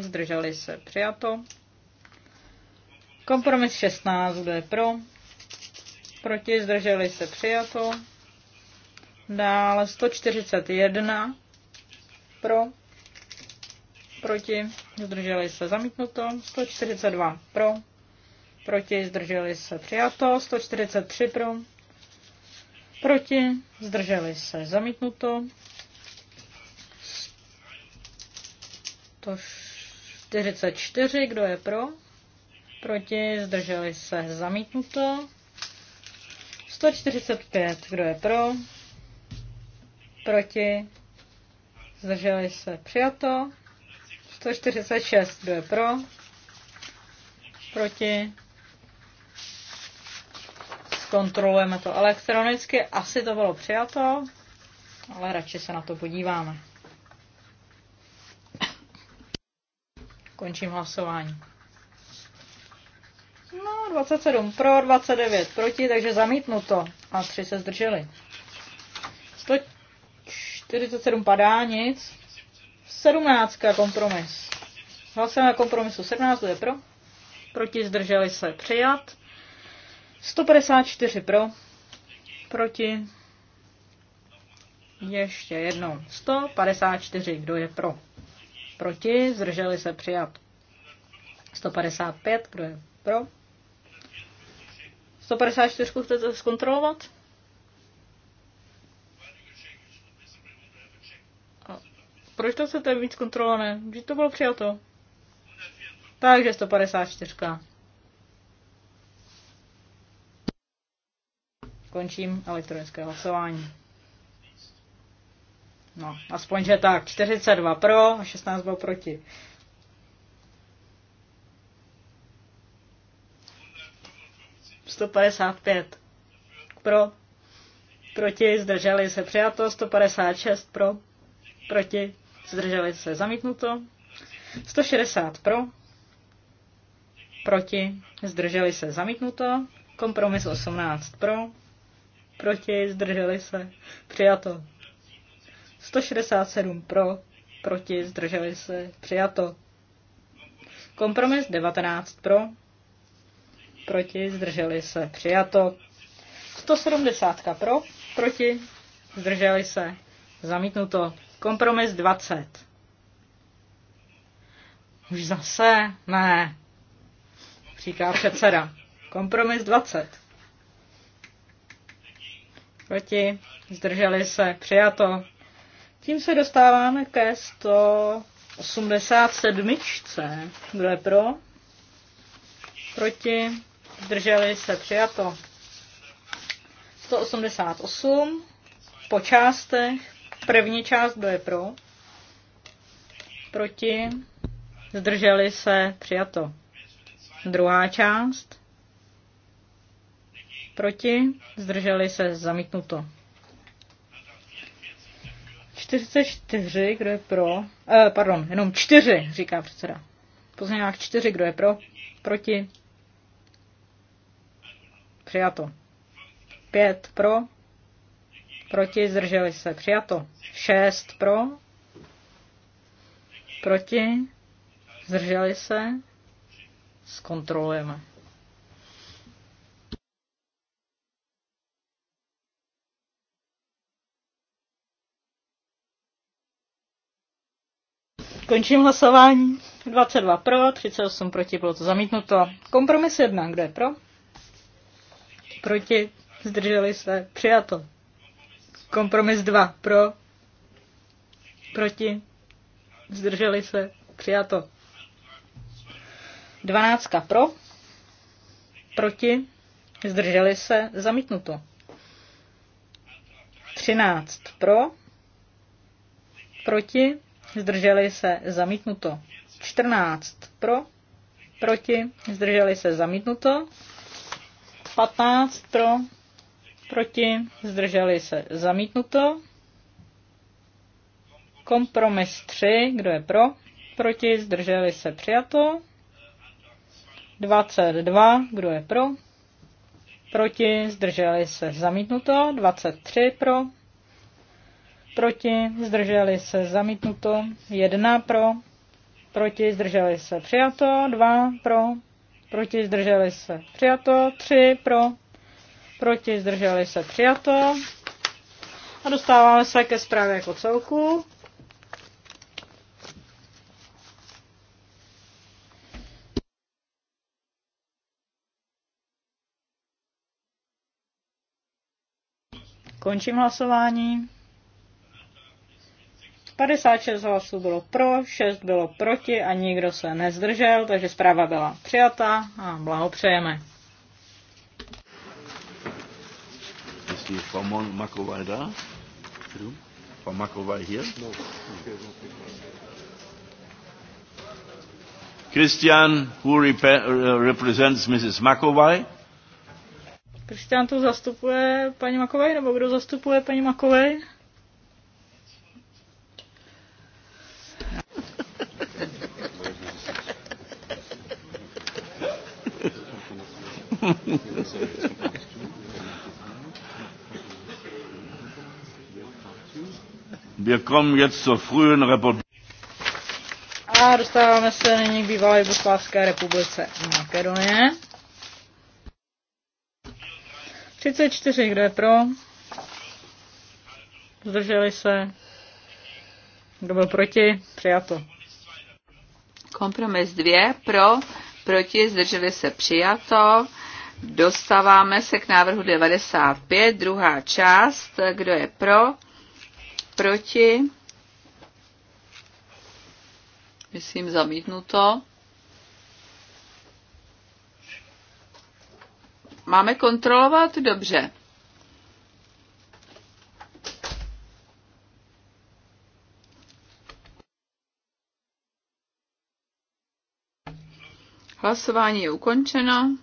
zdrželi se přijato. Kompromis 16, kdo je pro, proti, zdrželi se přijato. Dále 141 pro, proti, zdrželi se zamítnuto, 142 pro, proti, zdrželi se přijato, 143 pro, proti, zdrželi se zamítnuto, 143 44, kdo je pro? Proti, zdrželi se, zamítnuto. 145, kdo je pro? Proti, zdrželi se, přijato. 146, kdo je pro? Proti. Zkontrolujeme to elektronicky, asi to bylo přijato, ale radši se na to podíváme. Končím hlasování. No, 27 pro, 29 proti, takže zamítnuto. A 3 se zdrželi. 147 padá, nic. 17 kompromis. Hlasujeme kompromisu 17, je pro. Proti zdrželi se přijat. 154 pro. Proti. Ještě jednou. 154, kdo je pro. Proti? Zdrželi se přijat. 155. Kdo je pro? 154 chcete zkontrolovat? A proč to chcete víc kontrolované? Když to bylo přijato? Takže 154. Končím elektronické hlasování. No, aspoň, že tak. 42 pro, 16 bylo proti. Sto pět pro, proti, zdrželi se přijato, 156 pro, proti, zdrželi se zamítnuto, 160 pro, proti, zdrželi se zamítnuto, kompromis 18 pro, proti, zdrželi se přijato. 167 pro, proti, zdrželi se, přijato. Kompromis 19 pro, proti, zdrželi se, přijato. 170 pro, proti, zdrželi se, zamítnuto. Kompromis 20. Už zase? Ne, říká předseda. Kompromis 20. Proti, zdrželi se, přijato. Tím se dostáváme ke 187. Kdo je pro? Proti? Zdrželi se přijato. 188 po částech. První část, kdo je pro? Proti? Zdrželi se přijato. Druhá část. Proti? Zdrželi se zamítnuto. 44, kdo je pro? Eh, pardon, jenom 4, říká předseda. Pozměňovák 4, kdo je pro? Proti? Přijato. 5 pro? Proti? Zdrželi se. Přijato. 6 pro? Proti? Zdrželi se? Zkontrolujeme. Končím hlasování. 22 pro, 38 proti, bylo to zamítnuto. Kompromis jedna: kdo je pro? Proti, zdrželi se, přijato. Kompromis 2, pro, proti, zdrželi se, přijato. 12 pro, proti, zdrželi se, zamítnuto. 13 pro, proti, zdrželi se, zamítnuto. 14 pro, proti, zdrželi se, zamítnuto. 15 pro, proti, zdrželi se, zamítnuto. Kompromis 3, kdo je pro, proti, zdrželi se, přijato. 22, kdo je pro, proti, zdrželi se, zamítnuto. 23 pro, proti, zdrželi se zamítnuto, jedna pro, proti, zdrželi se přijato, dva pro, proti, zdrželi se přijato, tři pro, proti, zdrželi se přijato. A dostáváme se ke zprávě jako celku. Končím hlasování. 56 hlasů bylo pro, 6 bylo proti a nikdo se nezdržel, takže zpráva byla přijata a blahopřejeme. Jestli Frau Maková dá? Frau Christian, who uh, represents Mrs. Maková? Christian tu zastupuje paní Makovej, nebo kdo zastupuje paní Makovej? Wir kommen jetzt zur frühen Republik. A dostáváme se nyní k bývalé Jugoslávské republice Makedonie. 34, kdo je pro? Zdrželi se? Kdo byl proti? Přijato. Kompromis 2, pro, proti, zdrželi se, přijato. Dostáváme se k návrhu 95, druhá část. Kdo je pro? Proti? Myslím zamítnuto. Máme kontrolovat? Dobře. Hlasování je ukončeno.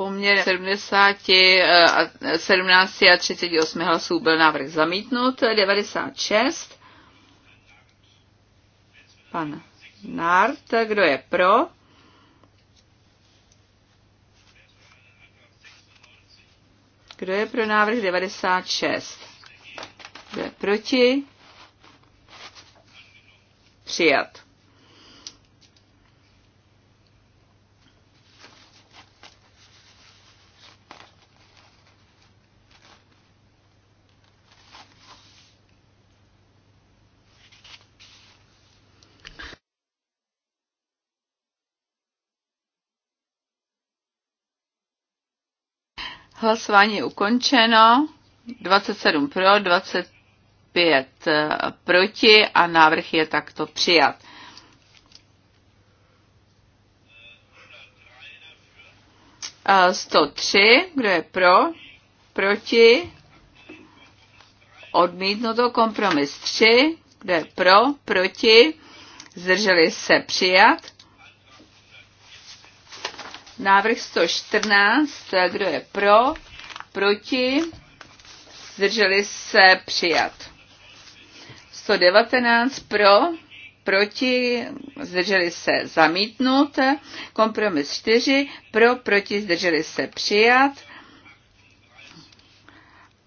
poměr 70, 17 eh, a 38 hlasů byl návrh zamítnut, 96. Pan Nart, kdo je pro? Kdo je pro návrh 96? Kdo je proti? Přijat. Hlasování je ukončeno. 27 pro, 25 eh, proti a návrh je takto přijat. A eh, 103, kdo je pro, proti, odmítnuto, kompromis 3, kdo je pro, proti, zdrželi se přijat. Návrh 114, kdo je pro, proti, zdrželi se přijat. 119 pro, proti, zdrželi se zamítnut. Kompromis 4 pro, proti, zdrželi se přijat.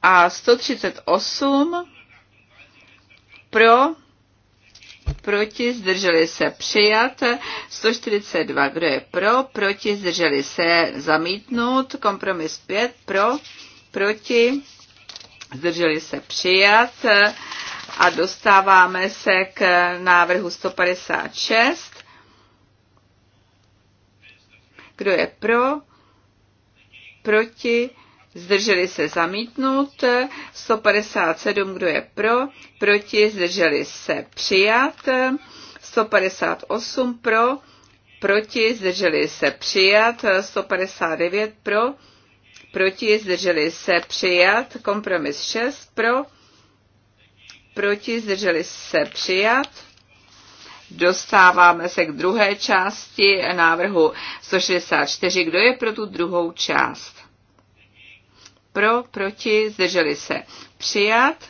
A 138 pro, proti, zdrželi se přijat, 142, kdo je pro, proti, zdrželi se zamítnout, kompromis 5, pro, proti, zdrželi se přijat a dostáváme se k návrhu 156. Kdo je pro, proti, zdrželi se zamítnout 157, kdo je pro, proti, zdrželi se přijat, 158 pro, proti, zdrželi se přijat, 159 pro, proti, zdrželi se přijat, kompromis 6 pro, proti, zdrželi se přijat. Dostáváme se k druhé části návrhu 164. Kdo je pro tu druhou část? Pro, proti, zdrželi se. Přijat.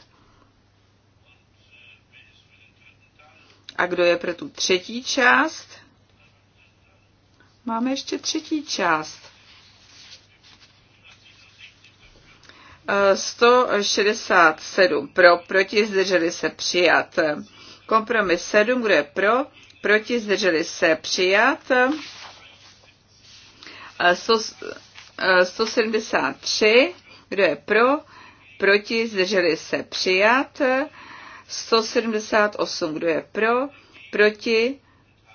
A kdo je pro tu třetí část? Máme ještě třetí část. 167 eh, pro, proti, zdrželi se přijat. Kompromis 7, kdo je pro, proti, zdrželi se přijat. 173 eh, kdo je pro? Proti? Zdrželi se? Přijat. 178. Kdo je pro? Proti?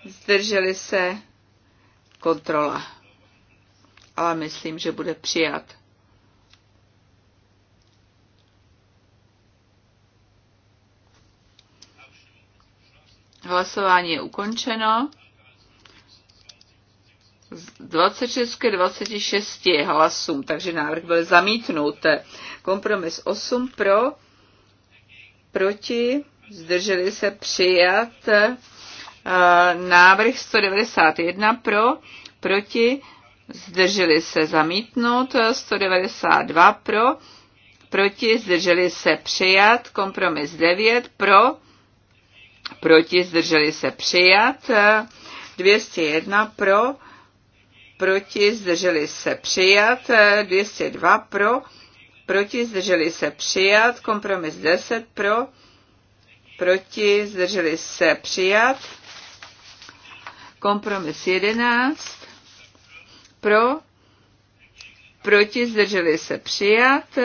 Zdrželi se? Kontrola. Ale myslím, že bude přijat. Hlasování je ukončeno. 26 k 26 hlasům, takže návrh byl zamítnut. Kompromis 8 pro, proti, zdrželi se přijat. Návrh 191 pro, proti, zdrželi se zamítnout, 192 pro, proti, zdrželi se přijat, kompromis 9 pro, proti, zdrželi se přijat, 201 pro, proti, zdrželi se přijat, eh, 202 pro, proti, zdrželi se přijat, kompromis 10 pro, proti, zdrželi se přijat, kompromis 11 pro, proti, zdrželi se přijat,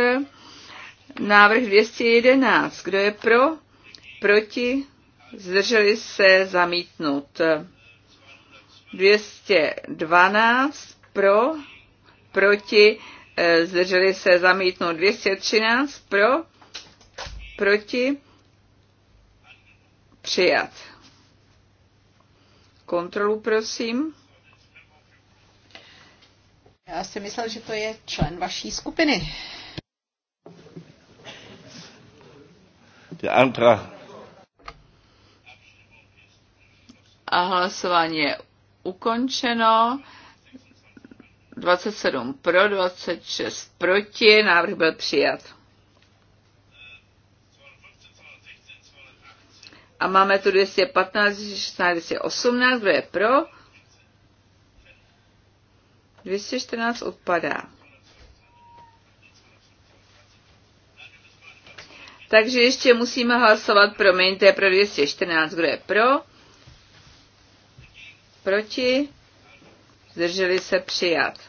návrh 211, kdo je pro, proti, zdrželi se zamítnout. 212 pro, proti, e, zdrželi se zamítnout 213 pro, proti, přijat. Kontrolu prosím. Já si myslel, že to je člen vaší skupiny. Der Antrag. A hlasování je ukončeno. 27 pro, 26 proti, návrh byl přijat. A máme tu 215, 16, 218, kdo je pro? 214 odpadá. Takže ještě musíme hlasovat, promiňte, pro 214, kdo je pro? Proti? Zdrželi se přijat.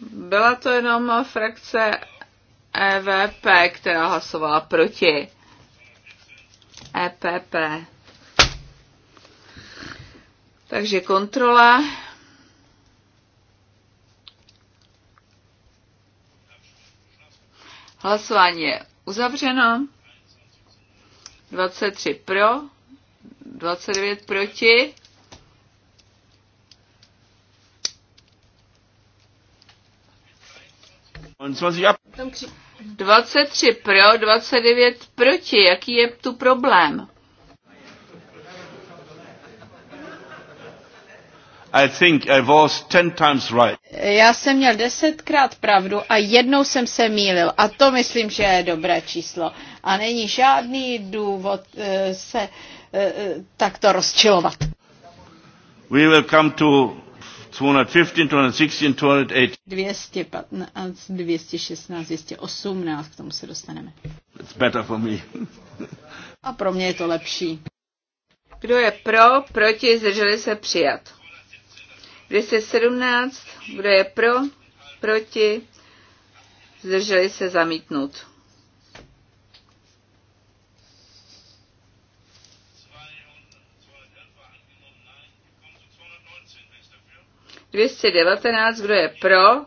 Byla to jenom frakce EVP, která hlasovala proti. EPP. Takže kontrola. Hlasování je uzavřeno. 23 pro, 29 proti. Tam 23 pro, 29 proti. Jaký je tu problém? I think I was ten times right. Já jsem měl desetkrát pravdu a jednou jsem se mýlil a to myslím, že je dobré číslo. A není žádný důvod uh, se uh, takto rozčilovat. We will come to 215, 216, 218. 215, 216, 218, k tomu se dostaneme. It's better for me. a pro mě je to lepší. Kdo je pro, proti, zdrželi se přijat. 217, kdo je pro, proti, zdrželi se zamítnout. 219, kdo je pro,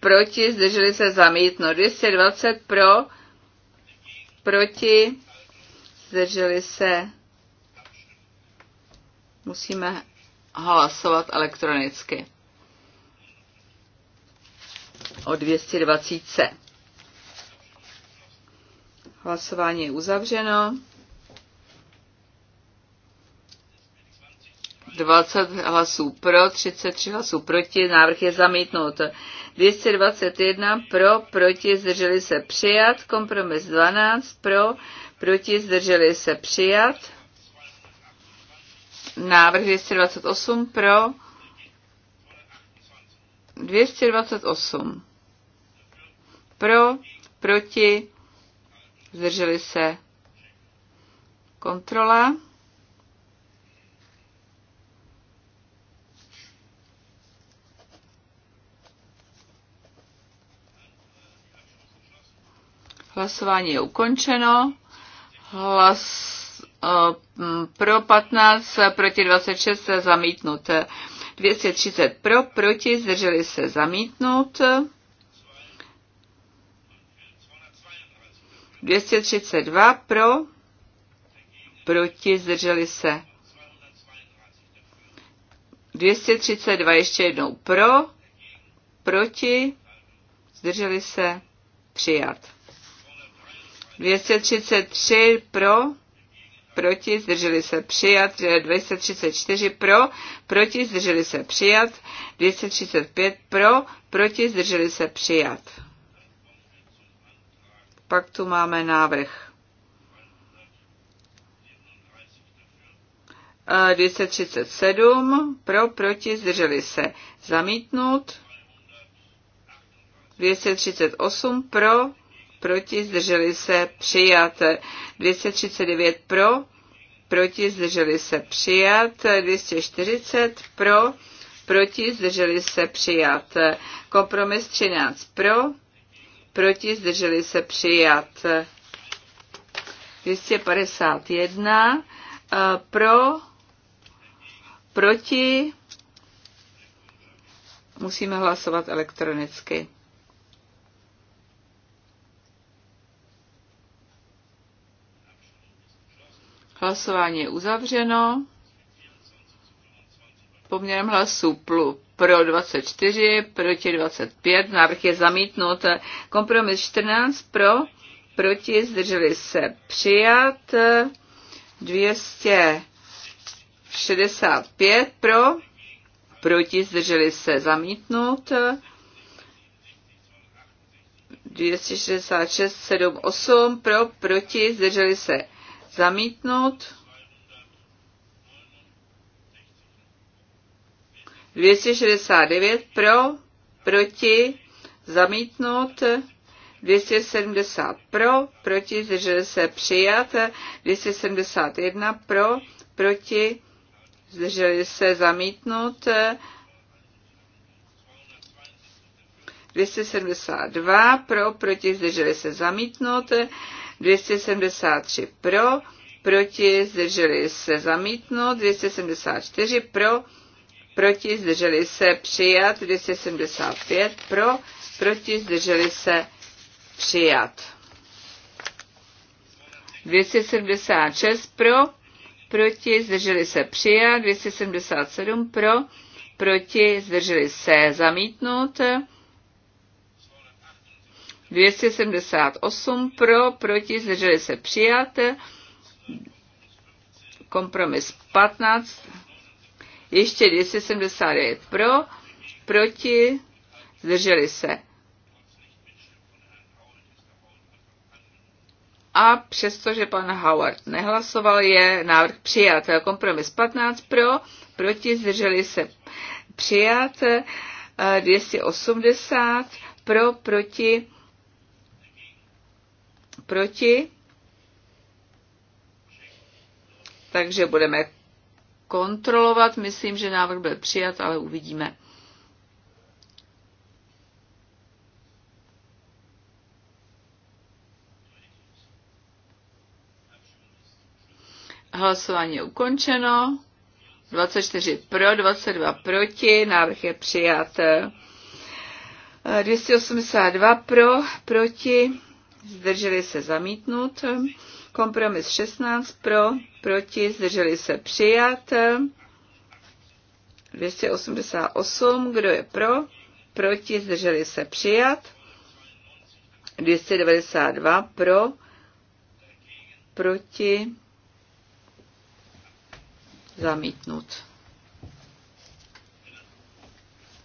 proti, zdrželi se zamítnout. 220 pro, proti, zdrželi se, musíme hlasovat elektronicky. O 220. Hlasování je uzavřeno. 20 hlasů pro, 33 hlasů proti, návrh je zamítnut. 221 pro, proti, zdrželi se přijat, kompromis 12 pro, proti, zdrželi se přijat. Návrh 228 pro 228 pro, proti, zdrželi se kontrola. Hlasování je ukončeno. Hlas Mm, pro 15, proti 26 zamítnut. 230 pro, proti, zdrželi se zamítnout. 232 pro, proti, zdrželi se. 232 ještě jednou pro, proti, zdrželi se, přijat. 233 pro, proti, zdrželi se přijat, 234 pro, proti, zdrželi se přijat, 235 pro, proti, zdrželi se přijat. Pak tu máme návrh. 237 eh, pro, proti, zdrželi se zamítnout. 238 pro, proti, zdrželi se, přijat. 239 pro, proti, zdrželi se, přijat. 240 pro, proti, zdrželi se, přijat. Kompromis 13 pro, proti, zdrželi se, přijat. 251 eh, pro, proti, musíme hlasovat elektronicky. Hlasování je uzavřeno. Poměrem hlasů pro 24, proti 25. Návrh je zamítnut. Kompromis 14 pro, proti, zdrželi se přijat. 265 pro, proti, zdrželi se Zamítnut 266, 7, 8 pro, proti, zdrželi se zamítnout. 269 pro, proti, zamítnout. 270 pro, proti, zdrželi se přijat. 271 pro, proti, zdrželi se zamítnout. 272 pro, proti, zdrželi se zamítnout, 273 pro, proti, zdrželi se zamítnout, 274 pro, proti, zdrželi se přijat, 275 pro, proti, zdrželi se přijat. 276 pro, proti, zdrželi se přijat, 277 pro, proti, zdrželi se zamítnout, 278 pro, proti, zdrželi se přijat. Kompromis 15. Ještě 279 pro, proti, zdrželi se. A přestože pan Howard nehlasoval, je návrh přijat. Kompromis 15 pro, proti, zdrželi se přijat. 280 pro, proti, proti. Takže budeme kontrolovat. Myslím, že návrh byl přijat, ale uvidíme. Hlasování je ukončeno. 24 pro, 22 proti. Návrh je přijat. 282 pro, proti zdrželi se zamítnut. Kompromis 16 pro, proti, zdrželi se přijat. 288, kdo je pro, proti, zdrželi se přijat. 292 pro, proti, zamítnut.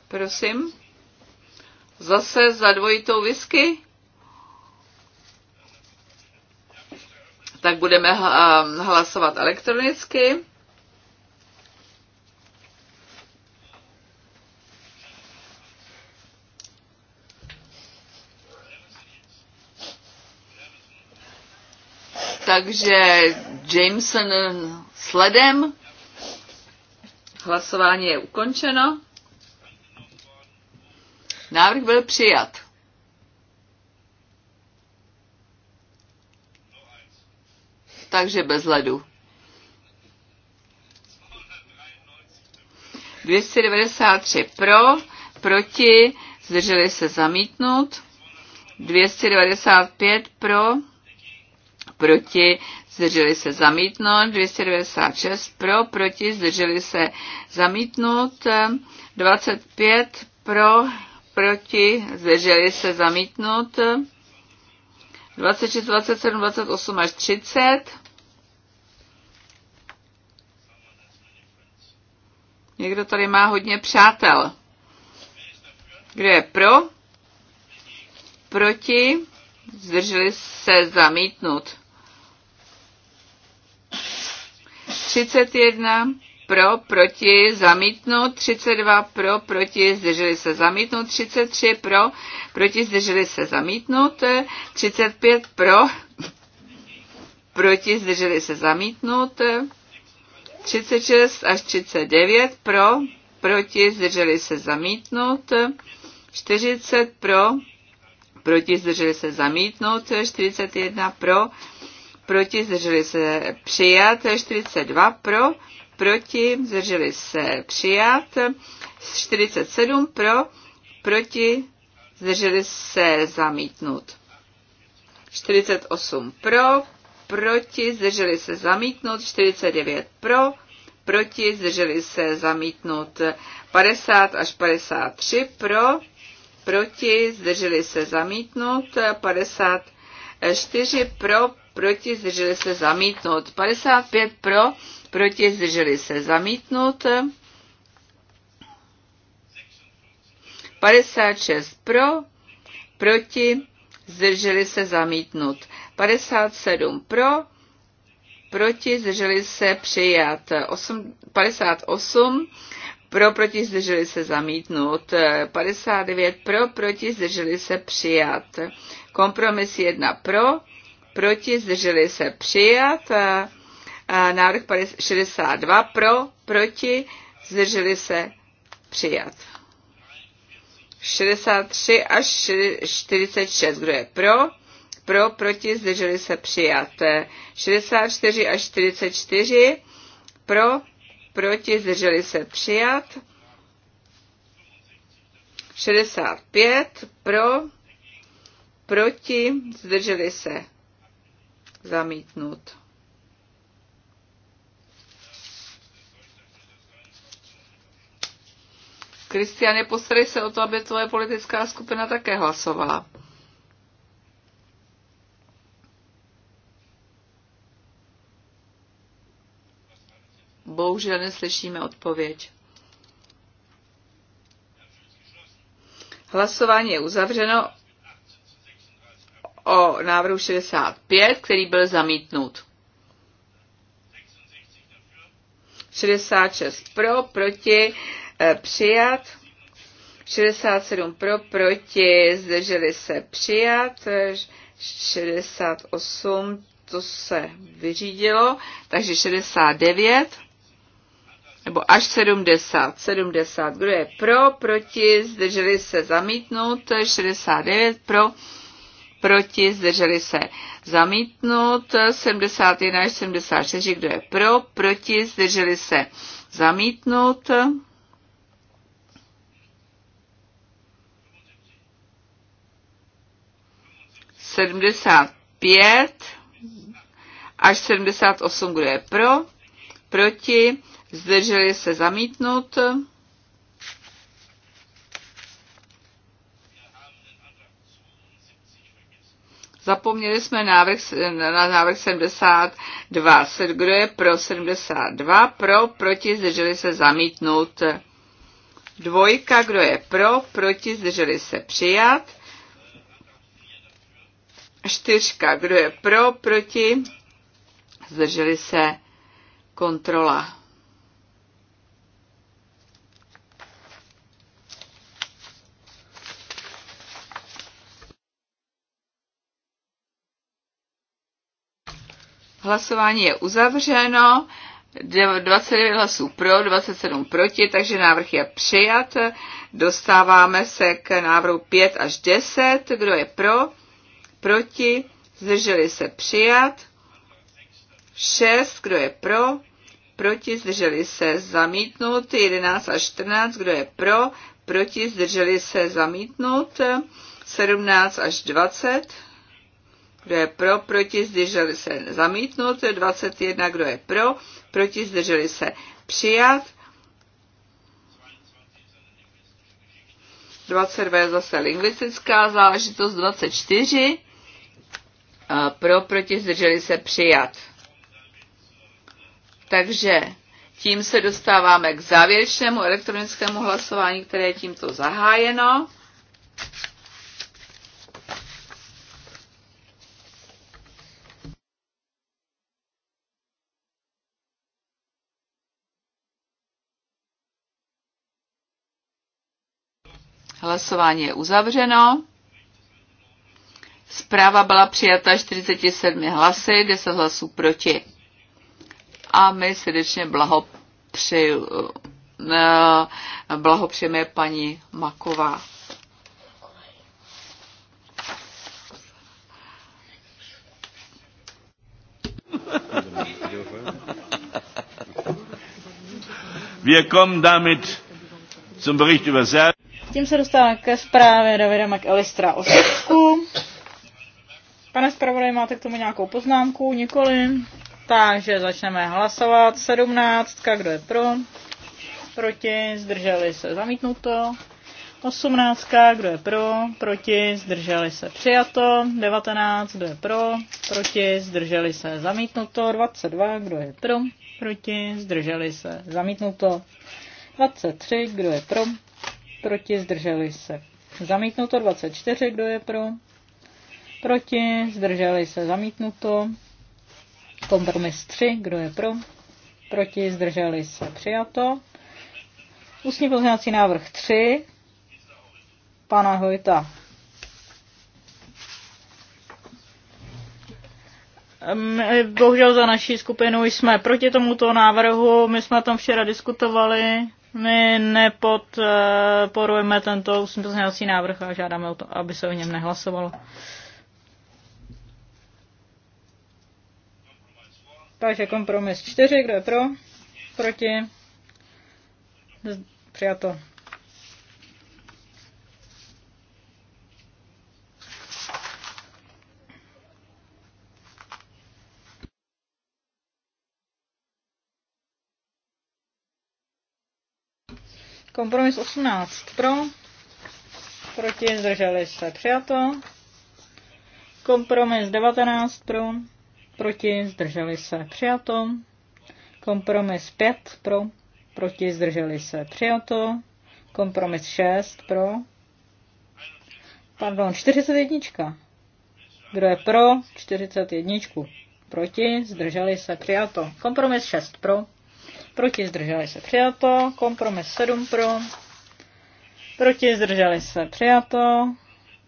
Prosím. Zase za dvojitou whisky? tak budeme eh, hlasovat elektronicky. takže Jameson sledem. Hlasování je ukončeno. Návrh byl přijat. takže bez ledu. 293 pro, proti, zdrželi se zamítnout. 295 pro, proti, zdrželi se zamítnout. 296 pro, proti, zdrželi se zamítnout. 25 pro, proti, zdrželi se zamítnout. 26, 27, 28 až 30 Někdo tady má hodně přátel. Kdo je pro? Proti? Zdrželi se zamítnut. 31 pro, proti, zamítnout. 32 pro, proti, zdrželi se zamítnout. 33 pro, proti, zdrželi se zamítnout. 35 pro, proti, zdrželi se zamítnout. 36 až 39 pro, proti, zdrželi se zamítnout, 40 pro, proti, zdrželi se zamítnout, 41 pro, proti, zdrželi se přijat, 42 pro, proti, zdrželi se přijat, 47 pro, proti, zdrželi se zamítnout. 48 pro, proti, zdrželi se zamítnout, 49 pro, proti, zdrželi se zamítnout 50 až 53 pro, proti, zdrželi se zamítnout 54 pro, proti, zdrželi se zamítnout 55 pro, proti, zdrželi se zamítnout 56 pro, proti, zdrželi se zamítnout 57 pro, proti, zdrželi se přijat. 8, 58 pro, proti, zdrželi se zamítnout. 59 pro, proti, zdrželi se přijat. Kompromis 1 pro, proti, zdrželi se přijat. Návrh 62 pro, proti, zdrželi se přijat. 63 až 46, kdo je pro, pro, proti, zdrželi se přijaté. 64 až 44 pro, proti, zdrželi se přijat. 65 pro, proti, zdrželi se zamítnut. Kristiane, postarej se o to, aby tvoje politická skupina také hlasovala. Bohužel neslyšíme odpověď. Hlasování je uzavřeno o návrhu 65, který byl zamítnut. 66 pro, proti, eh, přijat. 67 pro, proti, zdrželi se přijat. 68, to se vyřídilo, takže 69 nebo až 70. 70. Kdo je pro, proti, zdrželi se zamítnout, 69 pro, proti, zdrželi se zamítnout, 71 až 76, Kdo je pro, proti, zdrželi se zamítnout. Sedmdesát pět až 78, kdo je pro, proti, zdrželi se zamítnout. Zapomněli jsme návrh, na návrh 72. Kdo je pro 72? Pro, proti, zdrželi se zamítnout. Dvojka, kdo je pro, proti, zdrželi se přijat. Čtyřka, kdo je pro, proti, zdrželi se kontrola. Hlasování je uzavřeno. 29 hlasů pro, 27 proti, takže návrh je přijat. Dostáváme se k návrhu 5 až 10. Kdo je pro? Proti? Zdrželi se přijat. 6. Kdo je pro? Proti? Zdrželi se zamítnut. 11 až 14. Kdo je pro? Proti? Zdrželi se zamítnut. 17 až 20 kdo je pro, proti, zdrželi se zamítnut, 21, kdo je pro, proti, zdrželi se přijat, 22 je zase lingvistická záležitost, 24, a pro, proti, zdrželi se přijat. Takže tím se dostáváme k závěrečnému elektronickému hlasování, které je tímto zahájeno. Hlasování je uzavřeno. Zpráva byla přijata 47 hlasy, 10 hlasů proti. A my srdečně blahopřejeme paní Maková. Wir kommen damit zum Bericht über Serbien. Tím se dostáváme ke zprávě Davida McAllistera o Srbsku. Pane zpravodaji, máte k tomu nějakou poznámku? Nikoli. Takže začneme hlasovat. 17. Kdo je pro? Proti? Zdrželi se? Zamítnuto. 18. Kdo je pro? Proti? Zdrželi se? Přijato. 19. Kdo je pro? Proti? Zdrželi se? Zamítnuto. 22. Kdo je pro? Proti? Zdrželi se? Zamítnuto. 23. Kdo je pro? proti, zdrželi se. Zamítnuto 24, kdo je pro, proti, zdrželi se. Zamítnuto kompromis 3, kdo je pro, proti, zdrželi se. Přijato. Ústní pozměňovací návrh 3, pana Hojta. My, bohužel za naší skupinu jsme proti tomuto návrhu, my jsme tam včera diskutovali my nepodporujeme tento ústní návrh a žádáme o to, aby se o něm nehlasovalo. Takže kompromis 4, kdo je pro? Proti? Přijato. Kompromis 18 pro, proti zdrželi se přijato. Kompromis 19 pro, proti zdrželi se přijato. Kompromis 5 pro, proti zdrželi se přijato. Kompromis 6 pro, pardon, 41. Kdo je pro? 41. Proti? Zdrželi se? Přijato. Kompromis 6 pro proti zdrželi se přijato, kompromis 7 pro, proti zdrželi se přijato,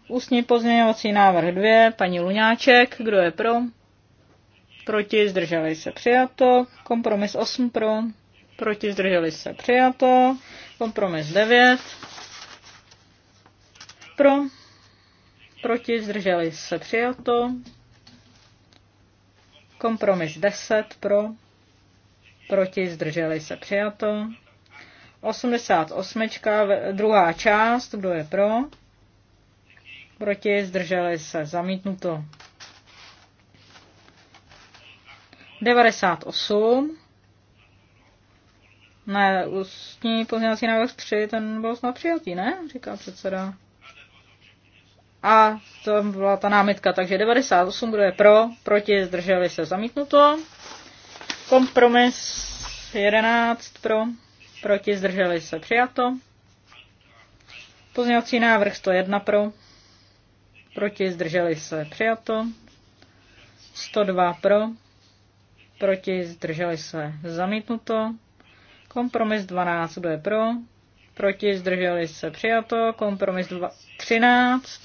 ústní pozměňovací návrh 2, paní Luňáček, kdo je pro, proti zdrželi se přijato, kompromis 8 pro, proti zdrželi se přijato, kompromis 9 pro, proti zdrželi se přijato, kompromis 10 pro, proti, zdrželi se přijato. 88. druhá část, kdo je pro, proti, zdrželi se zamítnuto. 98. Ne, ústní pozměňovací návrh 3, ten byl snad přijatý, ne? Říká předseda. A to byla ta námitka, takže 98, kdo je pro, proti, zdrželi se, zamítnuto. Kompromis 11 pro, proti zdrželi se přijato. Pozměňovací návrh 101 pro, proti zdrželi se přijato. 102 pro, proti zdrželi se zamítnuto. Kompromis 12, kdo je pro, proti zdrželi se přijato. Kompromis 13.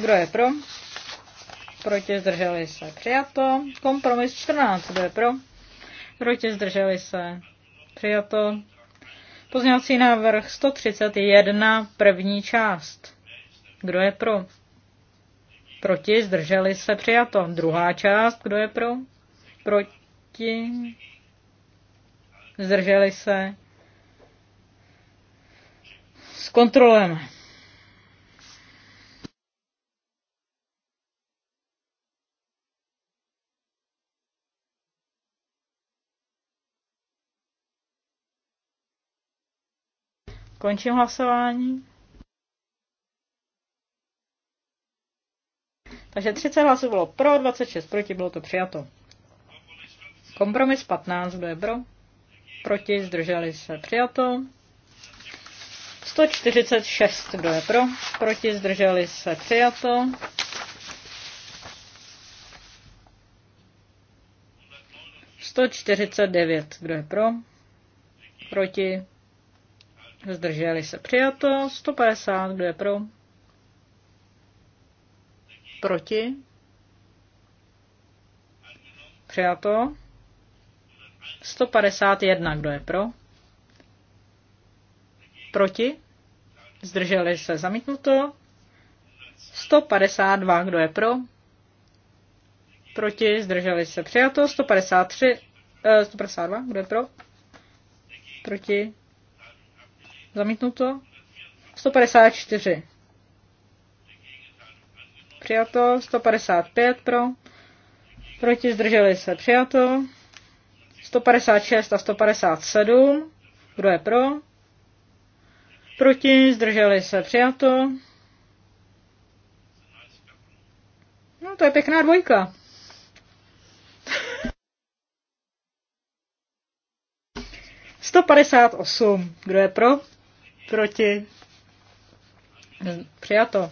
Kdo je pro? proti, zdrželi se, přijato. Kompromis 14, kdo je pro, proti, zdrželi se, přijato. Pozněvací návrh 131, první část. Kdo je pro? Proti, zdrželi se, přijato. Druhá část, kdo je pro? Proti, zdrželi se. Zkontrolujeme. Končím hlasování. Takže 30 hlasů bylo pro, 26 proti, bylo to přijato. Kompromis 15, kdo je pro? Proti, zdrželi se, přijato. 146, kdo je pro? Proti, zdrželi se, přijato. 149, kdo je pro? Proti, Zdrželi se přijato. 150, kdo je pro? Proti? Přijato. 151, kdo je pro? Proti? Zdrželi se zamítnuto. 152, kdo je pro? Proti, zdrželi se přijato. 153, eh, 152, kdo je pro? Proti, Zamítnuto. 154. Přijato. 155 pro. Proti zdrželi se. Přijato. 156 a 157. Kdo je pro? Proti zdrželi se. Přijato. No, to je pěkná dvojka. Sto padesát osm. Kdo je pro? Proti? Přijato.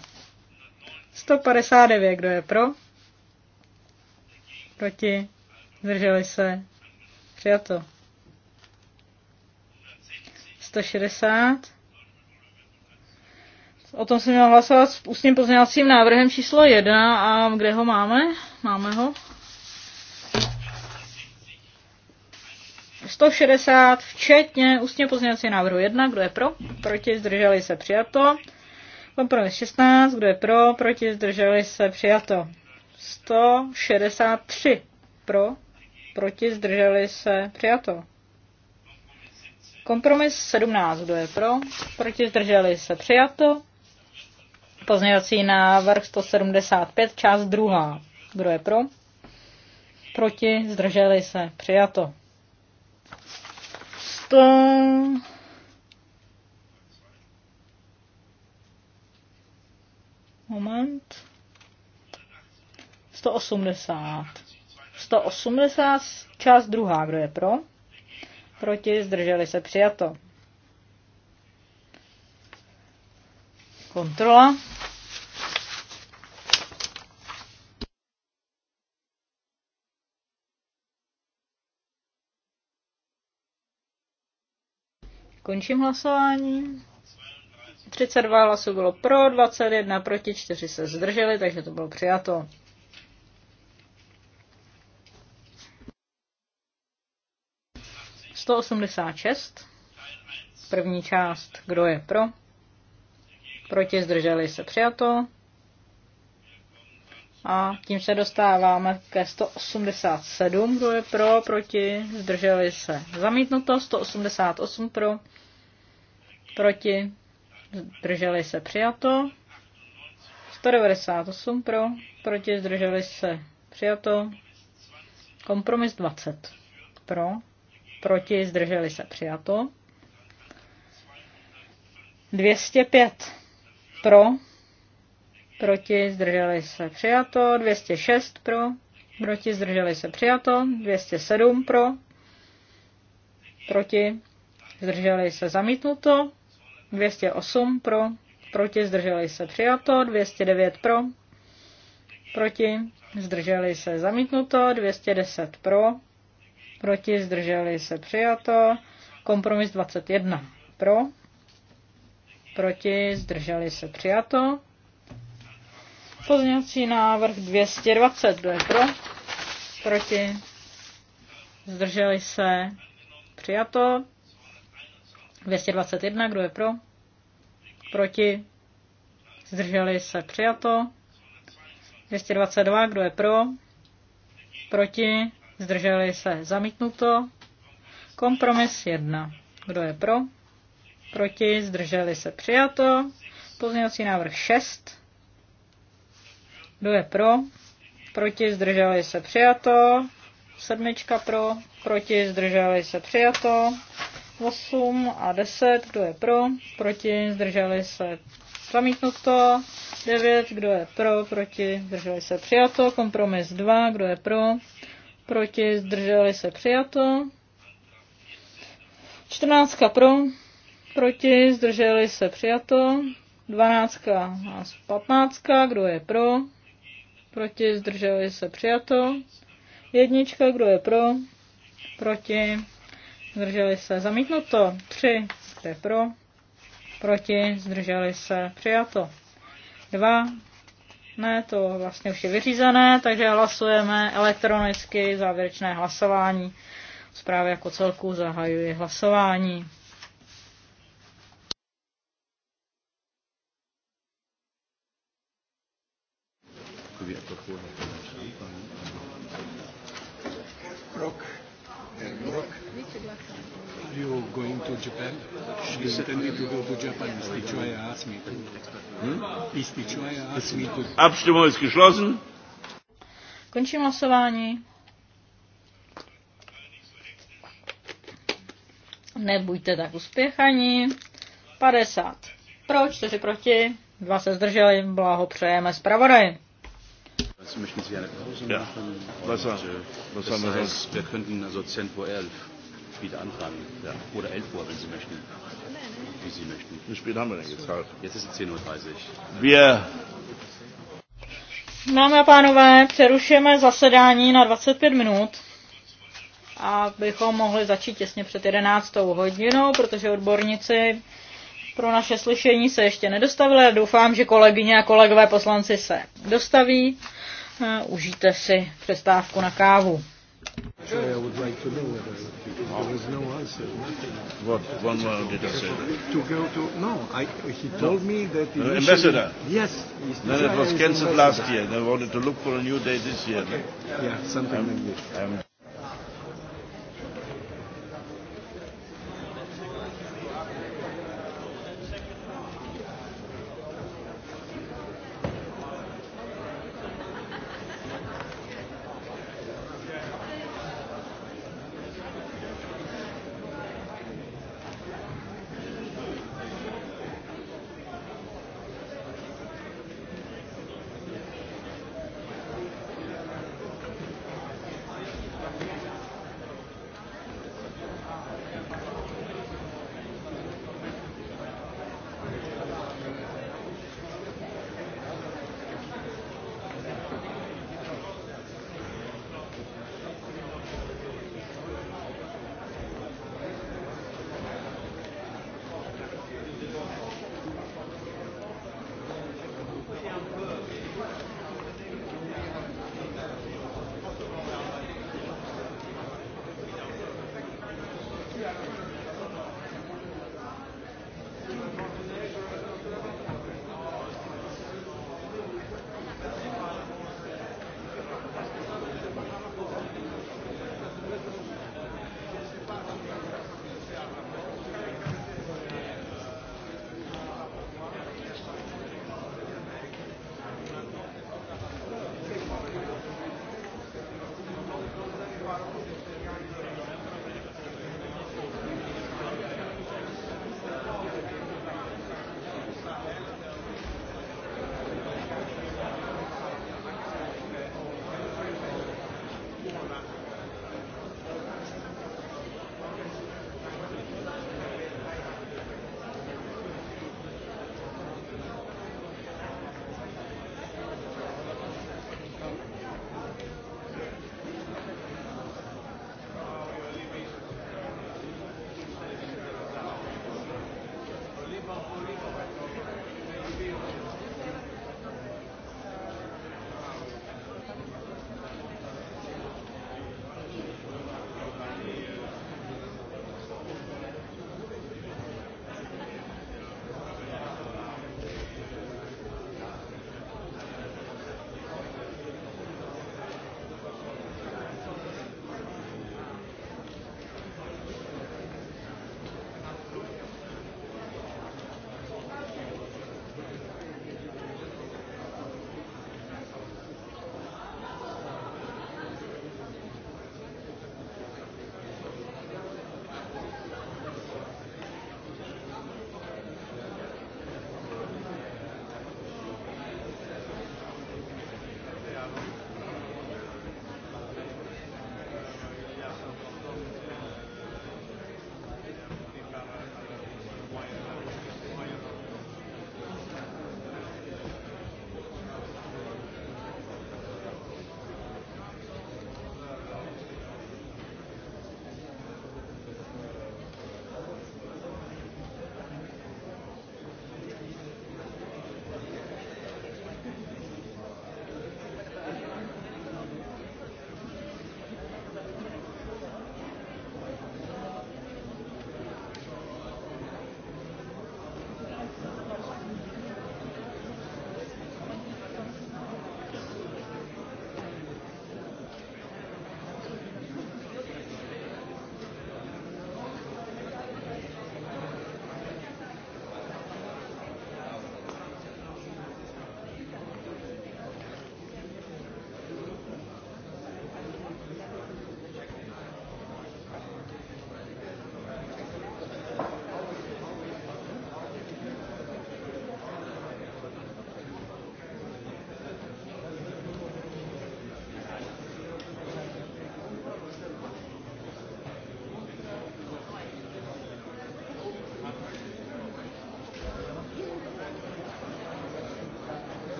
159, kdo je pro? Proti? Zdrželi se? Přijato. 160. O tom jsem měl hlasovat s ústním pozměňovacím návrhem číslo 1 a kde ho máme? Máme ho? 160, včetně ústně pozměňovací návrhu 1, kdo je pro, proti, zdrželi se, přijato. Kompromis 16, kdo je pro, proti, zdrželi se, přijato. 163 pro, proti, zdrželi se, přijato. Kompromis 17, kdo je pro, proti, zdrželi se, přijato. Pozměňovací návrh 175, část druhá, kdo je pro, proti, zdrželi se, přijato. Moment. 180. 180, část druhá, kdo je pro? Proti, zdrželi se, přijato. Kontrola. Končím hlasování. 32 hlasů bylo pro, 21 proti, 4 se zdrželi, takže to bylo přijato. Sto osmdesát šest. První část. Kdo je pro? Proti zdrželi se přijato. A tím se dostáváme ke 187, kdo je pro, proti, zdrželi se. Zamítnuto 188 pro, proti, zdrželi se přijato. 198 pro, proti, zdrželi se přijato. Kompromis 20 pro, proti, zdrželi se přijato. 205 pro, proti, zdrželi se přijato, 206 pro, proti, zdrželi se přijato, 207 pro, proti, zdrželi se zamítnuto, 208 pro, proti, zdrželi se přijato, 209 pro, proti, zdrželi se zamítnuto, 210 pro, proti, zdrželi se přijato, kompromis 21 pro, proti, zdrželi se přijato, Pozměňovací návrh 220, kdo je pro? Proti? Zdrželi se? Přijato. 221, kdo je pro? Proti? Zdrželi se? Přijato. 222, kdo je pro? Proti? Zdrželi se? Zamítnuto. Kompromis 1. Kdo je pro? Proti? Zdrželi se? Přijato. Pozměňovací návrh 6. Kdo je pro? Proti zdrželi se přijato. Sedmička pro, proti zdrželi se přijato. 8 a 10, kdo je pro, proti, zdrželi se zamítnuto. 9, kdo je pro, proti, zdrželi se přijato. Kompromis 2, kdo je pro, proti, zdrželi se přijato. 14 pro, proti, zdrželi se přijato. 12 a 15, kdo je pro, Proti zdrželi se přijato. Jednička, kdo je pro? Proti. Zdrželi se zamítnuto. Tři, kdo je pro? Proti. Zdrželi se přijato. Dva. Ne, to vlastně už je vyřízené, takže hlasujeme elektronicky závěrečné hlasování. Zprávě jako celku zahajuje hlasování. to Japan? She is intending to go to Japan. Miss Pichoya asked me to. Hmm? Miss Pichoya asked me to. Abstimmung ist geschlossen. Končím hlasování. Nebuďte tak uspěchaní. 50 pro, 4 proti, 2 se zdrželi, blaho přejeme zpravodaji. Ja. Was, was haben wir sonst? Wir könnten also 10 vor 11 wieder antragen. Ja. Oder 11 Uhr, wenn Sie möchten. Wie Sie möchten. Wie spät haben wir denn jetzt halt? Jetzt ist es 10.30 Uhr. Wir... Dámy a pánové, přerušujeme zasedání na 25 minut, abychom mohli začít těsně před 11. hodinou, protože odborníci pro naše slyšení se ještě nedostavili. Já doufám, že kolegyně a kolegové poslanci se dostaví. Eh, užijte si přestávku na kávu. Actually, There was no answer, nothing. What? One word did I say that? To go to... No, I, he no. told no. me that... The uh, ambassador? Yes. Then no, it was cancelled last year. They wanted to look for a new day this year. Okay. Yeah, something I'm, like this. I'm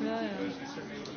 Jo ja.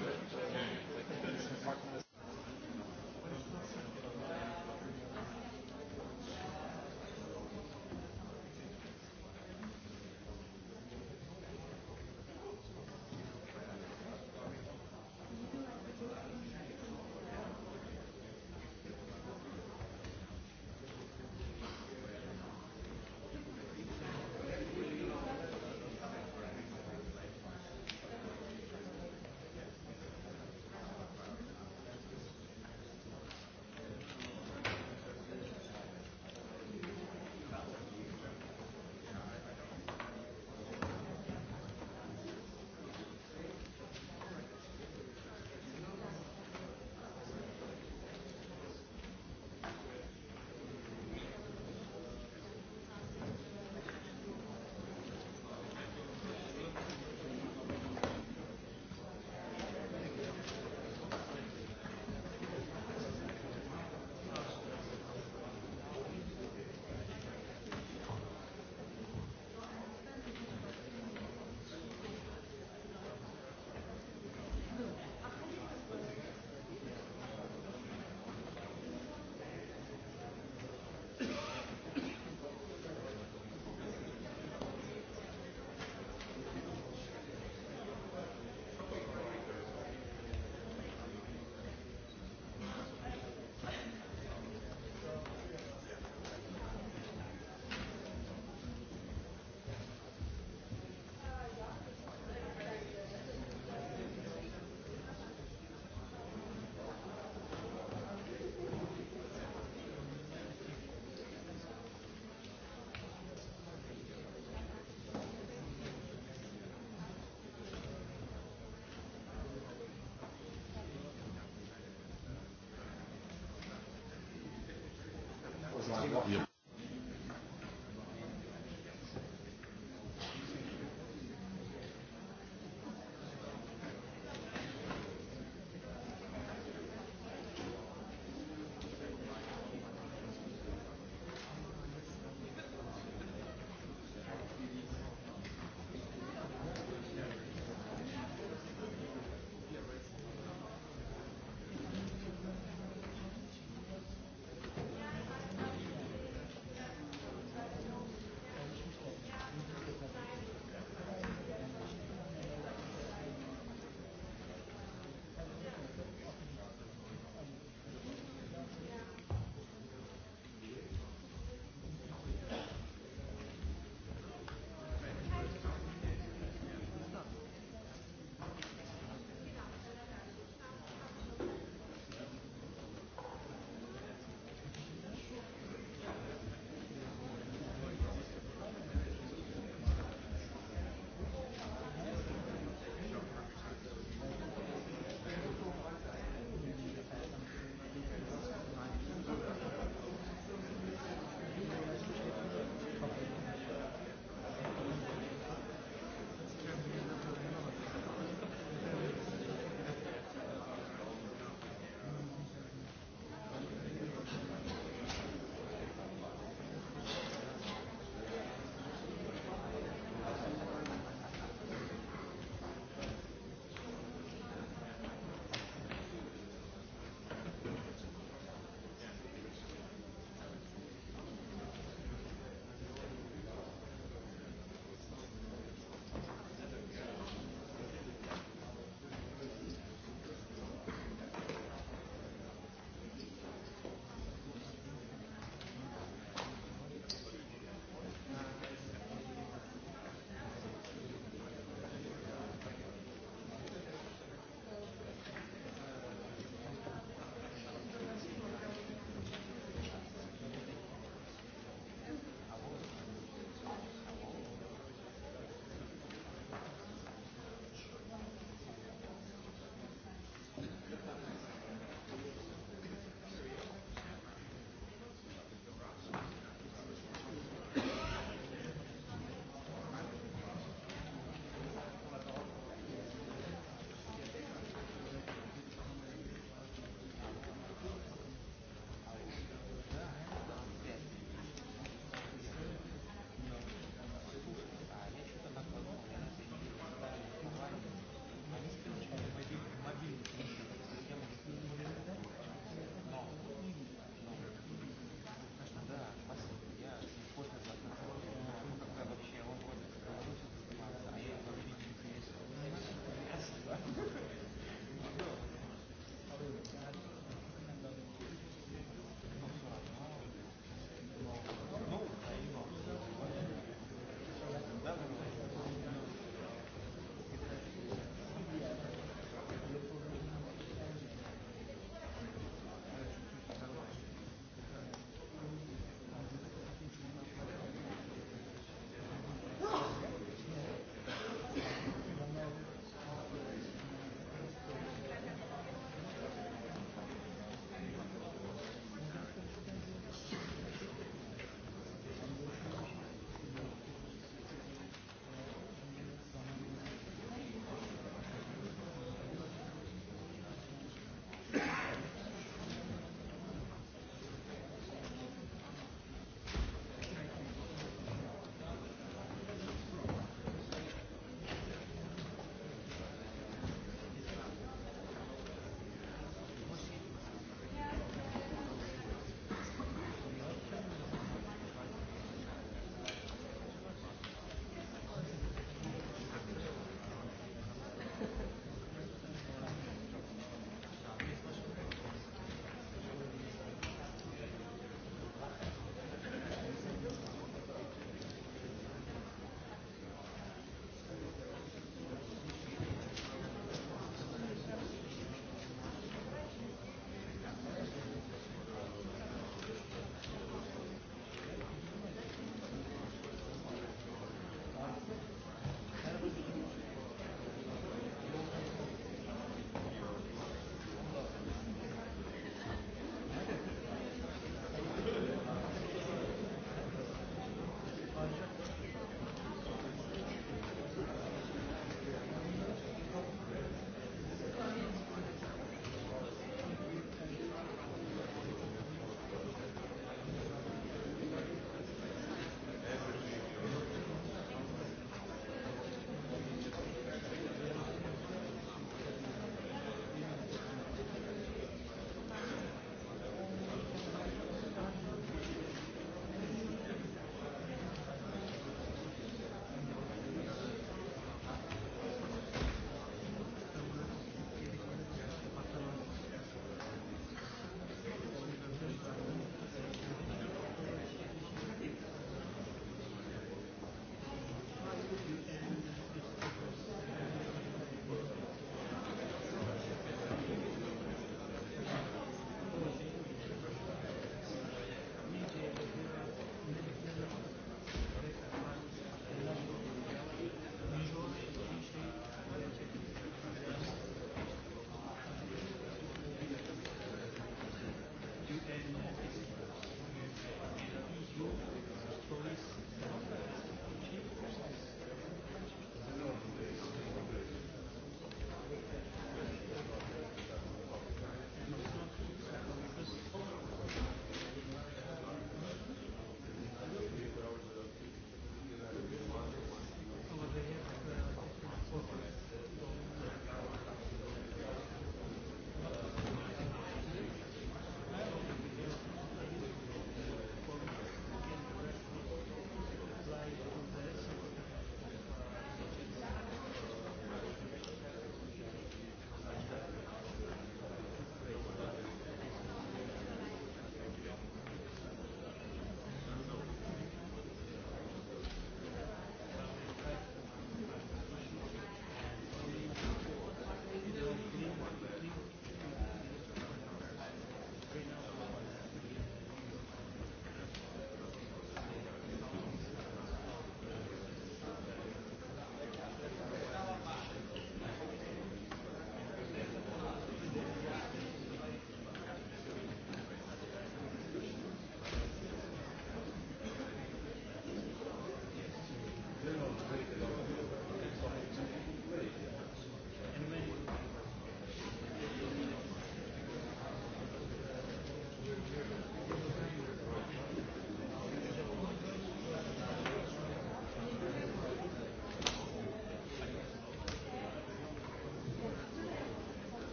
Je.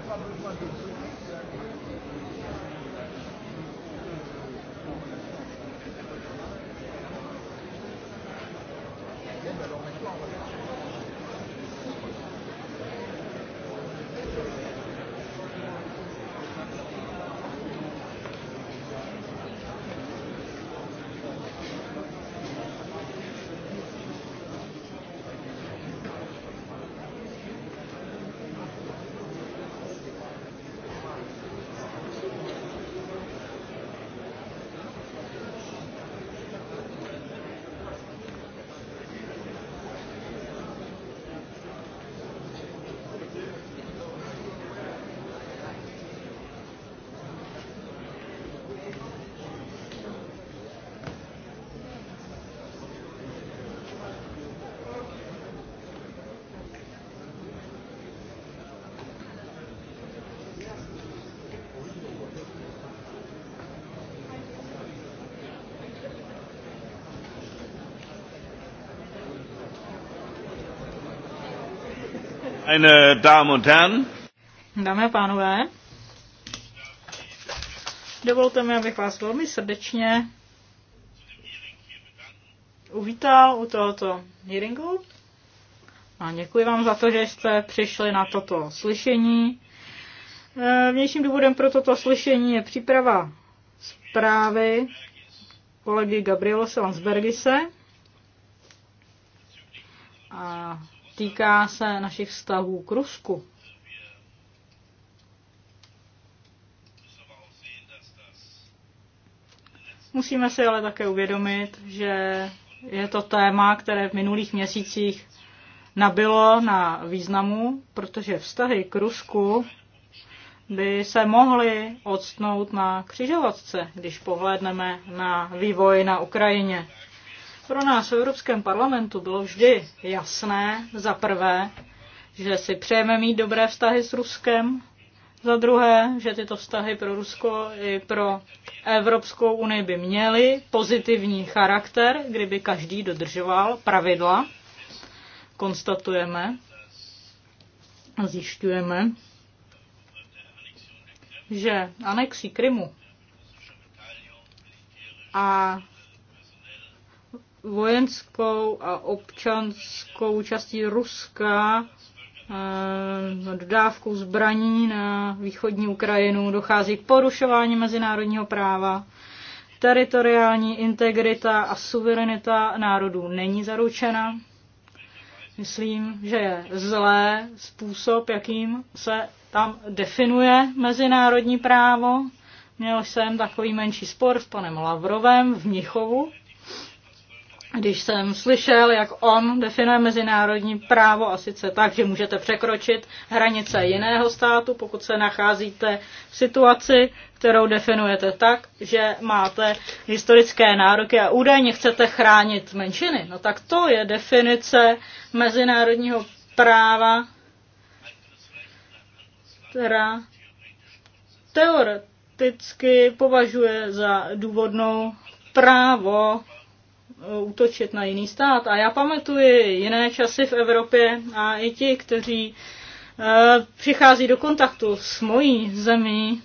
capable de Meine Damen und Herren. Dámy a pánové, dovolte mi, abych vás velmi srdečně uvítal u tohoto hearingu. A děkuji vám za to, že jste přišli na toto slyšení. Eh, vnějším důvodem pro toto slyšení je příprava zprávy kolegy Gabrielose Lansbergise. A týká se našich vztahů k Rusku. Musíme si ale také uvědomit, že je to téma, které v minulých měsících nabilo na významu, protože vztahy k Rusku by se mohly odstnout na křižovatce, když pohledneme na vývoj na Ukrajině. Pro nás v Evropském parlamentu bylo vždy jasné, za prvé, že si přejeme mít dobré vztahy s Ruskem, za druhé, že tyto vztahy pro Rusko i pro Evropskou unii by měly pozitivní charakter, kdyby každý dodržoval pravidla. Konstatujeme a zjišťujeme, že anexí Krymu a vojenskou a občanskou účastí Ruska eh, dodávkou zbraní na východní Ukrajinu dochází k porušování mezinárodního práva. Teritoriální integrita a suverenita národů není zaručena. Myslím, že je zlé způsob, jakým se tam definuje mezinárodní právo. Měl jsem takový menší spor s panem Lavrovem v Mnichovu když jsem slyšel, jak on definuje mezinárodní právo a sice tak, že můžete překročit hranice jiného státu, pokud se nacházíte v situaci, kterou definujete tak, že máte historické nároky a údajně chcete chránit menšiny. No tak to je definice mezinárodního práva, která teoreticky považuje za důvodnou právo Eh, útočit na jiný stát. A já pamatuji jiné časy v Evropě a i ti, kteří eh, přichází do kontaktu s mojí zemí,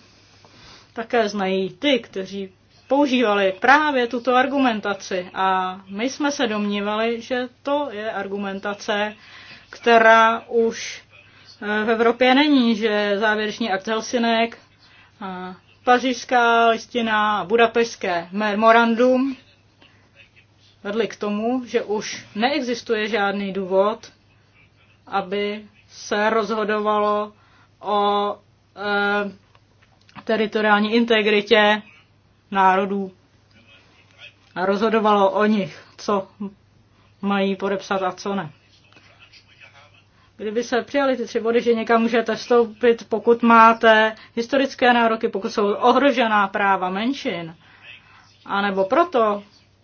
také znají ty, kteří používali právě tuto argumentaci. A my jsme se domnívali, že to je argumentace, která už eh, v Evropě není, že závěrečný akt Helsinek, pařížská listina, budapešské memorandum vedly k tomu, že už neexistuje žádný důvod, aby se rozhodovalo o e, teritoriální integritě národů a rozhodovalo o nich, co mají podepsat a co ne. Kdyby se přijali ty tři body, že někam můžete vstoupit, pokud máte historické nároky, pokud jsou ohrožená práva menšin, anebo proto,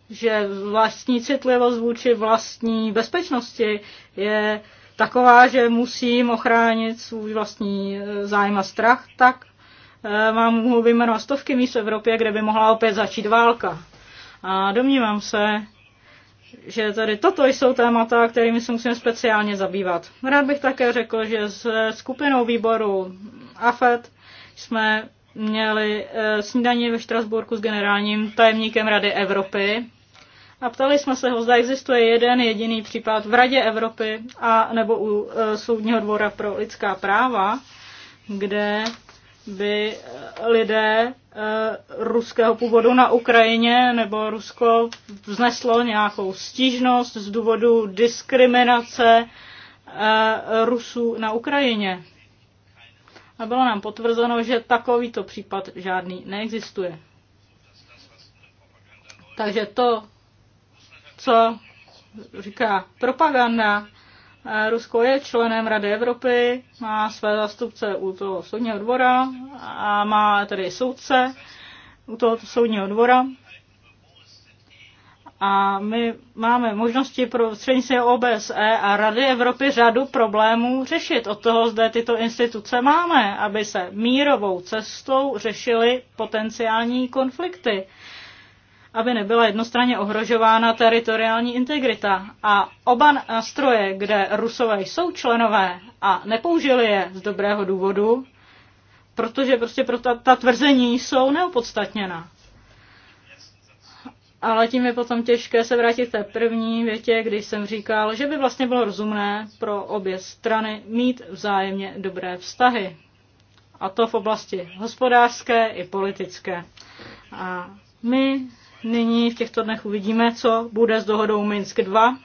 že vlastní citlivost vůči vlastní bezpečnosti je taková, že musím ochránit svůj vlastní e, zájem a strach, tak mám e, mohu vyjmenovat stovky míst v Evropě, kde by mohla opět začít válka. A domnívám se, že tady toto jsou témata, kterými se musíme speciálně zabývat. Rád bych také řekl, že s skupinou výboru AFET jsme měli e, snídaní ve Štrasburku s generálním tajemníkem Rady Evropy a ptali jsme se ho, zda existuje jeden jediný případ v Radě Evropy a nebo u e, Soudního dvora pro lidská práva, kde by e, lidé e, ruského původu na Ukrajině nebo Rusko vzneslo nějakou stížnost z důvodu diskriminace e, Rusů na Ukrajině. A bylo nám potvrzeno, že takovýto případ žádný neexistuje. Takže to, co říká propaganda. Eh, Rusko je členem Rady Evropy, má své zastupce u toho soudního dvora a má tedy soudce u tohoto soudního dvora. A my máme možnosti pro se OBSE a Rady Evropy řadu problémů řešit. Od toho zde tyto instituce máme, aby se mírovou cestou řešily potenciální konflikty aby nebyla jednostranně ohrožována teritoriální integrita. A oba nástroje, kde Rusové jsou členové a nepoužili je z dobrého důvodu, protože prostě pro ta, ta tvrzení jsou neopodstatněná. Ale tím je potom těžké se vrátit k té první větě, když jsem říkal, že by vlastně bylo rozumné pro obě strany mít vzájemně dobré vztahy. A to v oblasti hospodářské i politické. A my nyní v těchto dnech uvidíme, co bude s dohodou Minsk 2.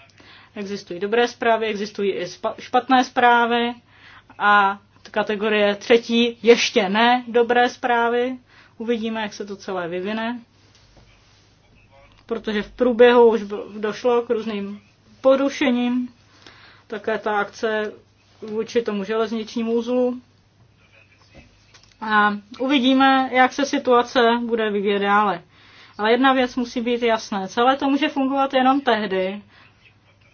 Existují dobré zprávy, existují i špatné zprávy a kategorie třetí ještě ne dobré zprávy. Uvidíme, jak se to celé vyvine, protože v průběhu už došlo k různým porušením. Také ta akce vůči tomu železničnímu úzlu. A uvidíme, jak se situace bude vyvíjet dále. Ale jedna věc musí být jasné. Celé to může fungovat jenom tehdy,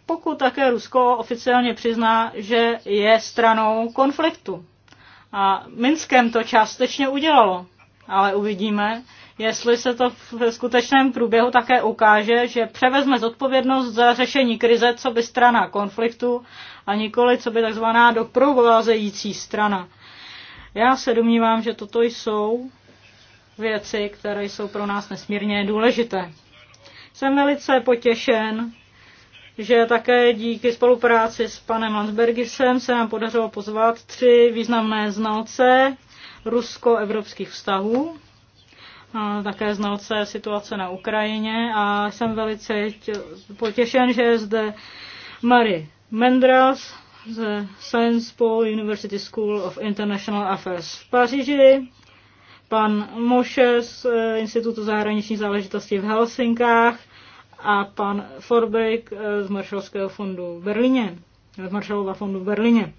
pokud také Rusko oficiálně přizná, že je stranou konfliktu. A Minskem to částečně udělalo, ale uvidíme, jestli se to v skutečném průběhu také ukáže, že převezme zodpovědnost za řešení krize, co by strana konfliktu a nikoli co by takzvaná doprovázející strana. Já se domnívám, že toto jsou věci, které jsou pro nás nesmírně důležité. Jsem velice potěšen, že také díky spolupráci s panem Landsbergisem se nám podařilo pozvat tři významné znalce rusko-evropských vztahů, také znalce situace na Ukrajině a jsem velice potěšen, že je zde Marie Mendras z Sciences Po University School of International Affairs v Paříži, pan Moše z eh, Institutu zahraniční záležitosti v Helsinkách a pan Forbeck eh, z Marshallského fondu v Berlíně, eh, z Marshallova fondu v Berlíně.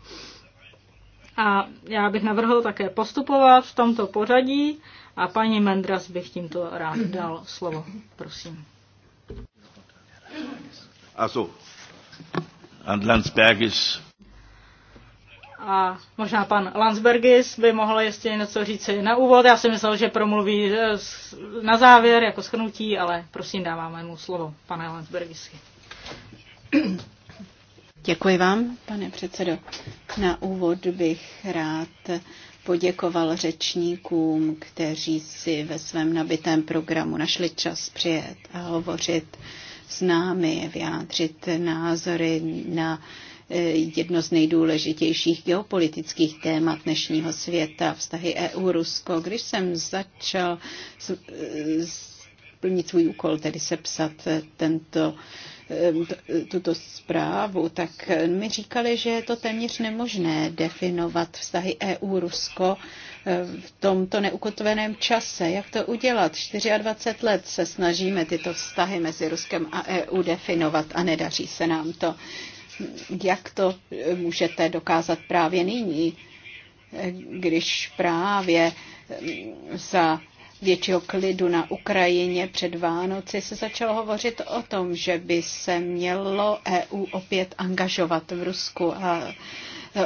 A já bych navrhl také postupovat v tomto pořadí a paní Mendras bych tímto rád dal slovo. Prosím. Also, Land Landsbergis a možná pan Landsbergis by mohl ještě něco říci na úvod. Já si myslel, že promluví eh, na závěr jako schrnutí, ale prosím dáváme mu slovo, pane Landsbergisi. Děkuji vám, pane předsedo. Na úvod bych rád poděkoval řečníkům, kteří si ve svém nabitém programu našli čas přijet a hovořit s námi, vyjádřit názory na uh, Eh, jedno z nejdůležitějších geopolitických témat dnešního světa, vztahy EU-Rusko. Když jsem začal eh, plnit svůj úkol, tedy sepsat eh, tento tuto zprávu, tak mi říkali, že je to téměř nemožné definovat vztahy EU-Rusko v tomto neukotveném čase. Jak to udělat? 24 let se snažíme tyto vztahy mezi Ruskem a EU definovat a nedaří se nám to. Jak to můžete dokázat právě nyní, když právě mm, za většího klidu na Ukrajině před Vánoci se začalo hovořit o tom, že by se mělo EU opět angažovat v Rusku a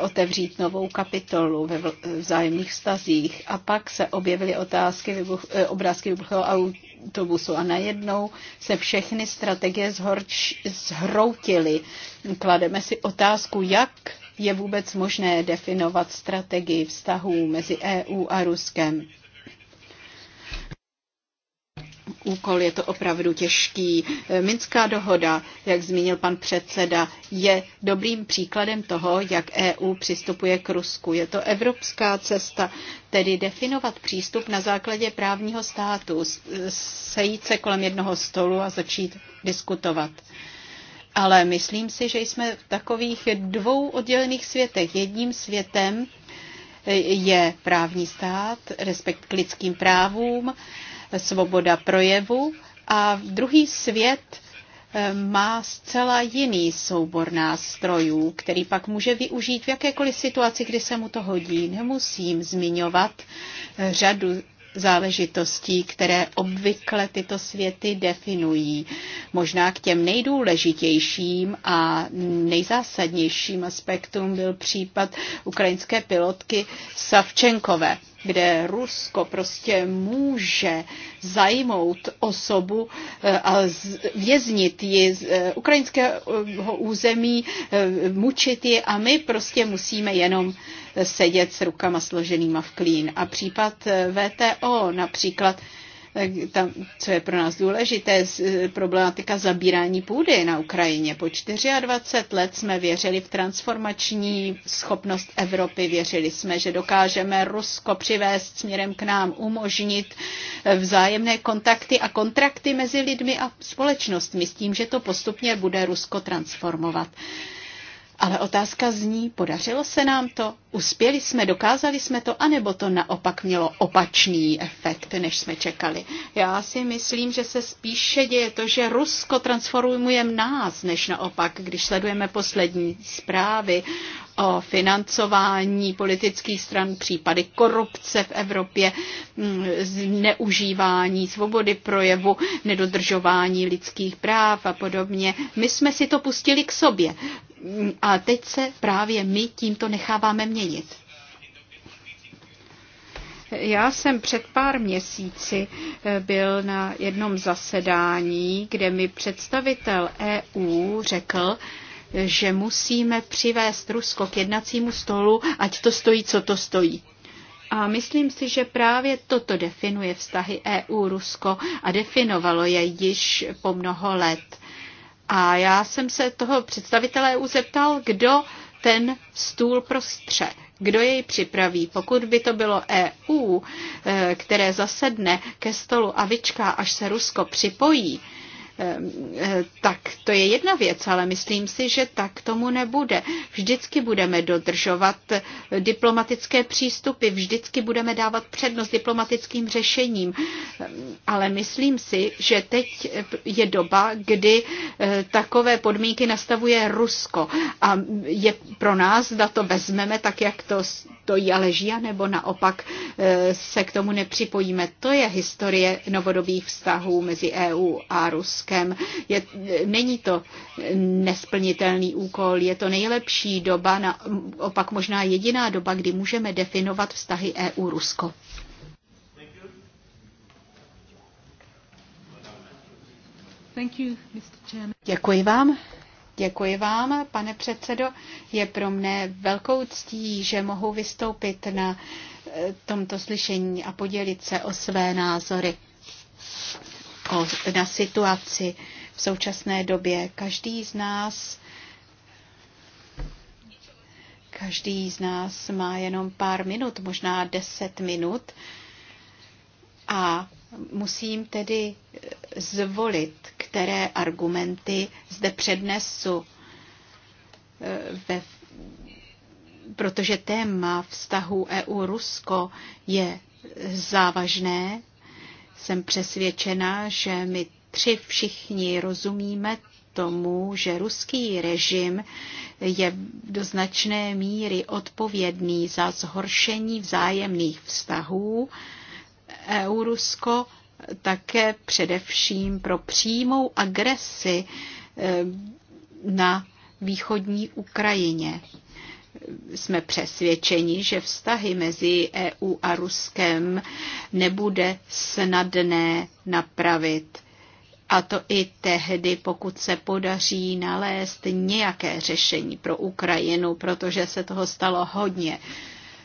otevřít novou kapitolu ve vzájemných vztazích. A pak se objevily otázky vybuch, eh, obrázky vybuchového autobusu a najednou se všechny strategie zhorč, zhroutily. Klademe si otázku, jak je vůbec možné definovat strategii vztahů mezi EU a Ruskem úkol, je to opravdu těžký. Eh, Minská dohoda, jak zmínil pan předseda, je dobrým příkladem toho, jak EU přistupuje k Rusku. Je to evropská cesta, tedy definovat přístup na základě právního státu, sejít se kolem jednoho stolu a začít diskutovat. Ale myslím si, že jsme v takových dvou oddělených světech. Jedním světem eh, je právní stát, respekt k lidským právům, svoboda projevu a druhý svět eh, má zcela jiný soubor nástrojů, který pak může využít v jakékoliv situaci, kdy se mu to hodí. Nemusím zmiňovat eh, řadu záležitostí, které obvykle tyto světy definují. Možná k těm nejdůležitějším a nejzásadnějším aspektům byl případ ukrajinské pilotky Savčenkové kde Rusko prostě může zajmout osobu eh, a věznit ji z eh, ukrajinského území, eh, mučit ji a my prostě musíme jenom sedět s rukama složenýma v klín. A případ eh, VTO například eh, tam, co je pro nás důležité, eh, problematika zabírání půdy na Ukrajině. Po 24 let jsme věřili v transformační schopnost Evropy, věřili jsme, že dokážeme Rusko přivést směrem k nám, umožnit vzájemné kontakty a kontrakty mezi lidmi a společnostmi s tím, že to postupně bude Rusko transformovat. Ale otázka zní, podařilo se nám to? Uspěli jsme, dokázali jsme to, anebo to naopak mělo opačný efekt, než jsme čekali? Já si myslím, že se spíše děje to, že Rusko transformuje nás, než naopak, když sledujeme poslední zprávy o financování politických stran, případy korupce v Evropě, mm, zneužívání svobody projevu, nedodržování lidských práv a podobně. My jsme si to pustili k sobě. A teď se právě my tímto necháváme měnit. Já jsem před pár měsíci eh, byl na jednom zasedání, kde mi představitel EU řekl, že musíme přivést Rusko k jednacímu stolu, ať to stojí, co to stojí. A myslím si, že právě toto definuje vztahy EU-Rusko a definovalo je již po mnoho let. A já jsem se toho představitele EU zeptal, kdo ten stůl prostře, kdo jej připraví. Pokud by to bylo EU, eh, které zasedne ke stolu a vyčká, až se Rusko připojí, Eh, eh, tak to je jedna věc, ale myslím si, že tak tomu nebude. Vždycky budeme dodržovat eh, diplomatické přístupy, vždycky budeme dávat přednost diplomatickým řešením, ale myslím si, že teď je doba, kdy takové podmínky nastavuje Rusko a je pro nás, zda to vezmeme tak, jak to stojí a leží, nebo naopak se k tomu nepřipojíme. To je historie novodobých vztahů mezi EU a Rusko. Ruskem. Je, není to nesplnitelný úkol, je to nejlepší doba, na, opak možná jediná doba, kdy můžeme definovat vztahy EU-Rusko. Děkuji vám. Děkuji vám, pane předsedo. Je pro mne velkou ctí, že mohu vystoupit na eh, tomto slyšení a podělit se o své názory na situaci v současné době. Každý z nás každý z nás má jenom pár minut, možná deset minut a musím tedy zvolit, které argumenty zde přednesu, e, ve, protože téma vztahu EU-Rusko je závažné, jsem přesvědčena, že my tři všichni rozumíme tomu, že ruský režim je do značné míry odpovědný za zhoršení vzájemných vztahů EU-Rusko, také především pro přímou agresi e, na východní Ukrajině jsme přesvědčeni, že vztahy mezi EU a Ruskem nebude snadné napravit. A to i tehdy, pokud se podaří nalézt nějaké řešení pro Ukrajinu, protože se toho stalo hodně,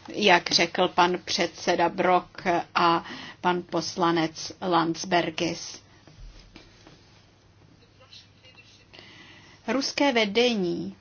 jak řekl pan předseda Brok a pan poslanec Landsbergis. Ruské vedení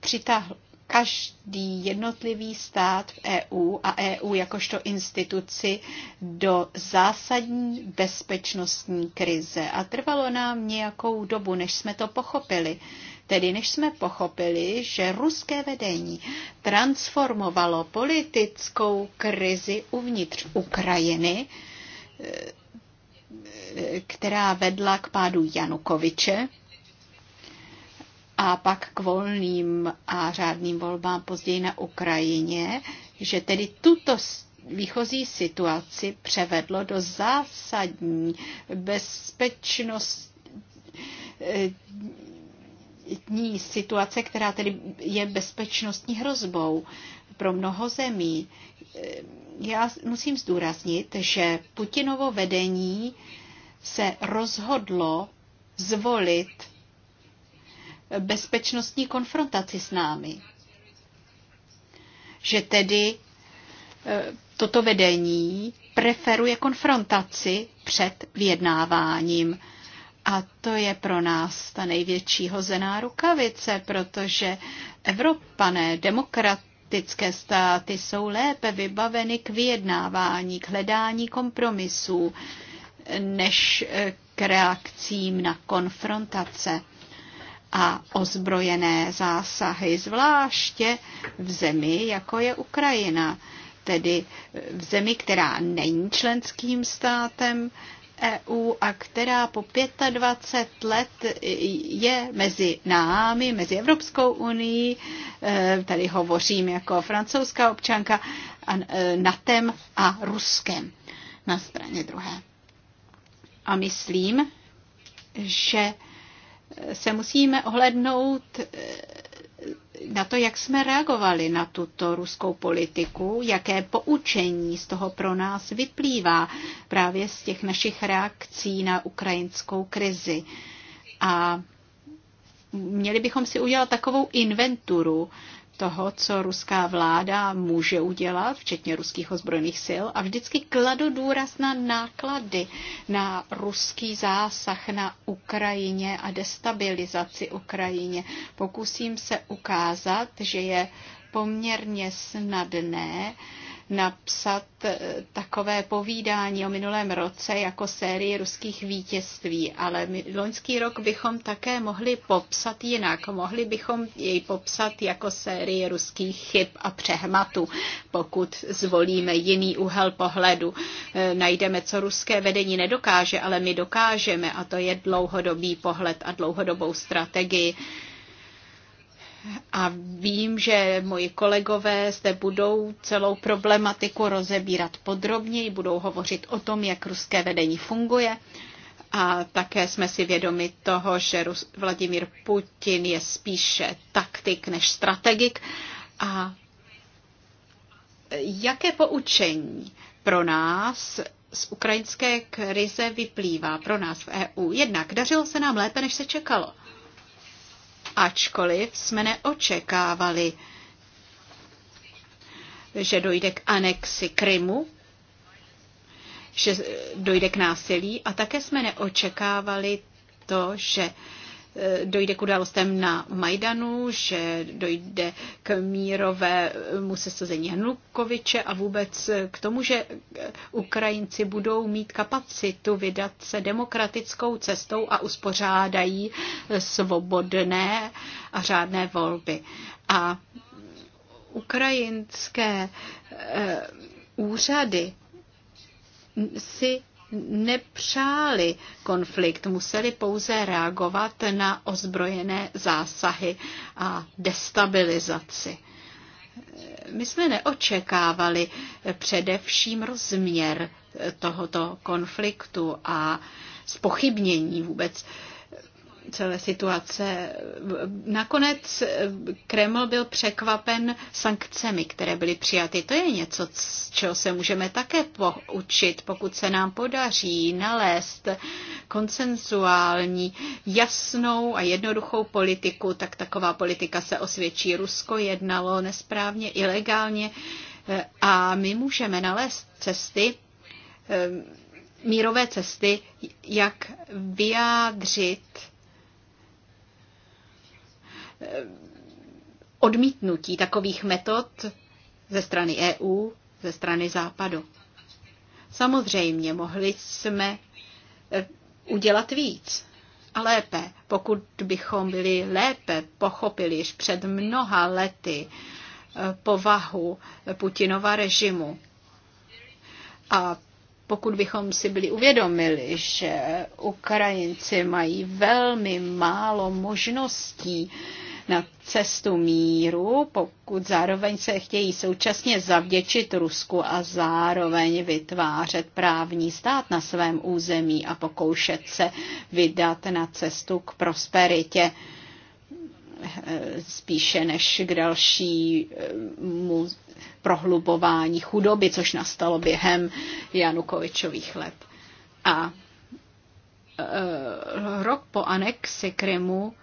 přitáhl každý jednotlivý stát v EU a EU jakožto instituci do zásadní bezpečnostní krize. A trvalo nám nějakou dobu, než jsme to pochopili. Tedy než jsme pochopili, že ruské vedení transformovalo politickou krizi uvnitř Ukrajiny, eh, která vedla k pádu Janukoviče, a pak k volným a řádným volbám později na Ukrajině, že tedy tuto výchozí situaci převedlo do zásadní bezpečnostní situace, která tedy je bezpečnostní hrozbou pro mnoho zemí. Já musím zdůraznit, že Putinovo vedení se rozhodlo zvolit bezpečnostní konfrontaci s námi. Že tedy e, toto vedení preferuje konfrontaci před vyjednáváním. A to je pro nás ta největší hozená rukavice, protože Evropané, demokratické státy jsou lépe vybaveny k vyjednávání, k hledání kompromisů, než e, k reakcím na konfrontace a ozbrojené zásahy, zvláště v zemi, jako je Ukrajina, tedy v zemi, která není členským státem EU a která po 25 let je mezi námi, mezi Evropskou unii, e, tady hovořím jako francouzská občanka, e, NATEM a Ruskem na straně druhé. A myslím, že se musíme ohlednout eh, na to, jak jsme reagovali na tuto ruskou politiku, jaké poučení z toho pro nás vyplývá právě z těch našich reakcí na ukrajinskou krizi. A měli bychom si udělat takovou inventuru toho, co ruská vláda může udělat, včetně ruských ozbrojených sil, a vždycky kladu důraz na náklady, na ruský zásah na Ukrajině a destabilizaci Ukrajině. Pokusím se ukázat, že je poměrně snadné uh, napsat eh, takové povídání o minulém roce jako sérii ruských vítězství, ale loňský rok bychom také mohli popsat jinak. Mohli bychom jej popsat jako sérii ruských chyb a přehmatů, pokud zvolíme jiný úhel pohledu. Eh, najdeme, co ruské vedení nedokáže, ale my dokážeme a to je dlouhodobý pohled a dlouhodobou strategii a vím, že moji kolegové zde budou celou problematiku rozebírat podrobněji, budou hovořit o tom, jak ruské vedení funguje. A také jsme si vědomi toho, že Rus- Vladimír Putin je spíše taktik než strategik. A jaké poučení pro nás z ukrajinské krize vyplývá pro nás v EU? Jednak dařilo se nám lépe, než se čekalo ačkoliv jsme neočekávali, že dojde k anexi Krymu, že dojde k násilí a také jsme neočekávali to, že Eh, dojde k událostem na Majdanu, že dojde k mírovému sesazení Hnukoviče a vůbec k tomu, že eh, Ukrajinci budou mít kapacitu vydat se demokratickou cestou a uspořádají eh, svobodné a řádné volby. A ukrajinské úřady si nepřáli konflikt, museli pouze reagovat na ozbrojené zásahy a destabilizaci. My jsme neočekávali především rozměr tohoto konfliktu a spochybnění vůbec celé situace. Nakonec eh, Kreml byl překvapen sankcemi, které byly přijaty. To je něco, z čeho se můžeme také poučit, pokud se nám podaří nalézt konsenzuální, jasnou a jednoduchou politiku, tak taková politika se osvědčí. Rusko jednalo nesprávně, ilegálně eh, a my můžeme nalézt cesty, eh, mírové cesty, jak vyjádřit odmítnutí takových metod ze strany EU, ze strany Západu. Samozřejmě mohli jsme eh, udělat víc a lépe, pokud bychom byli lépe pochopili již před mnoha lety eh, povahu Putinova režimu a pokud bychom si byli uvědomili, že Ukrajinci mají velmi málo možností na cestu míru, pokud zároveň se chtějí současně zavděčit Rusku a zároveň vytvářet právní stát na svém území a pokoušet se vydat na cestu k prosperitě eh, spíše než k dalšímu prohlubování chudoby, což nastalo během Janukovičových let. A e, rok po anexi Krymu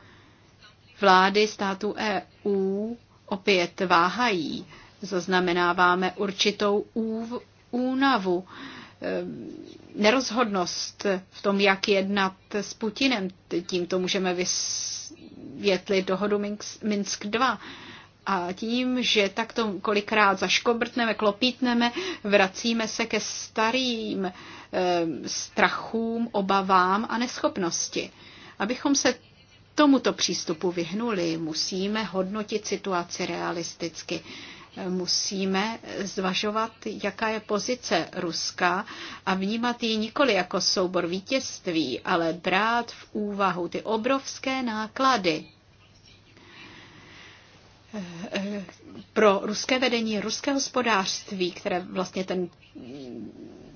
vlády států EU opět váhají. Zaznamenáváme určitou úv, únavu, e, nerozhodnost v tom, jak jednat s Putinem. Tímto můžeme vysvětlit dohodu Minsk, Minsk 2. A tím, že takto kolikrát zaškobrtneme, klopítneme, vracíme se ke starým e, strachům, obavám a neschopnosti. Abychom se tomuto přístupu vyhnuli, musíme hodnotit situaci realisticky. Musíme zvažovat, jaká je pozice Ruska a vnímat ji nikoli jako soubor vítězství, ale brát v úvahu ty obrovské náklady, pro ruské vedení, ruské hospodářství, které vlastně ten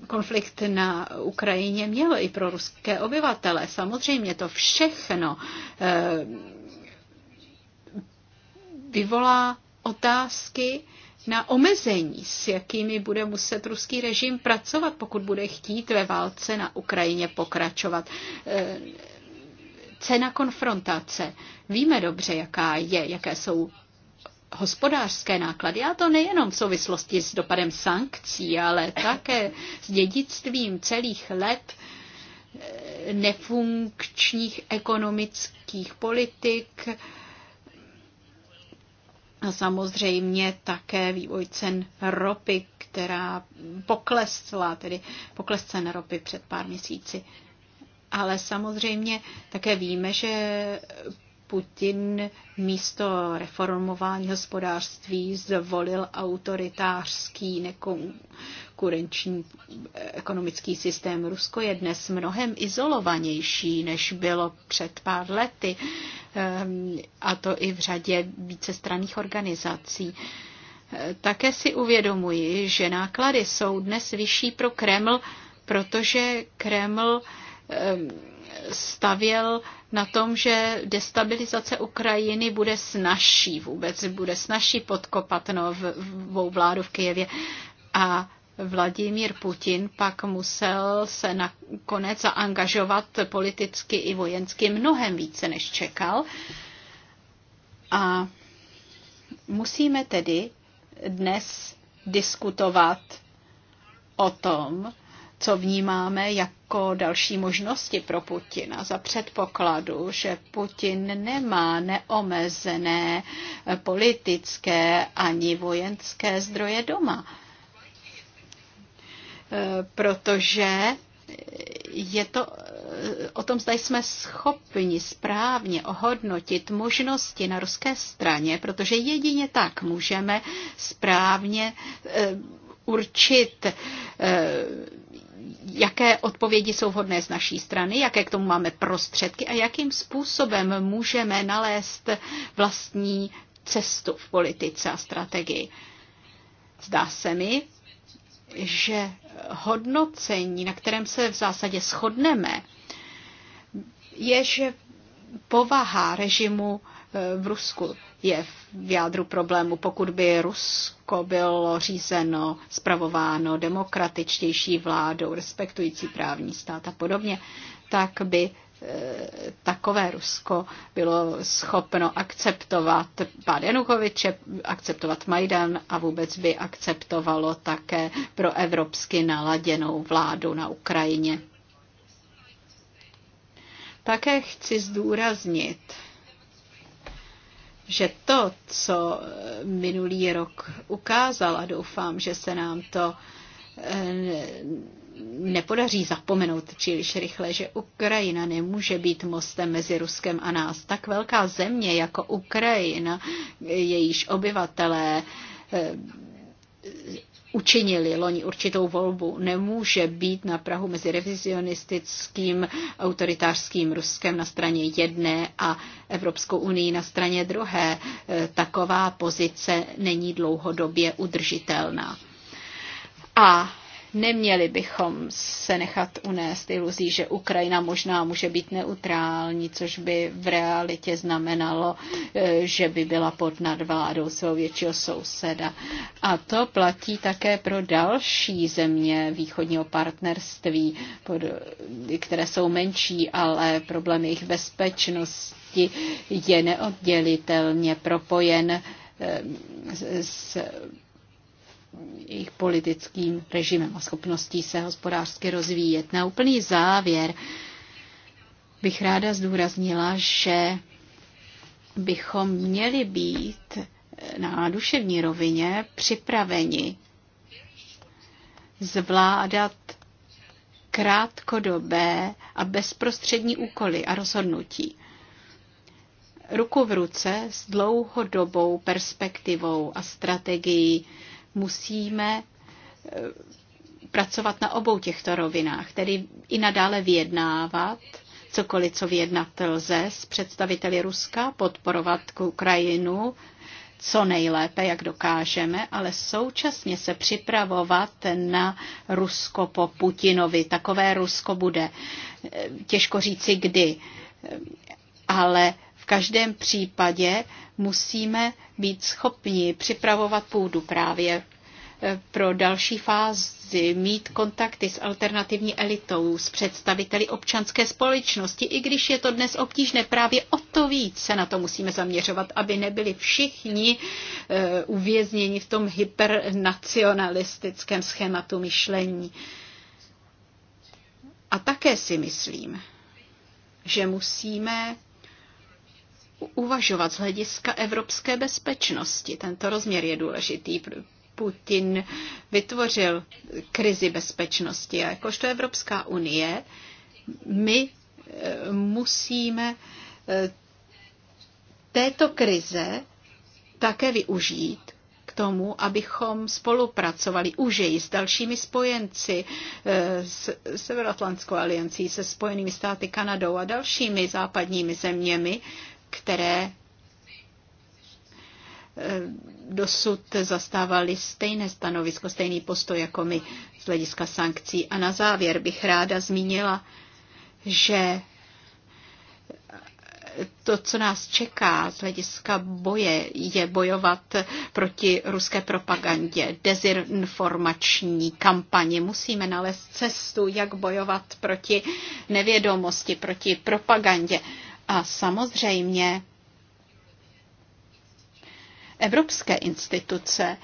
konflikt na Ukrajině měl i pro ruské obyvatele. Samozřejmě to všechno eh, vyvolá otázky na omezení, s jakými bude muset ruský režim pracovat, pokud bude chtít ve válce na Ukrajině pokračovat. Eh, cena konfrontace. Víme dobře, jaká je, jaké jsou hospodářské náklady, a to nejenom v souvislosti s dopadem sankcí, ale také s dědictvím celých let eh, nefunkčních ekonomických politik a samozřejmě také vývoj cen ropy, která poklesla, tedy pokles cen ropy před pár měsíci. Ale samozřejmě také víme, že Putin místo reformování hospodářství zvolil autoritářský nekonkurenční eh, ekonomický systém. Rusko je dnes mnohem izolovanější, než bylo před pár lety, ehm, a to i v řadě vícestranných organizací. Eh, také si uvědomuji, že náklady jsou dnes vyšší pro Kreml, protože Kreml ehm, stavěl na tom, že destabilizace Ukrajiny bude snažší vůbec, bude snažší podkopat novou vládu v Kijevě. A Vladimír Putin pak musel se nakonec zaangažovat politicky i vojensky mnohem více, než čekal. A musíme tedy dnes diskutovat o tom, co vnímáme jako další možnosti pro Putina za předpokladu, že Putin nemá neomezené politické ani vojenské zdroje doma. E, protože je to e, o tom, zda jsme schopni správně ohodnotit možnosti na ruské straně, protože jedině tak můžeme správně e, určit jaké odpovědi jsou vhodné z naší strany, jaké k tomu máme prostředky a jakým způsobem můžeme nalézt vlastní cestu v politice a strategii. Zdá se mi, že hodnocení, na kterém se v zásadě shodneme, je, že povaha režimu eh, v Rusku je v jádru problému. Pokud by Rusko bylo řízeno, spravováno demokratičtější vládou, respektující právní stát a podobně, tak by eh, takové Rusko bylo schopno akceptovat pád Janukoviče, akceptovat Majdan a vůbec by akceptovalo také pro evropsky naladěnou vládu na Ukrajině. Také chci zdůraznit, že to, co eh, minulý rok ukázal, a doufám, že se nám to eh, nepodaří zapomenout příliš rychle, že Ukrajina nemůže být mostem mezi Ruskem a nás. Tak velká země jako Ukrajina, jejíž obyvatelé eh, učinili loni určitou volbu. Nemůže být na Prahu mezi revizionistickým autoritářským Ruskem na straně jedné a Evropskou unii na straně druhé. E, taková pozice není dlouhodobě udržitelná. A Neměli bychom se nechat unést iluzí, že Ukrajina možná může být neutrální, což by v realitě znamenalo, eh, že by byla pod nadvládou svého většího souseda. A to platí také pro další země východního partnerství, eh, které jsou menší, ale problém jejich bezpečnosti je neoddělitelně propojen eh, s jejich politickým režimem a schopností se hospodářsky rozvíjet. Na úplný závěr bych ráda zdůraznila, že bychom měli být na duševní rovině připraveni zvládat krátkodobé a bezprostřední úkoly a rozhodnutí. Ruku v ruce s dlouhodobou perspektivou a strategií musíme eh, pracovat na obou těchto rovinách, tedy i nadále vyjednávat cokoliv, co vyjednat lze s představiteli Ruska, podporovat Ukrajinu co nejlépe, jak dokážeme, ale současně se připravovat na Rusko po Putinovi. Takové Rusko bude. Eh, těžko říci kdy, eh, ale každém případě musíme být schopni připravovat půdu právě eh, pro další fázi, mít kontakty s alternativní elitou, s představiteli občanské společnosti, i když je to dnes obtížné, právě o to víc se na to musíme zaměřovat, aby nebyli všichni e, uvězněni v tom hypernacionalistickém schématu myšlení. A také si myslím, že musíme uvažovat z hlediska evropské bezpečnosti. Tento rozměr je důležitý. Putin vytvořil krizi bezpečnosti a jakožto Evropská unie my e, musíme e, této krize také využít k tomu, abychom spolupracovali užeji s dalšími spojenci, e, s Severoatlantskou aliancí, se Spojenými státy, Kanadou a dalšími západními zeměmi, které eh, dosud zastávali stejné stanovisko, stejný postoj jako my z hlediska sankcí. A na závěr bych ráda zmínila, že to, co nás čeká z hlediska boje, je bojovat proti ruské propagandě, dezinformační kampani. Musíme nalézt cestu, jak bojovat proti nevědomosti, proti propagandě. A samozřejmě evropské instituce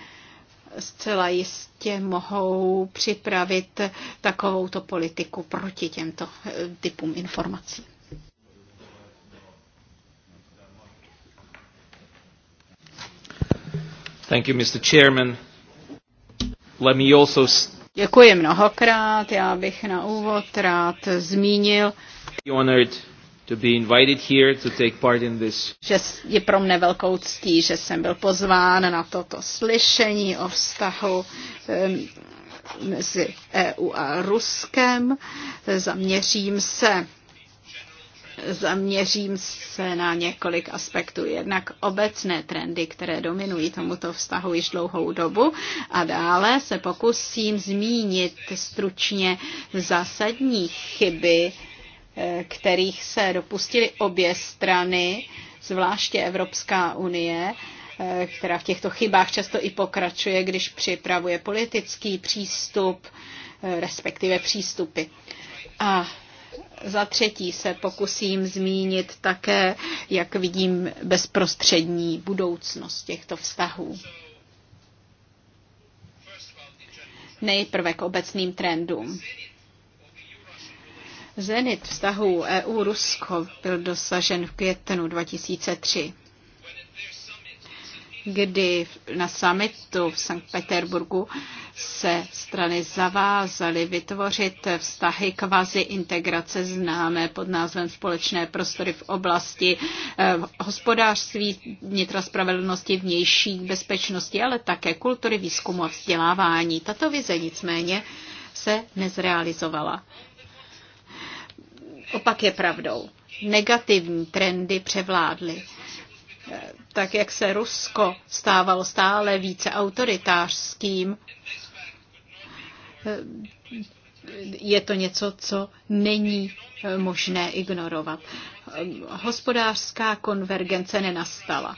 zcela jistě mohou připravit takovouto politiku proti těmto eh, typům informací. Thank you, Mr. Chairman. Let me also... Děkuji mnohokrát. Já bych na úvod rád zmínil honored to be invited here to take part in this. Že je pro mne velkou ctí, že jsem byl pozván na toto slyšení o vztahu um, mezi EU a Ruskem. Zaměřím se zaměřím se na několik aspektů. Jednak obecné trendy, které dominují tomuto vztahu již dlouhou dobu a dále se pokusím zmínit stručně zásadní chyby, Eh, kterých se dopustily obě strany, zvláště Evropská unie, eh, která v těchto chybách často i pokračuje, když připravuje politický přístup, eh, respektive přístupy. A za třetí se pokusím zmínit také, jak vidím bezprostřední budoucnost těchto vztahů. Nejprve k obecným trendům. Zenit vztahů EU-Rusko byl dosažen v květnu 2003, kdy na summitu v Sankt Peterburgu se strany zavázaly vytvořit vztahy kvazi integrace známé pod názvem Společné prostory v oblasti eh, hospodářství, vnitra spravedlnosti, vnější bezpečnosti, ale také kultury, výzkumu a vzdělávání. Tato vize nicméně se nezrealizovala. Opak je pravdou. Negativní trendy převládly. Tak jak se Rusko stávalo stále více autoritářským, je to něco, co není možné ignorovat. Hospodářská konvergence nenastala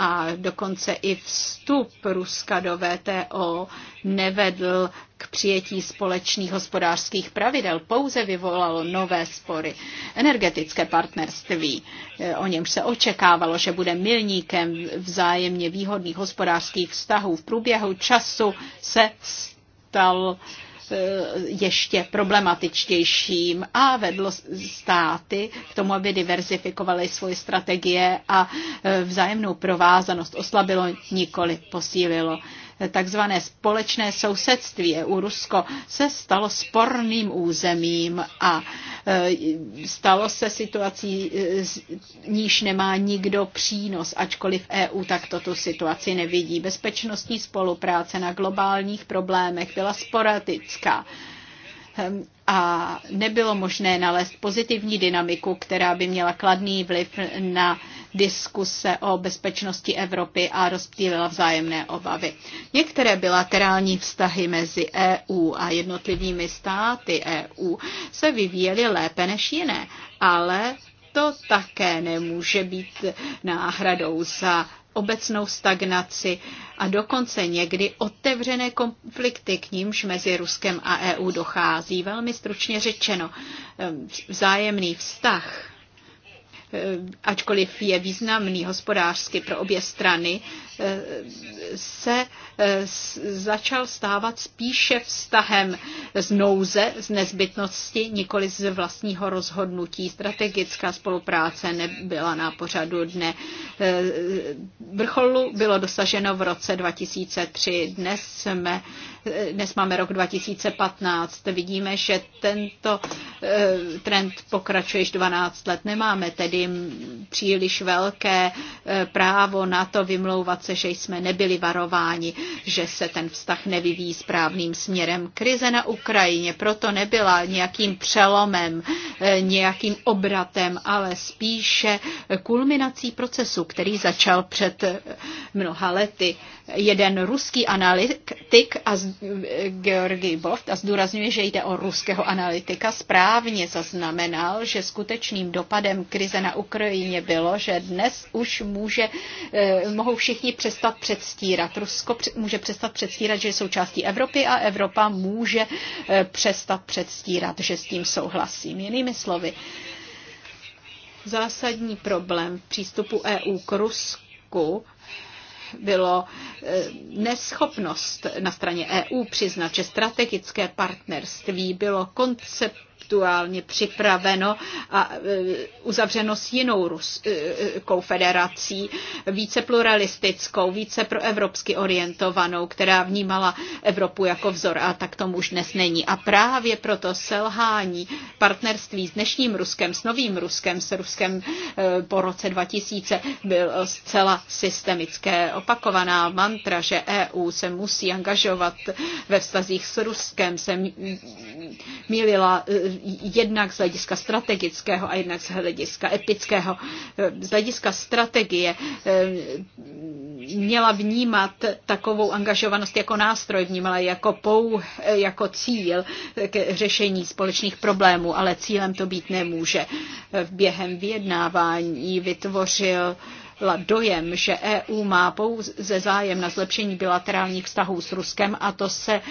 a dokonce i vstup Ruska do VTO nevedl k přijetí společných hospodářských pravidel, pouze vyvolalo nové spory. Energetické partnerství, eh, o němž se očekávalo, že bude milníkem vzájemně výhodných hospodářských vztahů, v průběhu času se stal Eh, ještě problematičtějším a vedlo státy k tomu, aby diverzifikovaly svoje strategie a eh, vzájemnou provázanost oslabilo, nikoli posílilo takzvané společné sousedství U rusko se stalo sporným územím a e, stalo se situací, e, níž nemá nikdo přínos, ačkoliv EU tak toto situaci nevidí. Bezpečnostní spolupráce na globálních problémech byla sporadická ehm, a nebylo možné nalézt pozitivní dynamiku, která by měla kladný vliv na diskuse o bezpečnosti Evropy a rozptýlila vzájemné obavy. Některé bilaterální vztahy mezi EU a jednotlivými státy EU se vyvíjely lépe než jiné, ale to také nemůže být náhradou za obecnou stagnaci a dokonce někdy otevřené konflikty, k nímž mezi Ruskem a EU dochází. Velmi stručně řečeno, ehm, vzájemný vztah Eh, ačkoliv je významný hospodářsky pro obě strany, se eh, začal stávat spíše vztahem z nouze, z nezbytnosti, nikoli z vlastního rozhodnutí. Strategická spolupráce nebyla na pořadu dne. Eh, vrcholu bylo dosaženo v roce 2003. Dnes, jsme, eh, dnes máme rok 2015. Vidíme, že tento trend pokračuje již 12 let. Nemáme tedy příliš velké právo na to vymlouvat se se, že jsme nebyli varováni, že se ten vztah nevyvíjí správným směrem. Krize na Ukrajině proto nebyla nějakým přelomem, eh, nějakým obratem, ale spíše kulminací procesu, který začal před eh, mnoha lety jeden ruský analytik a Georgi Boft a zdůrazňuje, že jde o ruského analytika, správně zaznamenal, že skutečným dopadem krize na Ukrajině bylo, že dnes už může, eh, mohou všichni přestat předstírat. Rusko může přestat předstírat, že je součástí Evropy a Evropa může eh, přestat předstírat, že s tím souhlasím. Jinými slovy, zásadní problém v přístupu EU k Rusku bylo eh, neschopnost na straně EU přiznat, že strategické partnerství bylo koncept konceptuálně připraveno a e, uzavřeno s jinou Ruskou e, e, federací, více pluralistickou, více proevropsky orientovanou, která vnímala Evropu jako vzor a tak tomu už dnes není. A právě proto selhání partnerství s dnešním Ruskem, s novým Ruskem, s Ruskem po roce 2000 byl zcela systemické. Opakovaná mantra, že EU se musí angažovat ve vztazích s Ruskem, se mílila jednak z hlediska strategického a jednak z hlediska epického. Z hlediska strategie eh, měla vnímat takovou angažovanost jako nástroj, vnímala jako pou, eh, jako cíl k řešení společných problémů, ale cílem to být nemůže. Eh, Během vyjednávání vytvořil dojem, že EU má pouze zájem na zlepšení bilaterálních vztahů s Ruskem a to se e,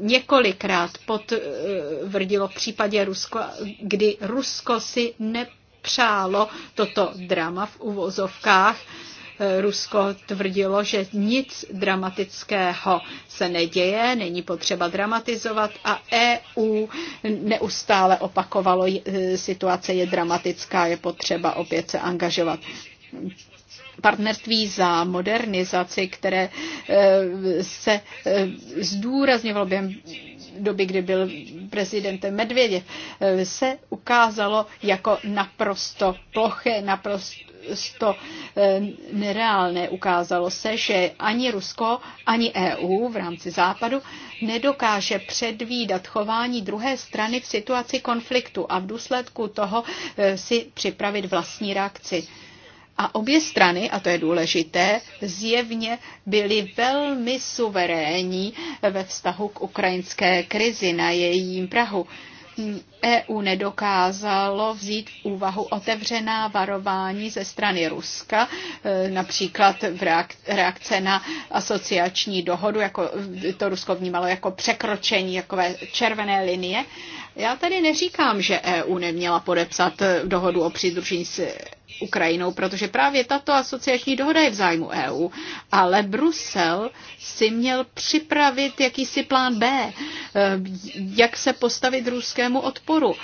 několikrát potvrdilo v případě Rusko, kdy Rusko si nepřálo toto drama v uvozovkách. E, Rusko tvrdilo, že nic dramatického se neděje, není potřeba dramatizovat a EU neustále opakovalo, e, situace je dramatická, je potřeba opět se angažovat partnerství za modernizaci, které eh, se eh, zdůrazňovalo během doby, kdy byl prezidentem Medvěděv, eh, se ukázalo jako naprosto ploché, naprosto nereálné. Ukázalo se, že ani Rusko, ani EU v rámci Západu nedokáže předvídat chování druhé strany v situaci konfliktu a v důsledku toho si připravit vlastní reakci. A obě strany, a to je důležité, zjevně byly velmi suverénní ve vztahu k ukrajinské krizi na jejím Prahu. EU nedokázalo vzít v úvahu otevřená varování ze strany Ruska, e, například v reakce na asociační dohodu, jako to Rusko vnímalo jako překročení takové červené linie. Já tady neříkám, že EU neměla podepsat eh, dohodu o přidružení s Ukrajinou, protože právě tato asociační dohoda je v zájmu EU, ale Brusel si měl připravit jakýsi plán B, eh, jak se postavit ruskému odporu.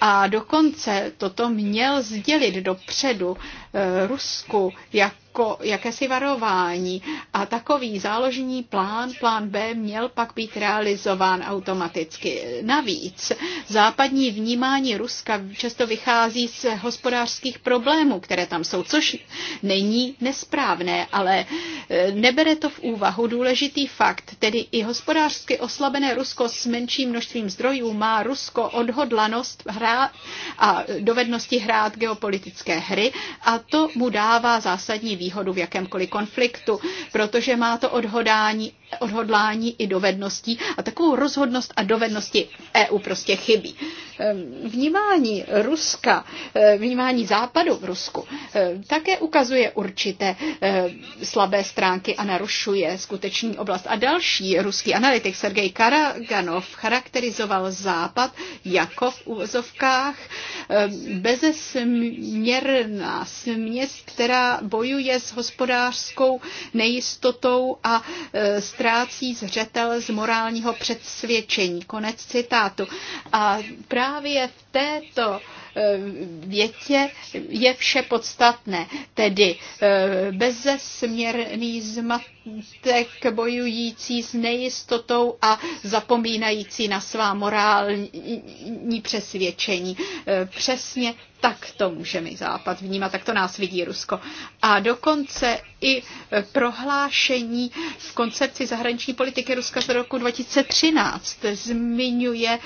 A dokonce toto měl sdělit dopředu eh, Rusku jak jako jakési varování. A takový záložní plán, plán B, měl pak být realizován automaticky. Navíc západní vnímání Ruska často vychází z hospodářských problémů, které tam jsou, což není nesprávné, ale e, nebere to v úvahu důležitý fakt, tedy i hospodářsky oslabené Rusko s menším množstvím zdrojů má Rusko odhodlanost hrát a dovednosti hrát geopolitické hry a to mu dává zásadní výhodu v jakémkoliv konfliktu, protože má to odhodání odhodlání i dovedností a takovou rozhodnost a dovednosti EU prostě chybí. Ehm, vnímání Ruska, eh, vnímání západu v Rusku eh, také ukazuje určité eh, slabé stránky a narušuje skutečný oblast. A další ruský analytik Sergej Karaganov charakterizoval západ jako v úvozovkách bezesměrná směs, která bojuje s hospodářskou nejistotou a s ztrácí zřetel z morálního předsvědčení. Konec citátu. A právě v této Eh, větě je vše podstatné, tedy eh, bezesměrný zmatek bojující s nejistotou a zapomínající na svá morální přesvědčení. Eh, přesně tak to můžeme Západ vnímat, tak to nás vidí Rusko. A dokonce i prohlášení v koncepci zahraniční politiky Ruska z roku 2013 zmiňuje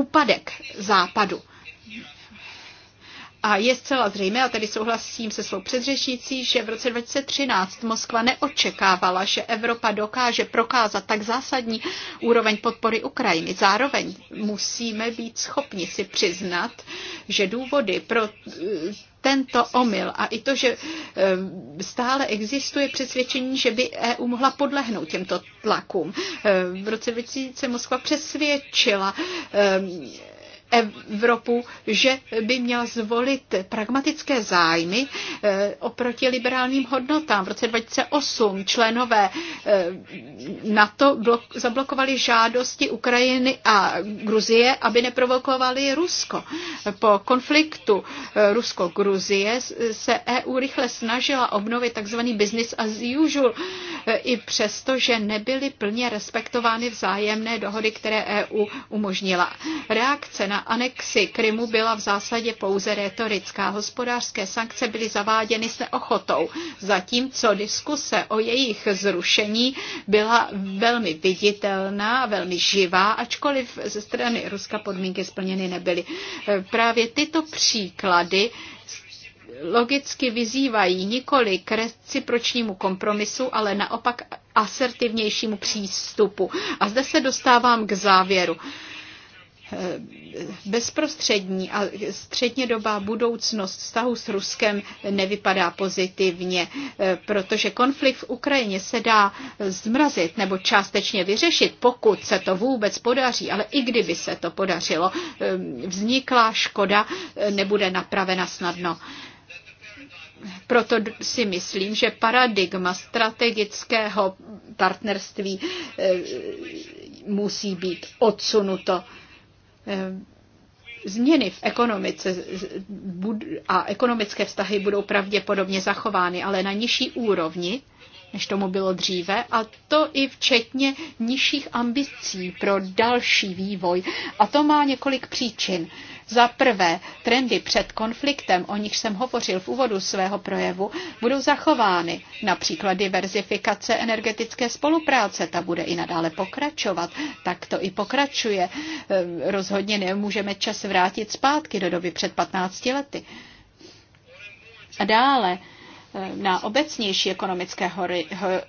úpadek západu. A je zcela zřejmé, a tady souhlasím se svou předřešící, že v roce 2013 Moskva neočekávala, že Evropa dokáže prokázat tak zásadní úroveň podpory Ukrajiny. Zároveň musíme být schopni si přiznat, že důvody pro eh, tento omyl a i to, že eh, stále existuje přesvědčení, že by EU mohla podlehnout těmto tlakům. Eh, v roce 2000 Moskva přesvědčila Evropu, že by měl zvolit pragmatické zájmy eh, oproti liberálním hodnotám. V roce 2008 členové eh, NATO zablokovali žádosti Ukrajiny a Gruzie, aby neprovokovali Rusko. Po konfliktu eh, Rusko-Gruzie se EU rychle snažila obnovit tzv. business as usual, i přesto, že nebyly plně respektovány vzájemné dohody, které EU umožnila. Reakce na na anexi Krymu byla v zásadě pouze retorická. Hospodářské sankce byly zaváděny s neochotou, zatímco diskuse o jejich zrušení byla velmi viditelná, velmi živá, ačkoliv ze strany Ruska podmínky splněny nebyly. Právě tyto příklady logicky vyzývají nikoli k recipročnímu kompromisu, ale naopak asertivnějšímu přístupu. A zde se dostávám k závěru. Eh, bezprostřední a střednědobá budoucnost vztahu s Ruskem nevypadá pozitivně, eh, protože konflikt v Ukrajině se dá zmrazit nebo částečně vyřešit, pokud se to vůbec podaří, ale i kdyby se to podařilo, eh, vzniklá škoda nebude napravena snadno. Proto si myslím, že paradigma strategického partnerství musí být odsunuto Eh, změny v ekonomice a ekonomické vztahy budou pravděpodobně zachovány, ale na nižší úrovni, než tomu bylo dříve, a to i včetně nižších ambicí pro další vývoj. A to má několik příčin. Za prvé, trendy před konfliktem, o nich jsem hovořil v úvodu svého projevu, budou zachovány. Například diverzifikace energetické spolupráce, ta bude i nadále pokračovat. Tak to i pokračuje. Eh, rozhodně nemůžeme čas vrátit zpátky do doby před 15 lety. A dále, na obecnější ekonomické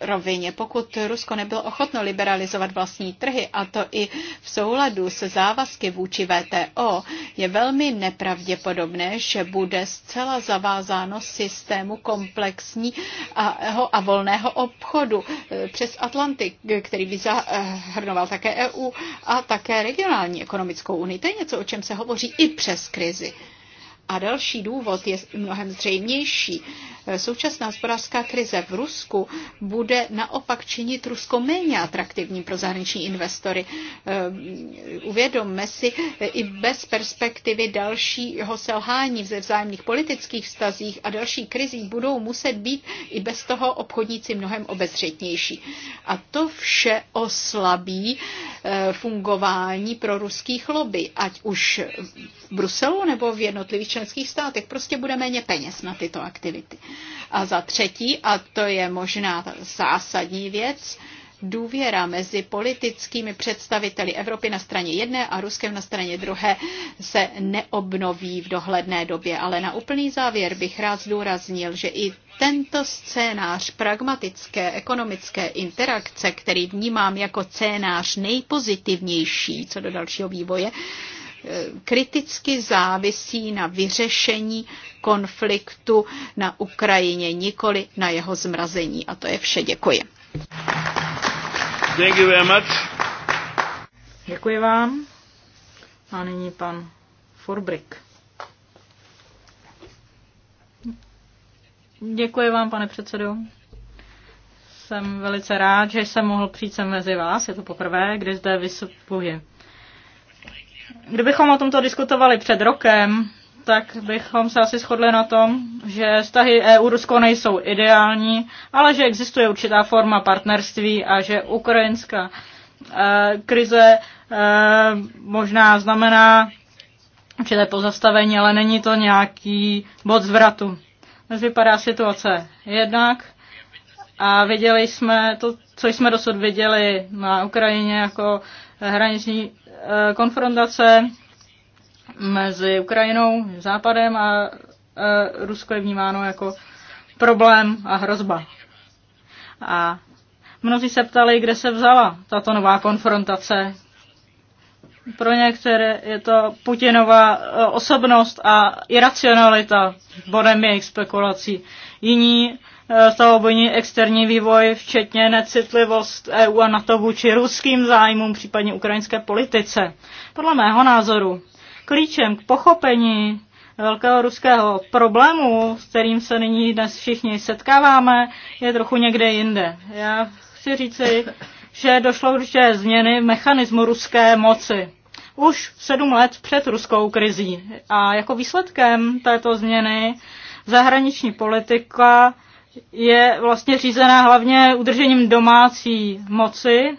rovině. Pokud Rusko nebylo ochotno liberalizovat vlastní trhy, a to i v souladu se závazky vůči VTO, je velmi nepravděpodobné, že bude zcela zavázáno systému komplexního a volného obchodu eh, přes Atlantik, který by zahrnoval také EU a také regionální ekonomickou unii. To je něco, o čem se hovoří i přes krizi. A další důvod je mnohem zřejmější. Současná hospodářská krize v Rusku bude naopak činit Rusko méně atraktivní pro zahraniční investory. Ehm, uvědomme si i bez perspektivy dalšího selhání ze vzájemných politických vztazích a další krizí budou muset být i bez toho obchodníci mnohem obezřetnější. A to vše oslabí ehm, fungování pro ruských lobby, ať už v Bruselu nebo v jednotlivých členských státech. Prostě bude méně peněz na tyto aktivity. A za třetí, a to je možná zásadní věc, důvěra mezi politickými představiteli Evropy na straně jedné a Ruskem na straně druhé se neobnoví v dohledné době. Ale na úplný závěr bych rád zdůraznil, že i tento scénář pragmatické ekonomické interakce, který vnímám jako scénář nejpozitivnější co do dalšího vývoje, kriticky závisí na vyřešení konfliktu na Ukrajině, nikoli na jeho zmrazení. A to je vše. Děkuji. Thank you very much. Děkuji vám. A nyní pan Forbrik. Děkuji vám, pane předsedo. Jsem velice rád, že jsem mohl přijít sem mezi vás. Je to poprvé, kdy zde vystupuji. Kdybychom o tomto diskutovali před rokem, tak bychom se asi shodli na tom, že vztahy EU-Rusko nejsou ideální, ale že existuje určitá forma partnerství a že ukrajinská e, krize e, možná znamená určité pozastavení, ale není to nějaký bod zvratu. Dnes vypadá situace jednak a viděli jsme to, co jsme dosud viděli na Ukrajině jako hraniční Eh, konfrontace mezi Ukrajinou, Západem a eh, Rusko je vnímáno jako problém a hrozba. A mnozí se ptali, kde se vzala tato nová konfrontace. Pro některé je to Putinova eh, osobnost a iracionalita bodem jejich spekulací. Jiní stavobní eh, externí vývoj, včetně necitlivost EU a NATO vůči ruským zájmům, případně ukrajinské politice. Podle mého názoru klíčem k pochopení velkého ruského problému, s kterým se nyní dnes všichni setkáváme, je trochu někde jinde. Já chci říci, že došlo určitě změny v mechanismu ruské moci. Už sedm let před ruskou krizí. A jako výsledkem této změny zahraniční politika je vlastně řízená hlavně udržením domácí moci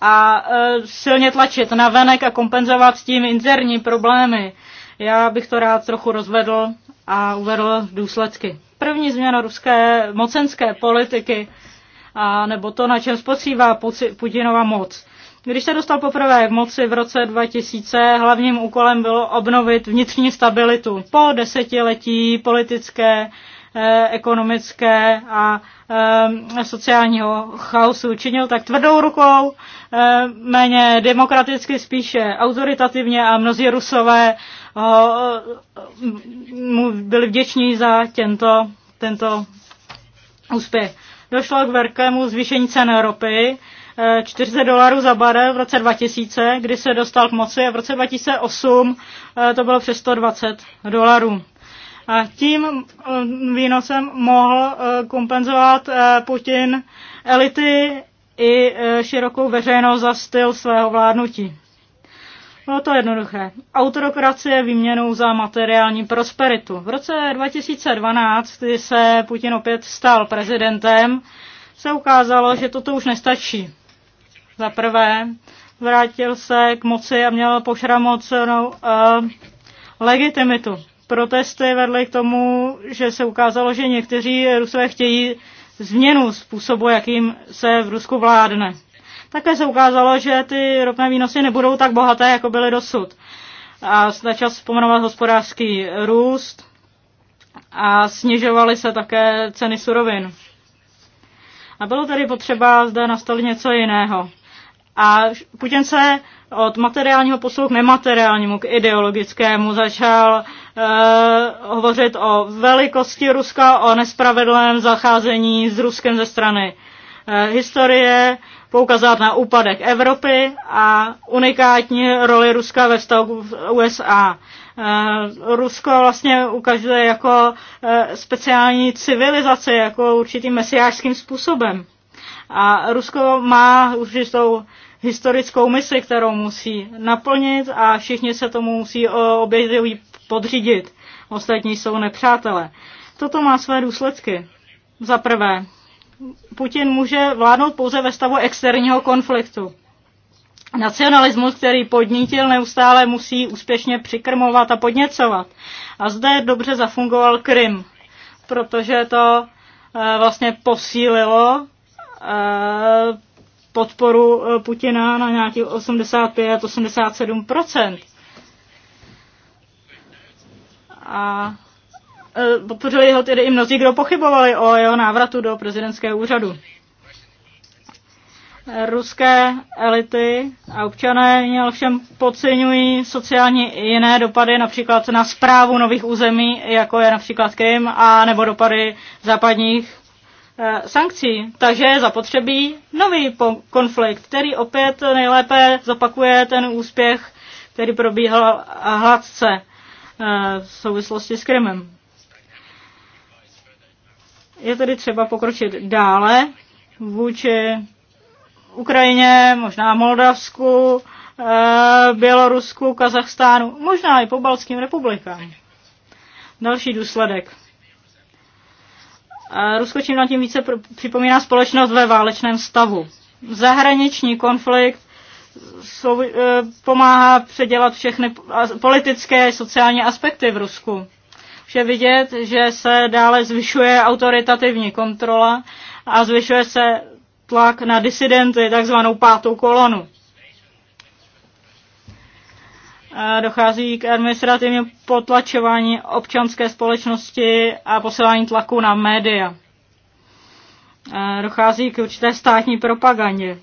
a e, silně tlačit na venek a kompenzovat s tím interní problémy. Já bych to rád trochu rozvedl a uvedl důsledky. První změna ruské mocenské politiky, a nebo to, na čem spocívá Putinova moc. Když se dostal poprvé k moci v roce 2000, hlavním úkolem bylo obnovit vnitřní stabilitu po desetiletí politické Eh, ekonomické a eh, sociálního chaosu činil tak tvrdou rukou, eh, méně demokraticky, spíše autoritativně a mnozí rusové mu byli vděční za tento, tento úspěch. Došlo k velkému zvýšení cen ropy, 40 dolarů za barel v roce 2000, kdy se dostal k moci a v roce 2008 to bylo přes 120 dolarů. A tím eh, výnosem mohl eh, kompenzovat eh, Putin elity i širokou veřejnost za styl svého vládnutí. Bylo no, to jednoduché. Autokracie výměnou za materiální prosperitu. V roce 2012, kdy se Putin opět stal prezidentem, se ukázalo, že toto už nestačí. Za prvé, vrátil se k moci a měl pošramocenou uh, legitimitu protesty vedly k tomu, že se ukázalo, že někteří Rusové chtějí změnu způsobu, jakým se v Rusku vládne. Také se ukázalo, že ty ropné výnosy nebudou tak bohaté, jako byly dosud. A začal vzpomenovat hospodářský růst a snižovaly se také ceny surovin. A bylo tedy potřeba zde nastavit něco jiného. A Putin se od materiálního posunu k nemateriálnímu, k ideologickému. Začal eh, hovořit o velikosti Ruska, o nespravedlém zacházení s Ruskem ze strany eh, historie, poukazat na úpadek Evropy a unikátní roli Ruska ve vztahu k USA. Eh, Rusko vlastně ukazuje jako eh, speciální civilizace, jako určitým mesiářským způsobem. A Rusko má už jistou historickou misi, kterou musí naplnit a všichni se tomu musí obědilí podřídit. Ostatní jsou nepřátelé. Toto má své důsledky. Za prvé, Putin může vládnout pouze ve stavu externího konfliktu. Nacionalismus, který podnítil, neustále musí úspěšně přikrmovat a podněcovat. A zde dobře zafungoval Krym, protože to eh, vlastně posílilo eh, podporu eh, Putina na nějakých 85-87%. A eh, podpořili ho tedy i mnozí, kdo pochybovali o jeho návratu do prezidentského úřadu. Ruské elity a občané ovšem podceňují sociální jiné dopady, například na zprávu nových území, jako je například Krym, a nebo dopady západních Eh, sankcí, takže je zapotřebí nový konflikt, který opět nejlépe zopakuje ten úspěch, který probíhal hladce eh, v souvislosti s Krymem. Je tedy třeba pokročit dále vůči Ukrajině, možná Moldavsku, eh, Bělorusku, Kazachstánu, možná i pobaltským republikám. Další důsledek. Rusko čím na tím více připomíná společnost ve válečném stavu. Zahraniční konflikt sou, e, pomáhá předělat všechny politické a sociální aspekty v Rusku. Už je vidět, že se dále zvyšuje autoritativní kontrola a zvyšuje se tlak na disidenty, takzvanou pátou kolonu dochází k administrativnímu potlačování občanské společnosti a posílání tlaku na média. Dochází k určité státní propagandě.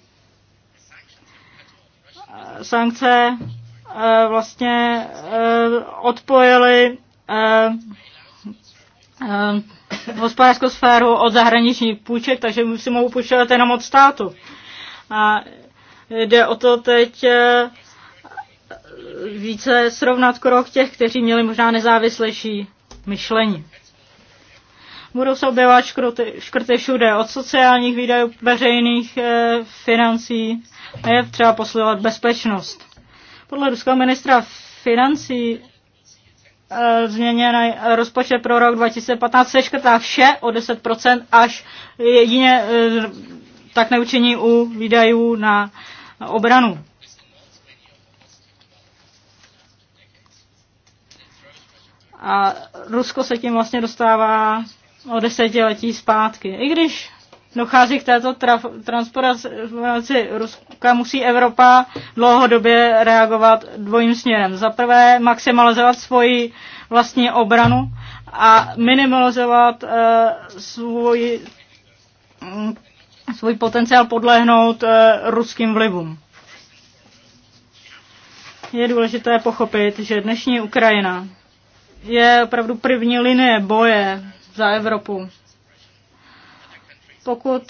Sankce e, vlastně e, odpojily e, hospodářskou sféru od zahraničních půjček, takže si mohou půjčovat jenom od státu. A jde o to teď více srovnat krok těch, kteří měli možná nezávislejší myšlení. Budou se objevovat škrty, škrty všude, od sociálních výdajů, veřejných e, financí a je třeba posilovat bezpečnost. Podle ruského ministra financí e, změněný rozpočet pro rok 2015 se škrtá vše o 10% až jedině e, tak neučení u výdajů na obranu. A Rusko se tím vlastně dostává o desetiletí zpátky. I když dochází k této traf- transformaci Ruska, musí Evropa dlouhodobě reagovat dvojím směrem. Za prvé maximalizovat svoji vlastní obranu a minimalizovat uh, svůj, um, svůj potenciál podlehnout uh, ruským vlivům. Je důležité pochopit, že dnešní Ukrajina je opravdu první linie boje za Evropu. Pokud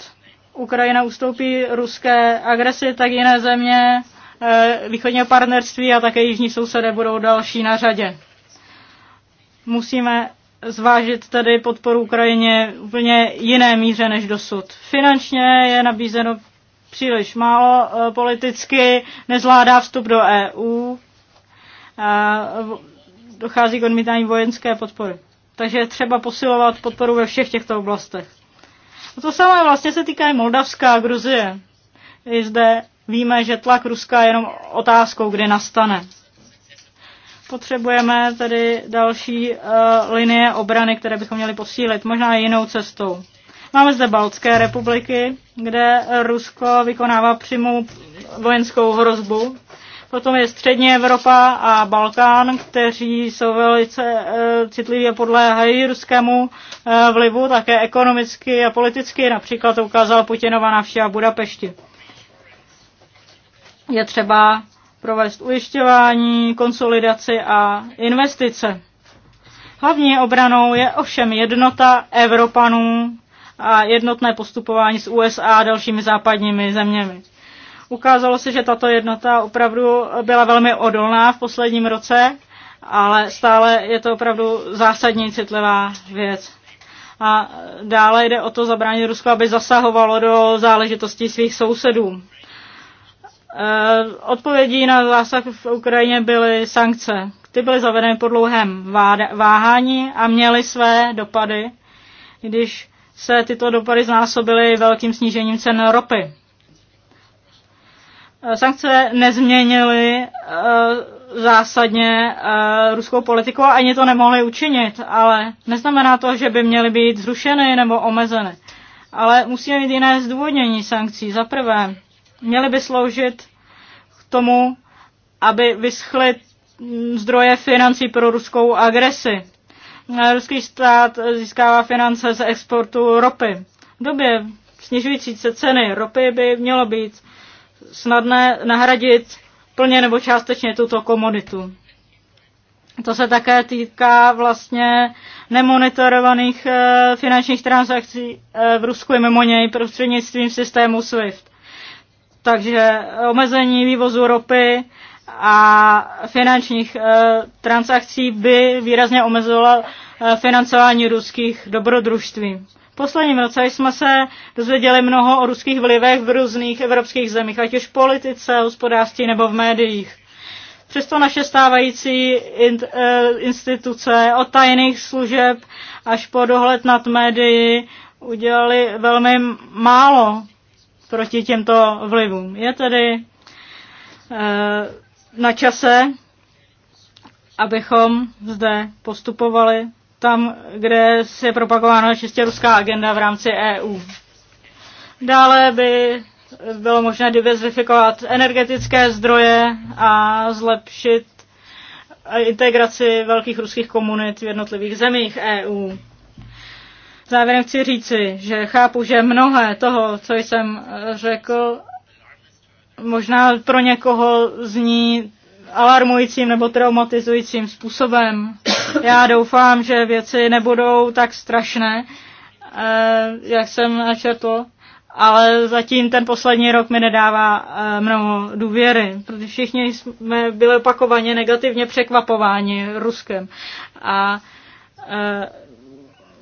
Ukrajina ustoupí ruské agresi, tak jiné země eh, východního partnerství a také jižní sousedé budou další na řadě. Musíme zvážit tedy podporu Ukrajině úplně jiné míře než dosud. Finančně je nabízeno příliš málo, eh, politicky nezvládá vstup do EU. Eh, dochází k odmítání vojenské podpory. Takže je třeba posilovat podporu ve všech těchto oblastech. A to samé vlastně se týká i Moldavska a Gruzie. I zde víme, že tlak Ruska je jenom otázkou, kdy nastane. Potřebujeme tedy další uh, linie obrany, které bychom měli posílit, možná jinou cestou. Máme zde Baltské republiky, kde Rusko vykonává přímou vojenskou hrozbu Potom je střední Evropa a Balkán, kteří jsou velice e, citlivě a podléhají ruskému e, vlivu, také ekonomicky a politicky. Například to ukázala Putinova návštěva Budapešti. Je třeba provést ujišťování, konsolidaci a investice. Hlavní obranou je ovšem jednota Evropanů a jednotné postupování s USA a dalšími západními zeměmi. Ukázalo se, že tato jednota opravdu byla velmi odolná v posledním roce, ale stále je to opravdu zásadně citlivá věc. A dále jde o to zabránit Rusko, aby zasahovalo do záležitostí svých sousedů. Eh, odpovědí na zásah v Ukrajině byly sankce. Ty byly zavedeny po dlouhém váhání a měly své dopady, když se tyto dopady znásobily velkým snížením cen ropy. Eh, sankce nezměnily eh, zásadně eh, ruskou politiku a ani to nemohli učinit, ale neznamená to, že by měly být zrušeny nebo omezeny. Ale musíme mít jiné zdůvodnění sankcí. Za prvé, měly by sloužit k tomu, aby vyschly zdroje financí pro ruskou agresi. Ruský stát získává finance z exportu ropy. V době snižující se ceny ropy by mělo být snadné nahradit plně nebo částečně tuto komoditu. To se také týká vlastně nemonitorovaných eh, finančních transakcí eh, v Rusku i mimo něj prostřednictvím systému SWIFT. Takže omezení vývozu ropy a finančních eh, transakcí by výrazně omezilo financování ruských dobrodružství posledním roce jsme se dozvěděli mnoho o ruských vlivech v různých evropských zemích, ať už v politice, hospodářství nebo v médiích. Přesto naše stávající in, eh, instituce od tajných služeb až po dohled nad médií udělali velmi málo proti těmto vlivům. Je tedy eh, na čase, abychom zde postupovali tam, kde se propagována čistě ruská agenda v rámci EU. Dále by bylo možné diverzifikovat energetické zdroje a zlepšit integraci velkých ruských komunit v jednotlivých zemích EU. Závěrem chci říci, že chápu, že mnohé toho, co jsem řekl, možná pro někoho zní alarmujícím nebo traumatizujícím způsobem. Já doufám, že věci nebudou tak strašné, eh, jak jsem načetl, ale zatím ten poslední rok mi nedává eh, mnoho důvěry, protože všichni jsme byli opakovaně negativně překvapováni Ruskem. A eh,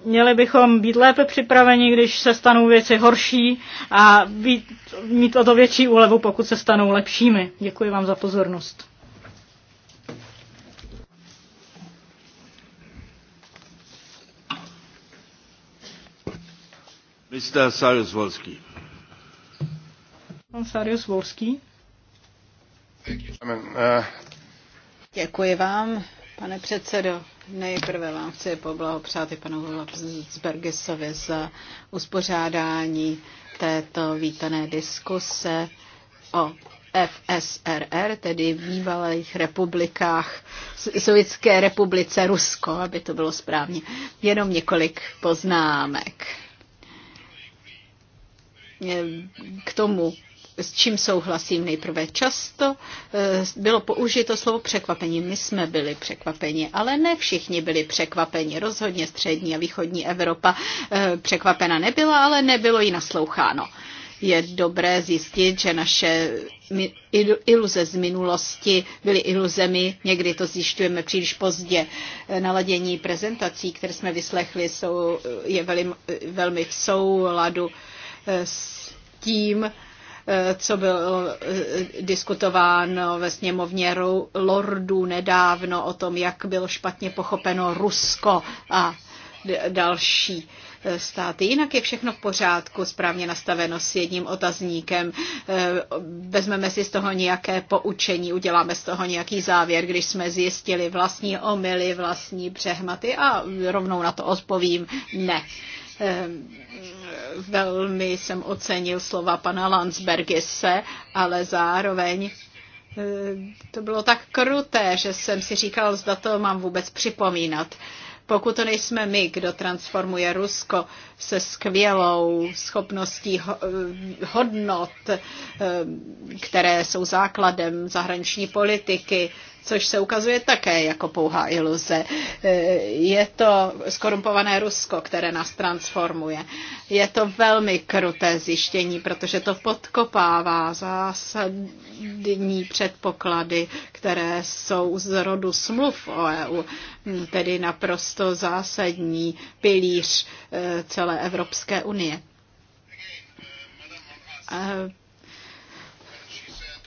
měli bychom být lépe připraveni, když se stanou věci horší a být, mít o to větší úlevu, pokud se stanou lepšími. Děkuji vám za pozornost. Mr. Sarius Volský. Pan Sarius wolski uh, Děkuji vám, pane předsedo. Nejprve vám chci poblahopřát i panu Zbergisovi za uspořádání této vítané diskuse o FSRR, tedy v bývalých republikách, Sovětské republice Rusko, aby to bylo správně. Jenom několik poznámek. Eh, k tomu, s čím souhlasím nejprve. Často eh, bylo použito slovo překvapení. My jsme byli překvapeni, ale ne všichni byli překvapeni. Rozhodně střední a východní Evropa eh, překvapena nebyla, ale nebylo jí nasloucháno je dobré zjistit, že naše iluze z minulosti byly iluzemi, někdy to zjišťujeme příliš pozdě. Naladění prezentací, které jsme vyslechli, jsou, je velmi, velmi v souladu s tím, eh, co bylo eh, diskutováno ve sněmovně lordů nedávno o tom, jak bylo špatně pochopeno Rusko a další eh, státy. Jinak je všechno v pořádku, správně nastaveno s jedním otazníkem. Vezmeme si z toho nějaké poučení, uděláme z toho nějaký závěr, když jsme zjistili vlastní omily, vlastní přehmaty a rovnou na to odpovím ne. Ehm, velmi jsem ocenil slova pana Landsbergise, ale zároveň eh, to bylo tak kruté, že jsem si říkal, zda to mám vůbec připomínat. Pokud to nejsme my, kdo transformuje Rusko se skvělou schopností eh, hodnot, eh, které jsou základem zahraniční politiky, což se ukazuje také jako pouhá iluze. Je to skorumpované Rusko, které nás transformuje. Je to velmi kruté zjištění, protože to podkopává zásadní předpoklady, které jsou z rodu smluv o EU, tedy naprosto zásadní pilíř e, celé Evropské unie e,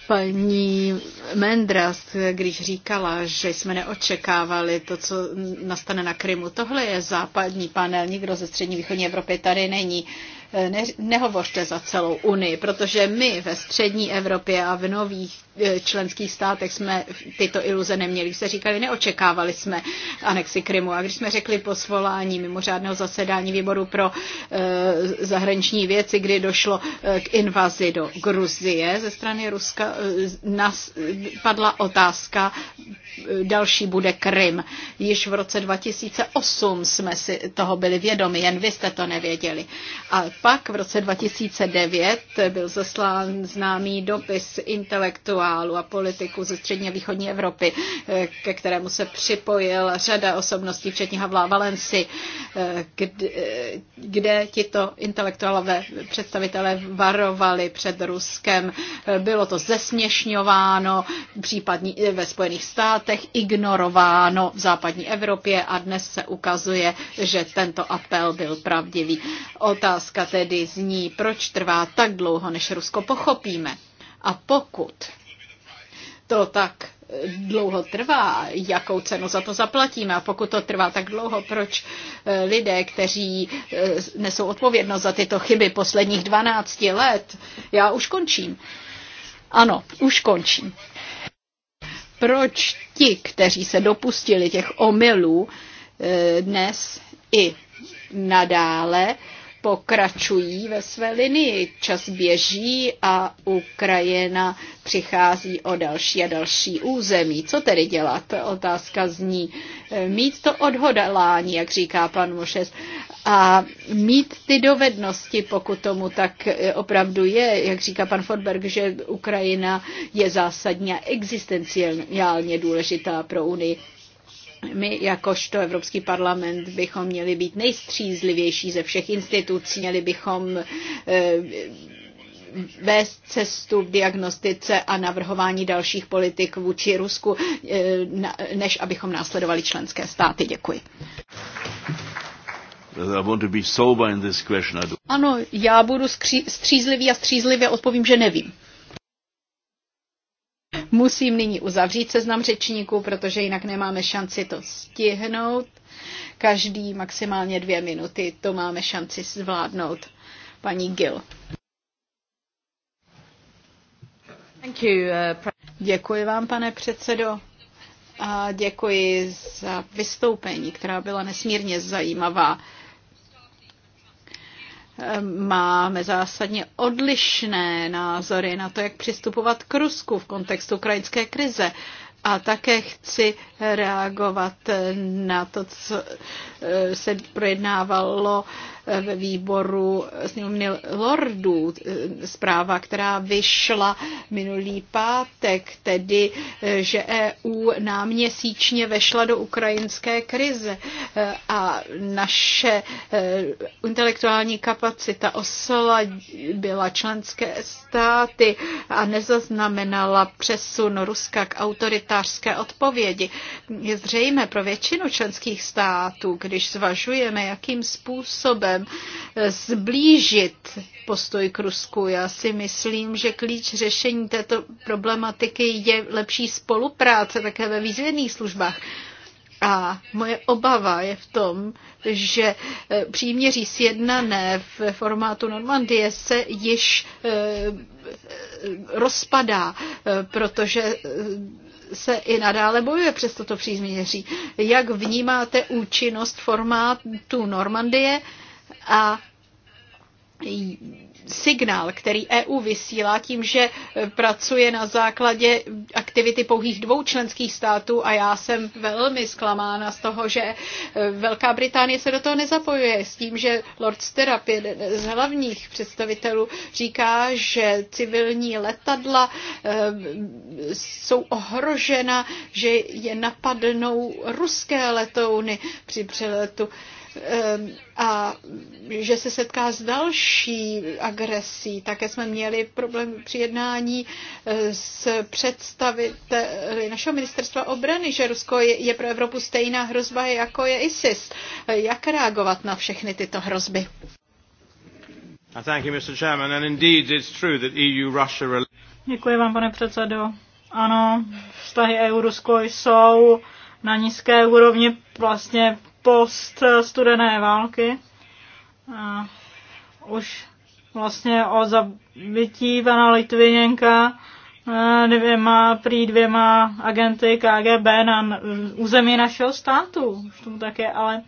paní Mendras, když říkala, že jsme neočekávali to, co nastane na Krymu. Tohle je západní panel, nikdo ze střední východní Evropy tady není. Eh, ne, nehovořte za celou Unii, protože my ve střední Evropě a v nových eh, členských státech jsme tyto iluze neměli. Když se říkali, neočekávali jsme anexi Krymu. A když jsme řekli po svolání mimořádného zasedání výboru pro e, zahraniční věci, kdy došlo k invazi do Gruzie ze strany Ruska, e, nas, padla otázka, další bude Krym. Již v roce 2008 jsme si toho byli vědomi, jen vy jste to nevěděli. A pak v roce 2009 byl zaslán známý dopis intelektuálu a politiku ze střední východní Evropy, ke kterému se připojil řada osobností, včetně Havla Valenci, kde, kde tito intelektuálové představitelé varovali před Ruskem. Bylo to zesměšňováno, případně ve Spojených státech, ignorováno v západní Evropě a dnes se ukazuje, že tento apel byl pravdivý. Otázka tedy zní, proč trvá tak dlouho, než Rusko pochopíme. A pokud to tak dlouho trvá, jakou cenu za to zaplatíme. A pokud to trvá tak dlouho, proč eh, lidé, kteří eh, nesou odpovědnost za tyto chyby posledních 12 let, já už končím. Ano, už končím. Proč ti, kteří se dopustili těch omylů eh, dnes i nadále, pokračují ve své linii. Čas běží a Ukrajina přichází o další a další území. Co tedy dělat? Otázka zní. Mít to odhodlání, jak říká pan Mošes, a mít ty dovednosti, pokud tomu tak opravdu je, jak říká pan Fodberg, že Ukrajina je zásadně existenciálně důležitá pro Unii my jakožto Evropský parlament bychom měli být nejstřízlivější ze všech institucí, měli bychom eh, vést cestu v diagnostice a navrhování dalších politik vůči Rusku, eh, než abychom následovali členské státy. Děkuji. Ano, já budu skří, střízlivý a střízlivě odpovím, že nevím. Musím nyní uzavřít seznam řečníků, protože jinak nemáme šanci to stihnout. Každý maximálně dvě minuty, to máme šanci zvládnout. Paní Gil. Uh, děkuji vám, pane předsedo. A děkuji za vystoupení, která byla nesmírně zajímavá máme zásadně odlišné názory na to, jak přistupovat k Rusku v kontextu ukrajinské krize. A také chci reagovat na to, co Eh, se projednávalo eh, ve výboru sněmovny lordů eh, zpráva, která vyšla minulý pátek, tedy, že EU náměsíčně vešla do ukrajinské krize a naše intelektuální kapacita byla členské státy a nezaznamenala přesun Ruska k autoritářské odpovědi. Je zřejmé pro většinu členských států, když zvažujeme, jakým způsobem eh, zblížit postoj k Rusku. Já si myslím, že klíč řešení této problematiky je lepší spolupráce také ve výzvědných službách. A moje obava je v tom, že eh, příměří sjednané v formátu Normandie se již eh, rozpadá, protože se i nadále bojuje přes toto přízměří. Jak vnímáte účinnost formátu Normandie a signál, který EU vysílá tím, že eh, pracuje na základě aktivity pouhých dvou členských států a já jsem velmi zklamána z toho, že eh, Velká Británie se do toho nezapojuje s tím, že Lord Sterap, jeden z hlavních představitelů, říká, že civilní letadla eh, jsou ohrožena, že je napadnou ruské letouny při přeletu Ehm, a že se setká s další agresí. Také jsme měli problém při jednání eh, s představiteli našeho ministerstva obrany, že Rusko je pro Evropu stejná hrozba, jako je ISIS. Eh, jak reagovat na všechny tyto hrozby? Děkuji vám, pane předsedo. Ano, vztahy EU-Rusko jsou na nízké úrovni vlastně post eh, studené války. A už vlastně o zabití pana Litvinenka eh, dvěma, prý dvěma agenty KGB na eh, území našeho státu. Už tomu tak je, ale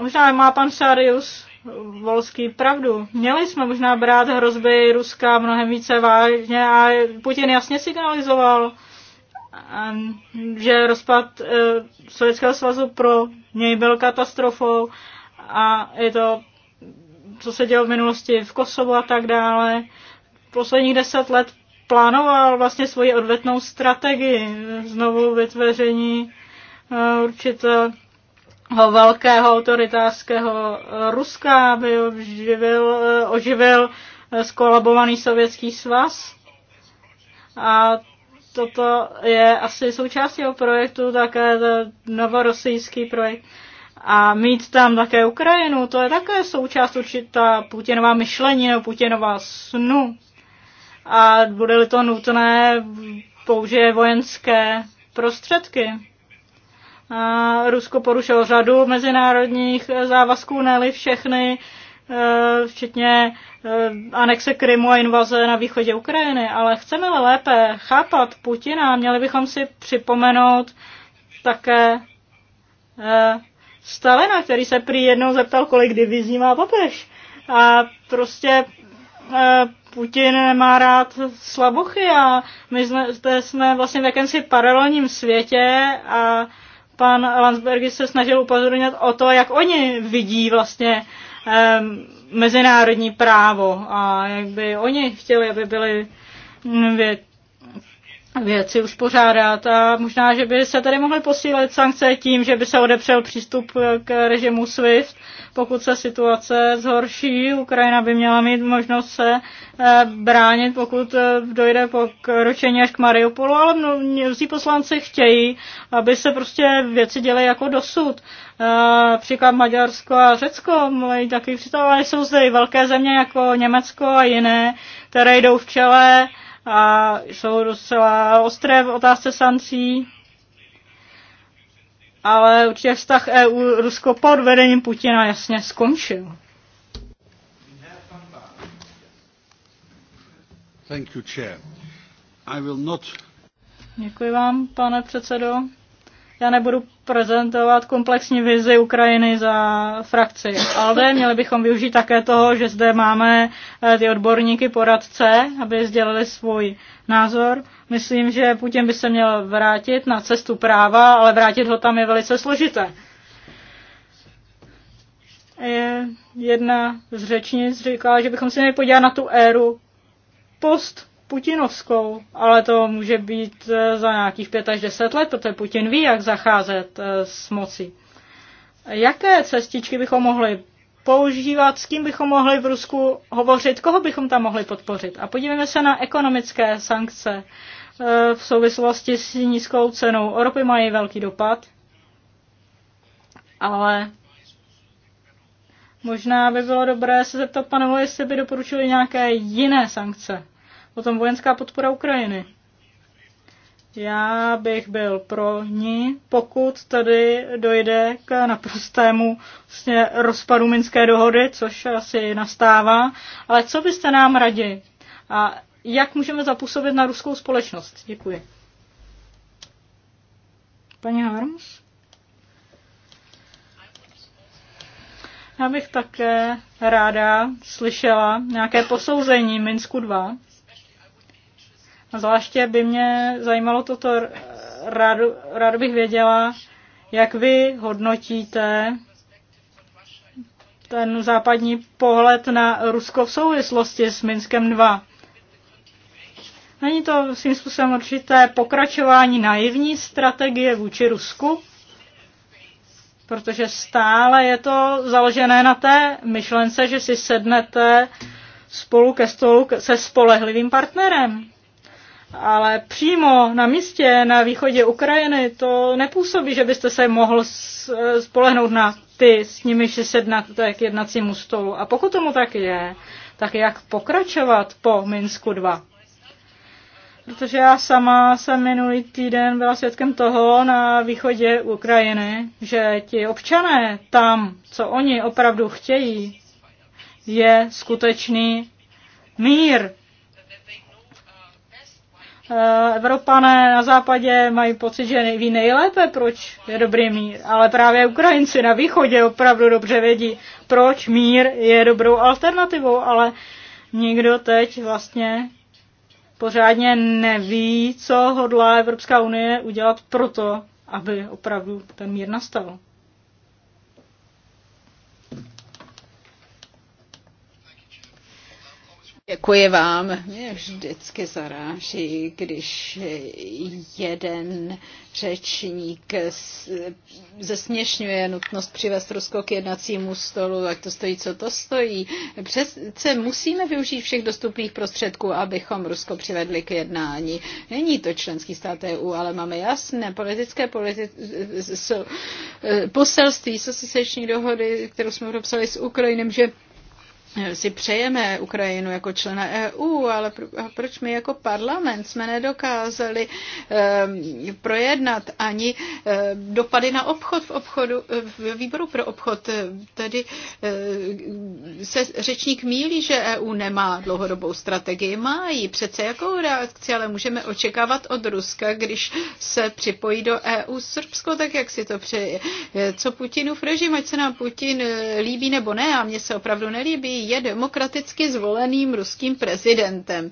možná má pan Sarius Volský pravdu. Měli jsme možná brát hrozby Ruska mnohem více vážně a Putin jasně signalizoval, že rozpad eh, Sovětského svazu pro něj byl katastrofou a je to, co se dělo v minulosti v Kosovu a tak dále. Posledních deset let plánoval vlastně svoji odvetnou strategii, znovu vytvoření eh, určitého velkého autoritářského Ruska, aby oživil, eh, oživil skolabovaný sovětský svaz. A toto je asi součástí jeho projektu, také novorosijský projekt. A mít tam také Ukrajinu, to je také součást určitá Putinová myšlení nebo Putinová snu. A bude-li to nutné, použije vojenské prostředky. A Rusko porušilo řadu mezinárodních závazků, ne všechny. Eh, včetně eh, anexe Krymu a invaze na východě Ukrajiny, ale chceme lépe chápat Putina, měli bychom si připomenout také eh, Stalina, který se prý jednou zeptal, kolik divizí má papež. A prostě Putin má rád slabochy a my jsme, jsme vlastně v jakémsi paralelním světě a pan Landsbergis se snažil upozorňovat o to, jak oni vidí vlastně Ehm, mezinárodní právo a jak by oni chtěli, aby byly mm, věci uspořádat a možná, že by se tady mohly posílit sankce tím, že by se odepřel přístup eh, k režimu SWIFT. Pokud se situace zhorší, Ukrajina by měla mít možnost se eh, bránit, pokud eh, dojde po ročení až k Mariupolu, ale mnozí poslanci chtějí, aby se prostě věci děly jako dosud. Eh, příklad Maďarsko a Řecko, mají takový přitom, ale jsou zde i velké země jako Německo a jiné, které jdou v čele a jsou docela ostré v otázce sankcí, Ale určitě vztah EU-Rusko pod vedením Putina jasně skončil. Thank you, chair. I will not... Děkuji vám, pane předsedo. Já nebudu prezentovat komplexní vizi Ukrajiny za frakci ALDE. Měli bychom využít také toho, že zde máme eh, ty odborníky, poradce, aby sdělili svůj názor. Myslím, že Putin by se měl vrátit na cestu práva, ale vrátit ho tam je velice složité. Jedna z řečnic říkala, že bychom si měli podívat na tu éru post putinovskou, ale to může být e, za nějakých pět až deset let, protože Putin ví, jak zacházet e, s mocí. Jaké cestičky bychom mohli používat, s kým bychom mohli v Rusku hovořit, koho bychom tam mohli podpořit. A podívejme se na ekonomické sankce e, v souvislosti s nízkou cenou. Ropy mají velký dopad, ale možná by bylo dobré se zeptat panovo, jestli by doporučili nějaké jiné sankce. Potom vojenská podpora Ukrajiny. Já bych byl pro ní, pokud tady dojde k naprostému vlastně rozpadu Minské dohody, což asi nastává. Ale co byste nám radili? A jak můžeme zapůsobit na ruskou společnost? Děkuji. Paní Harms? Já bych také ráda slyšela nějaké posouzení Minsku 2 Zvláště by mě zajímalo toto, rádu, rád bych věděla, jak vy hodnotíte ten západní pohled na Rusko v souvislosti s Minskem 2. Není to svým způsobem určité pokračování naivní strategie vůči Rusku? Protože stále je to založené na té myšlence, že si sednete spolu ke stolu se spolehlivým partnerem ale přímo na místě na východě Ukrajiny to nepůsobí, že byste se mohl spolehnout na ty, s nimi si sednat k jednacímu stolu. A pokud tomu tak je, tak jak pokračovat po Minsku 2? Protože já sama jsem minulý týden byla svědkem toho na východě Ukrajiny, že ti občané tam, co oni opravdu chtějí, je skutečný mír, Eh, Evropané na západě mají pocit, že ví nejlépe, proč je dobrý mír, ale právě Ukrajinci na východě opravdu dobře vědí, proč mír je dobrou alternativou, ale nikdo teď vlastně pořádně neví, co hodlá Evropská unie udělat proto, aby opravdu ten mír nastal. Děkuji vám. Mě vždycky zaráží, když jeden řečník zesměšňuje nutnost přivést Rusko k jednacímu stolu, jak to stojí, co to stojí. Přece musíme využít všech dostupných prostředků, abychom Rusko přivedli k jednání. Není to členský stát EU, ale máme jasné politické politi- poselství, asociační dohody, kterou jsme propsali s Ukrajinem, že si přejeme Ukrajinu jako člena EU, ale proč my jako parlament jsme nedokázali ehm, projednat ani ehm, dopady na obchod v, obchodu, eh, v výboru pro obchod? Eh, tedy eh, se řečník mílí, že EU nemá dlouhodobou strategii. Má ji přece jakou reakci, ale můžeme očekávat od Ruska, když se připojí do EU Srbsko, tak jak si to přeje. Co Putinův režim, ať se nám Putin líbí nebo ne, a mně se opravdu nelíbí, je demokraticky zvoleným ruským prezidentem.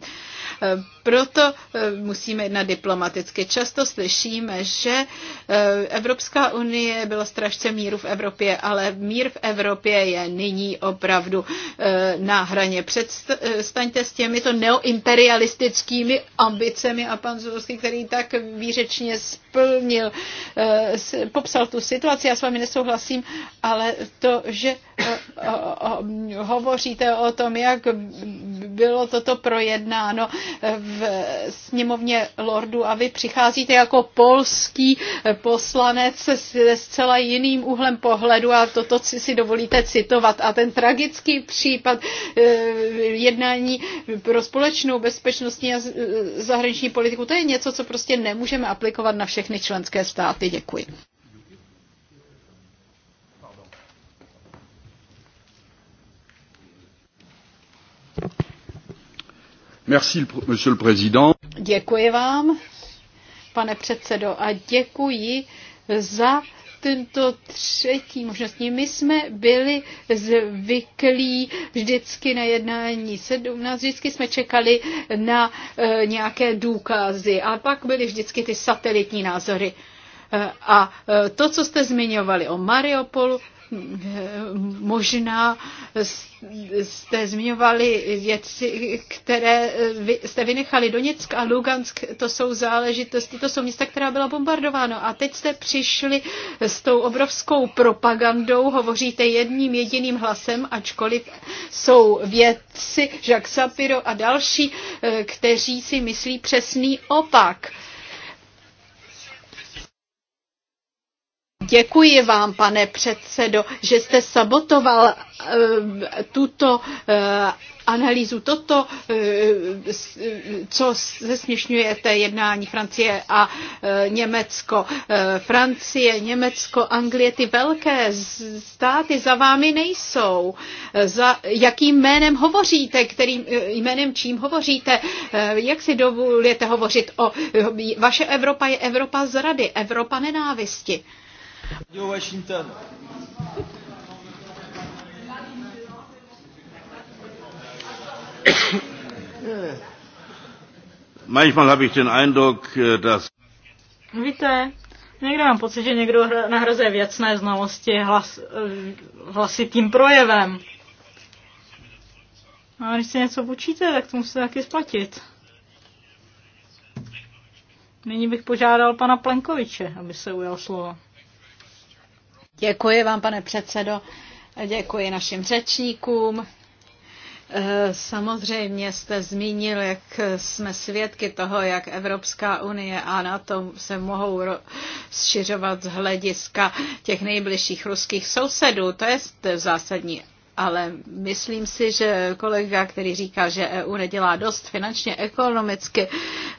Proto eh, musíme jednat diplomaticky. Často slyšíme, že eh, Evropská unie byla strašce míru v Evropě, ale mír v Evropě je nyní opravdu eh, na hraně. Předstaňte s těmito neoimperialistickými ambicemi a pan Zurovský, který tak výřečně splnil, popsal tu situaci, já s vámi nesouhlasím, ale to, že hovoříte o tom, jak bylo toto projednáno v v sněmovně lordu a vy přicházíte jako polský poslanec se zcela jiným úhlem pohledu a toto si dovolíte citovat. A ten tragický případ eh, jednání pro společnou bezpečnostní a zahraniční politiku, to je něco, co prostě nemůžeme aplikovat na všechny členské státy. Děkuji. monsieur le président. Děkuji vám, pane předsedo, a děkuji za tento třetí možností. My jsme byli zvyklí vždycky na jednání 17, vždycky jsme čekali na e, nějaké důkazy a pak byly vždycky ty satelitní názory. E, a e, to, co jste zmiňovali o Mariupolu, Eh, možná jste zmiňovali věci, které eh, jste vynechali. Doněck a Lugansk, to jsou záležitosti, to jsou města, která byla bombardována. A teď jste přišli s tou obrovskou propagandou, hovoříte jedním jediným hlasem, ačkoliv jsou vědci, Jacques Sapiro a další, eh, kteří si myslí přesný opak. Děkuji vám, pane předsedo, že jste sabotoval eh, tuto eh, analýzu. Toto, eh, co zesměšňujete jednání Francie a Německo. Francie, Německo, Anglie, ty velké státy za vámi nejsou. Za jakým jménem hovoříte, kterým jménem čím hovoříte, jak si dovolujete hovořit o... Vaše Evropa je Evropa zrady, Evropa nenávisti. Radio Washington. Manchmal habe ich den Eindruck, äh, dass... Víte, někdy mám pocit, že někdo nahrazuje věcné znalosti hlas, eh, hlasitým projevem. A když se něco učíte, tak to musíte taky splatit. Nyní bych požádal pana Plenkoviče, aby se ujal slovo. Děkuji vám, pane předsedo. Děkuji našim řečníkům. Eh, samozřejmě jste zmínil, jak jsme svědky toho, jak Evropská unie a na tom se mohou rozšiřovat z hlediska těch nejbližších ruských sousedů. To je zásadní ale myslím si, že kolega, který říká, že EU nedělá dost finančně, ekonomicky,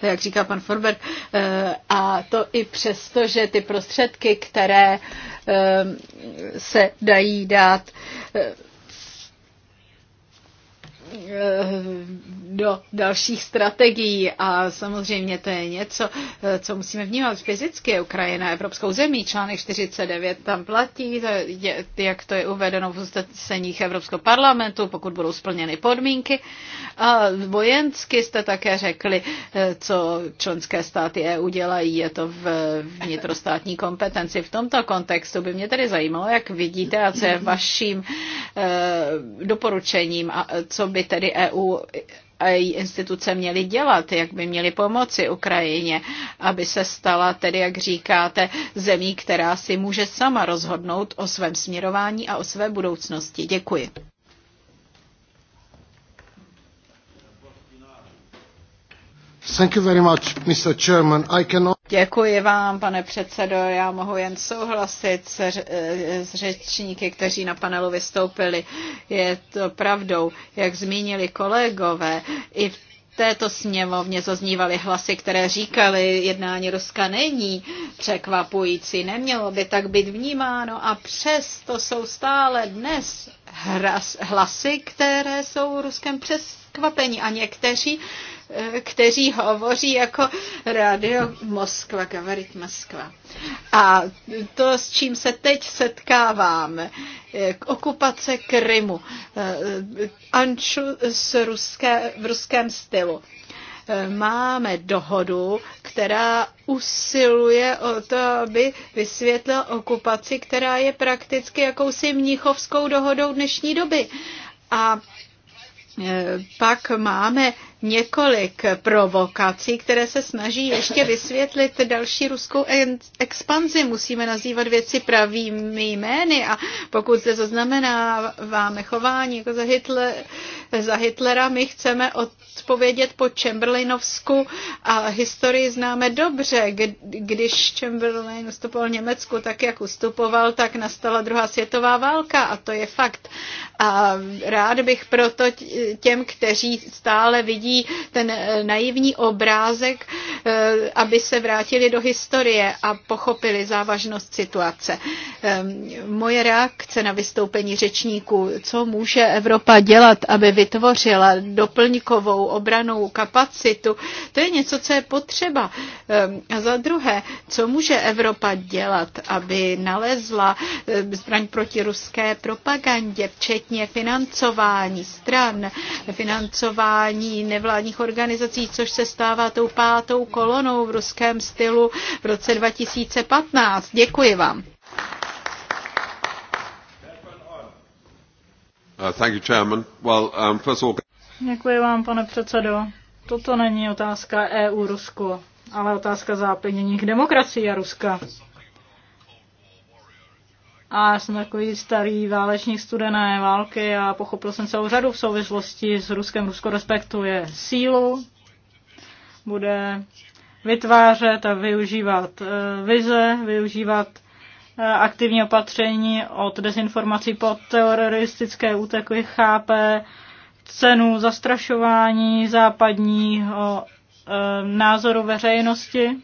jak říká pan Forberg, eh, a to i přesto, že ty prostředky, které se dají dát Eh, do dalších strategií a samozřejmě to je něco, eh, co musíme vnímat fyzicky. Ukrajina evropskou zemí, článek 49 tam platí, jak to je uvedeno v usneseních Evropského parlamentu, pokud budou splněny podmínky. A vojensky jste také řekli, eh, co členské státy EU dělají, je to v vnitrostátní kompetenci. V tomto kontextu by mě tedy zajímalo, jak vidíte a co je vaším doporučením, a co by by tedy EU a e její instituce měly dělat, jak by měly pomoci Ukrajině, aby se stala tedy, jak říkáte, zemí, která si může sama rozhodnout o svém směrování a o své budoucnosti. Děkuji. Děkuji vám, pane předsedo. Já mohu jen souhlasit s, eh, s řečníky, kteří na panelu vystoupili. Je to pravdou, jak zmínili kolegové, i v této sněmovně zaznívaly hlasy, které říkaly, jednání Ruska není překvapující, nemělo by tak být vnímáno a přesto jsou stále dnes hlasy, které jsou Ruskem přeskvapení a někteří kteří hovoří jako Radio Moskva, Gavarit Moskva. A to, s čím se teď setkáváme, okupace Krymu, eh, Anču s ruské, v ruském stylu eh, máme dohodu, která usiluje o to, aby vysvětlila okupaci, která je prakticky jakousi mnichovskou dohodou dnešní doby. A eh, pak máme několik provokací, které se snaží ještě vysvětlit další ruskou expanzi. Musíme nazývat věci pravými jmény a pokud se zaznamenáváme chování jako za, Hitler, za Hitlera, my chceme odpovědět po Chamberlainovsku a historii známe dobře. Když Chamberlain ustupoval Německu tak, jak ustupoval, tak nastala druhá světová válka a to je fakt. A rád bych proto těm, kteří stále vidí mají ten eh, naivní obrázek, eh, aby se vrátili do historie a pochopili závažnost situace. Ehm, moje reakce na vystoupení řečníků, co může Evropa dělat, aby vytvořila doplňkovou obranou kapacitu, to je něco, co je potřeba. Ehm, a za druhé, co může Evropa dělat, aby nalezla eh, zbraň proti ruské propagandě, včetně financování stran, financování nevládních organizací, což se stává tou pátou kolonou v ruském stylu v roce 2015. Děkuji vám. Uh, um, Děkuji vám, pane předsedo. Toto není otázka EU-Rusko, ale otázka záplněních demokracií a Ruska a jsem takový starý válečník studené války a pochopil jsem celou řadu v souvislosti s Ruskem. Rusko respektuje sílu, bude vytvářet a využívat eh, vize, využívat eh, aktivní opatření od dezinformací po teroristické útoky, chápe cenu zastrašování západního eh, názoru veřejnosti.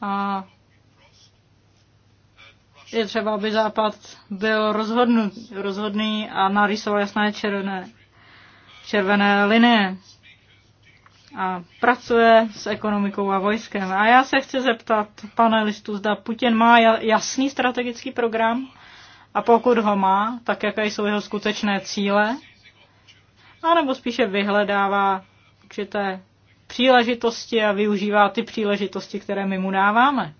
A je třeba, aby Západ byl rozhodnut, rozhodný a narysoval jasné červené, červené linie. A pracuje s ekonomikou a vojskem. A já se chci zeptat panelistů, zda Putin má jasný strategický program a pokud ho má, tak jaké jsou jeho skutečné cíle, a nebo spíše vyhledává určité příležitosti a využívá ty příležitosti, které my mu dáváme.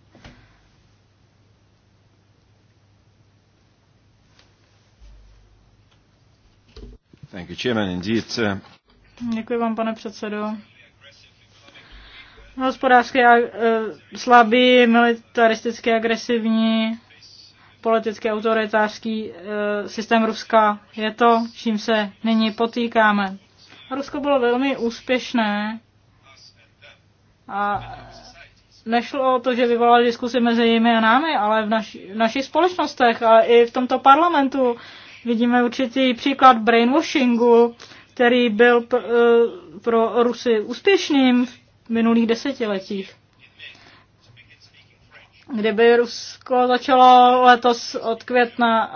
Thank you, Chairman. Indeed. Děkuji vám, pane předsedo. uh, e, slabý, militaristicky agresivní, politicky autoritářský e, systém Ruska je to, čím se nyní potýkáme. Rusko bylo velmi úspěšné a nešlo o to, že vyvolali diskusy mezi jimi a námi, ale v, naši, v našich společnostech a i v tomto parlamentu vidíme určitý příklad brainwashingu, který byl e, pro Rusy úspěšným v minulých desetiletích. Kdyby Rusko začalo letos od května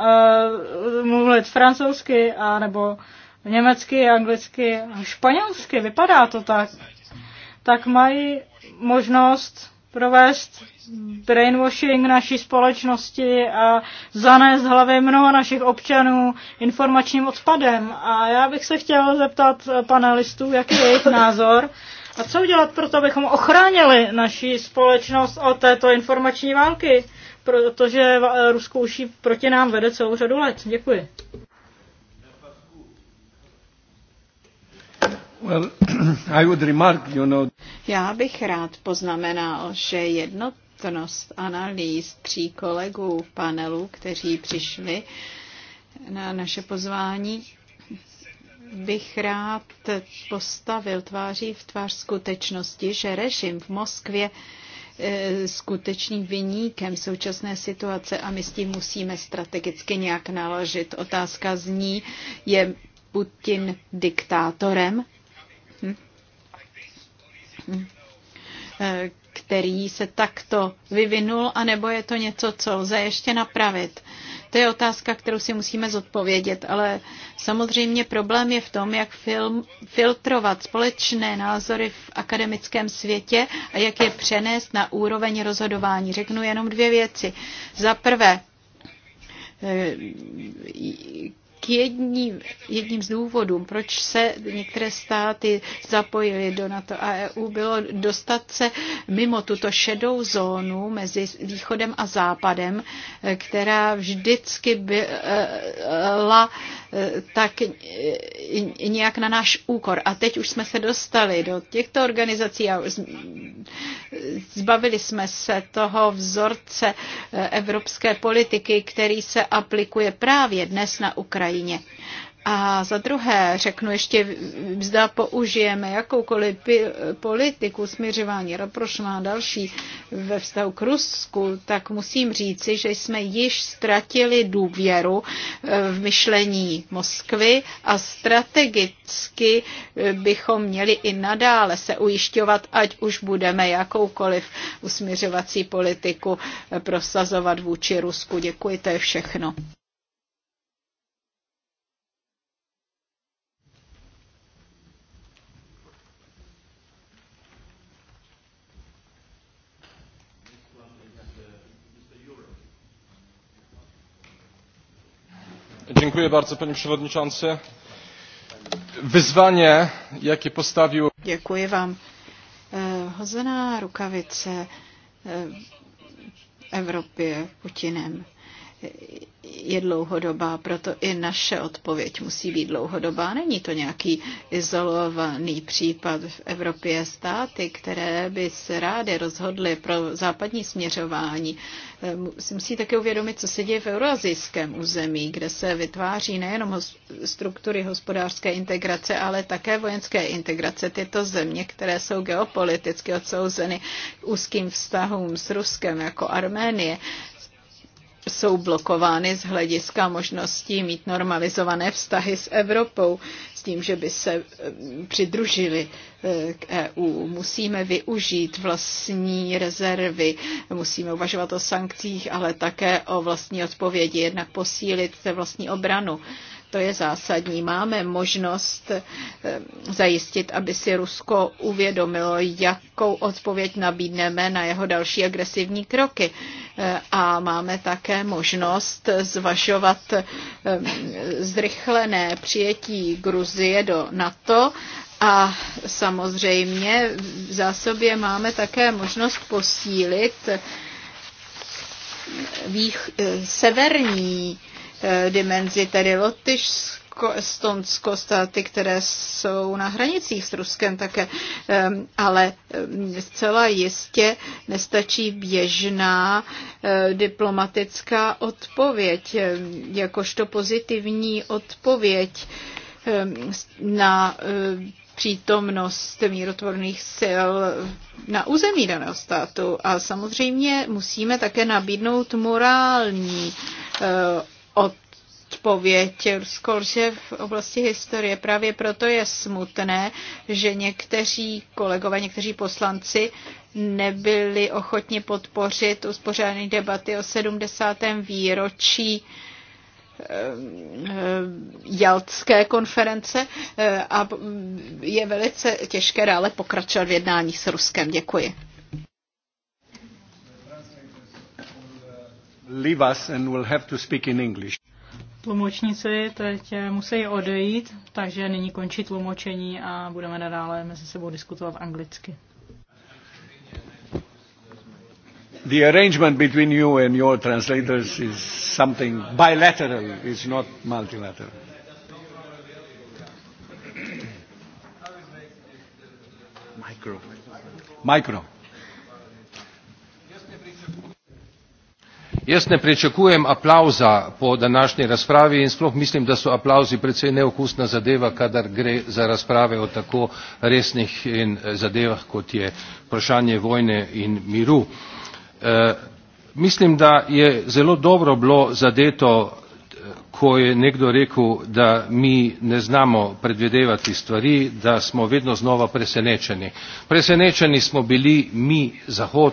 uh, mluvit francouzsky, a nebo německy, anglicky a španělsky, vypadá to tak, tak mají možnost provést brainwashing naší společnosti a zanést hlavy mnoha našich občanů informačním odpadem. A já bych se chtěl zeptat panelistů, jaký je jejich názor a co udělat pro to, abychom ochránili naši společnost od této informační války, protože Rusko už proti nám vede celou řadu let. Děkuji. Já bych rád poznamenal, že jednotnost analýz tří kolegů v panelu, kteří přišli na naše pozvání, bych rád postavil tváří v tvář skutečnosti, že režim v Moskvě eh, skutečným vyníkem současné situace a my s tím musíme strategicky nějak naložit. Otázka zní, je Putin diktátorem Eh, který se takto vyvinul, anebo je to něco, co lze ještě napravit? To je otázka, kterou si musíme zodpovědět, ale samozřejmě problém je v tom, jak film, filtrovat společné názory v akademickém světě a jak je přenést na úroveň rozhodování. Řeknu jenom dvě věci. Za prvé, eh, k jedním, jedním z důvodů, proč se některé státy zapojily do NATO a EU, bylo dostat se mimo tuto šedou zónu mezi východem a západem, eh, která vždycky byla eh, eh, tak nějak na náš úkor. A teď už jsme se dostali do těchto organizací a zbavili jsme se toho vzorce evropské politiky, který se aplikuje právě dnes na Ukrajině. A za druhé řeknu ještě, zda použijeme jakoukoliv politiku směřování Raprošná a další ve vztahu k Rusku, tak musím říci, že jsme již ztratili důvěru eh, v myšlení Moskvy a strategicky eh, bychom měli i nadále se ujišťovat, ať už budeme jakoukoliv usměřovací politiku eh, prosazovat vůči Rusku. Děkuji, to je všechno. Děkuji bardzo, paní předsedající. Vyzvaně, postavil... Děkuji vám. E, hozená rukavice e, Evropě Putinem je dlouhodobá, proto i naše odpověď musí být dlouhodobá. Není to nějaký izolovaný případ. V Evropě státy, které by se rády rozhodly pro západní směřování, si eh, musí také uvědomit, co se děje v euroazijském území, kde se vytváří nejenom struktury hospodářské integrace, ale také vojenské integrace. Tyto země, které jsou geopoliticky odsouzeny úzkým vztahům s Ruskem, jako Arménie, jsou blokovány z hlediska možností mít normalizované vztahy s Evropou, s tím, že by se eh, přidružili eh, k EU. Musíme využít vlastní rezervy, musíme uvažovat o sankcích, ale také o vlastní odpovědi, jednak posílit se vlastní obranu. To je zásadní. Máme možnost eh, zajistit, aby si Rusko uvědomilo, jakou odpověď nabídneme na jeho další agresivní kroky. Eh, a máme také možnost zvažovat eh, zrychlené přijetí Gruzie do NATO a samozřejmě v zásobě máme také možnost posílit vých, severní Eh, dimenzi, tedy Lotyšsko Estonsko, státy, které jsou na hranicích s Ruskem také, ale zcela jistě nestačí běžná eh, diplomatická odpověď, jakožto pozitivní odpověď na přítomnost mírotvorných sil na území daného státu. A samozřejmě musíme také nabídnout morální eh, odpověď. skorže v oblasti historie. Právě proto je smutné, že někteří kolegové, někteří poslanci nebyli ochotni podpořit uspořádané debaty o 70. výročí eh, Jaltské konference eh, a je velice těžké dále pokračovat v jednání s Ruskem. Děkuji. leave us and will have to speak in English. Tlumočníci teď eh, musí odejít, takže nyní končí tlumočení a budeme nadále mezi sebou diskutovat anglicky. The arrangement between you and your translators is something bilateral, it's not multilateral. Micro. Micro. Jaz ne pričakujem aplauza po današnji razpravi in sploh mislim, da so aplauzi precej neokusna zadeva, kadar gre za razprave o tako resnih eh, zadevah, kot je vprašanje vojne in miru. E, mislim, da je zelo dobro bilo zadeto eh, ko je nekdo rekel, da mi ne znamo predvidevati stvari, da smo vedno znova presenečeni. Presenečeni smo bili mi, Zahod,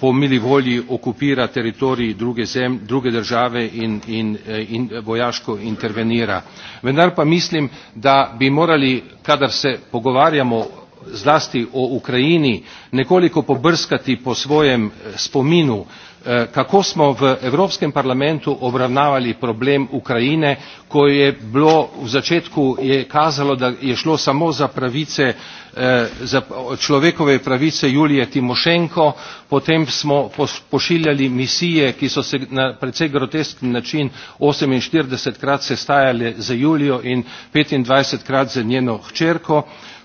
po mili volji okupira teritorij druge, druge države in eh, eh, vojaško intervenira. Vendar pa mislim, da bi morali, kadar se pogovarjamo zlasti o Ukrajini, nekoliko pobrskati po svojem eh, spominu, Eh, kako smo v evropskem parlamentu obravnavali problem ukrajine ko je bilo v začetku je kazalo da je šlo samo za pravice eh, za človekove pravice julije timošenko potem smo pošiljali misije ki so se na precej grotesken način oseminštiridesetkrat sestajale z julijo in petindvajsetkrat z njeno hčerko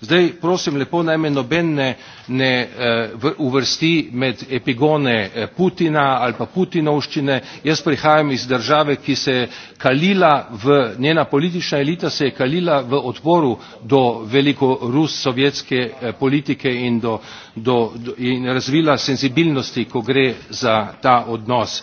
Zdaj, prosim lepo, naj me noben ne, ne uh, uvrsti med epigone eh, Putina ali pa Putinovščine. Jaz prihajam iz države, ki se je kalila v, njena politična elita se je kalila v odporu do rus sovjetske eh, politike in, do, do, do, in razvila senzibilnosti, ko gre za ta odnos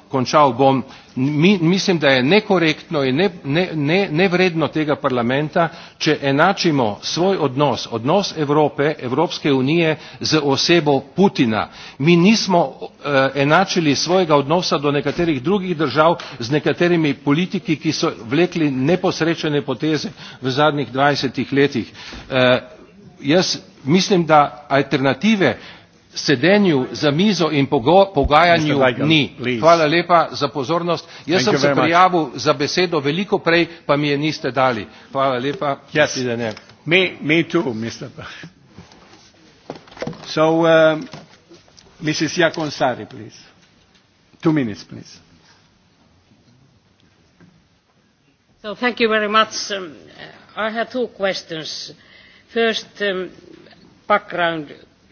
končal bom, mi, mislim, da je nekorektno in ne, ne, ne, nevredno tega parlamenta, če enačimo svoj odnos, odnos Evrope, Evropske unije z osebo Putina. Mi nismo eh, enačili svojega odnosa do nekaterih drugih držav z nekaterimi politiki, ki so vlekli neposrečene poteze v zadnjih 20 letih. Eh, jaz mislim, da alternative sedenju za mizo in pogajanju Weigel, ni. Please. Hvala lepa za pozornost. Jaz Thank sem se prijavil much. za besedo veliko prej, pa mi je niste dali. Hvala lepa. Yes. Me, me too, Mr. So, um, uh, Mrs. Yakonsari, please. Two minutes, please. So, thank you very much. Um, I have two questions. First, um, background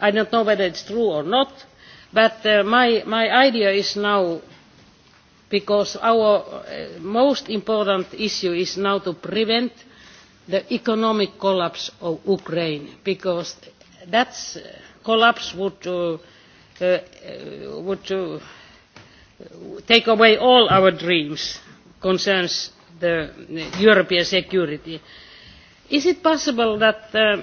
i do not know whether it is true or not, but uh, my, idea is now, because our uh, most important issue is now to prevent the economic collapse of Ukraine, because that uh, collapse would, uh, uh, would uh, take away all our dreams concerns the European security. Is it possible that uh,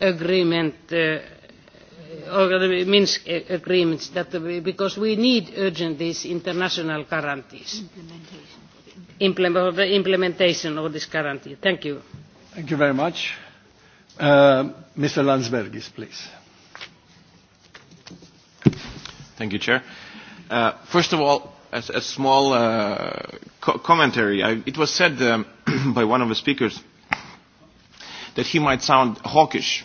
agreement, uh, or the Minsk agreements, that, because we need urgent these international guarantees. Implementation. of, the implementation of this guarantee. Thank you. Thank you very much. Uh, Mr. Landsbergis, please. Thank you, Chair. Uh, first of all, as a small uh, co commentary, I, it was said um, by one of the speakers that he might sound hawkish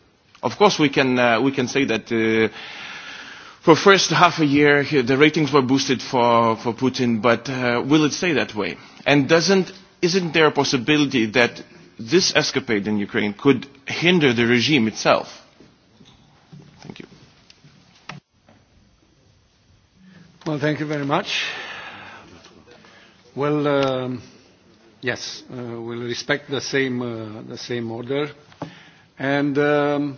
Of course, we can, uh, we can say that uh, for first half a year, the ratings were boosted for, for Putin, but uh, will it stay that way? And doesn't, isn't there a possibility that this escapade in Ukraine could hinder the regime itself? Thank you. Well, thank you very much. Well, um, yes, uh, we'll respect the same, uh, the same order. And um,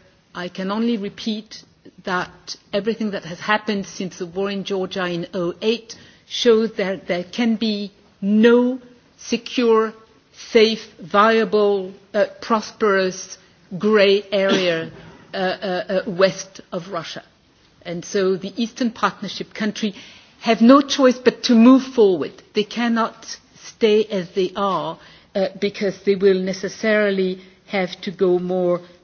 i can only repeat that everything that has happened since the war in Georgia in 2008 shows that there can be no secure, safe, viable, uh, prosperous grey area uh, uh, uh, west of Russia. And so the Eastern Partnership countries have no choice but to move forward. They cannot stay as they are uh, because they will necessarily have to go more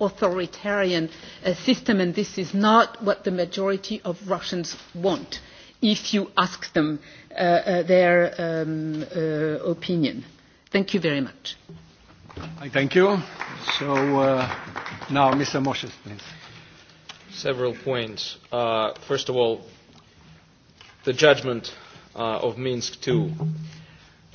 authoritarian uh, system, and this is not what the majority of Russians want if you ask them uh, uh, their um, uh, opinion. Thank you very much. I Thank you. So uh, now, Mr. Moshe, please. Several points. Uh, first of all, the judgment uh, of Minsk II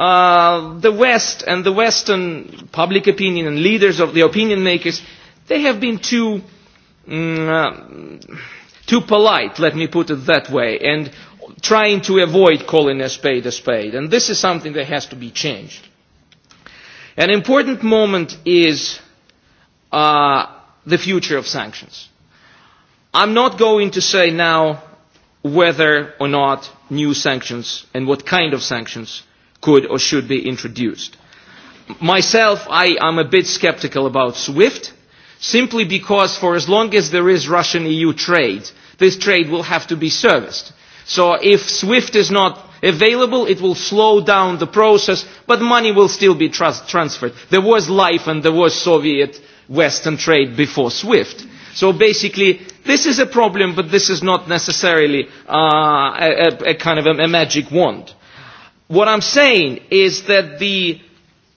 uh, the West and the Western public opinion and leaders of the opinion makers, they have been too, um, uh, too polite, let me put it that way, and trying to avoid calling a spade a spade. And this is something that has to be changed. An important moment is uh, the future of sanctions. I'm not going to say now whether or not new sanctions and what kind of sanctions could or should be introduced. Myself, I am a bit skeptical about SWIFT, simply because for as long as there is Russian-EU trade, this trade will have to be serviced. So if SWIFT is not available, it will slow down the process, but money will still be trans transferred. There was life and there was Soviet Western trade before SWIFT. So basically, this is a problem, but this is not necessarily uh, a, a kind of a, a magic wand. What I'm saying is that the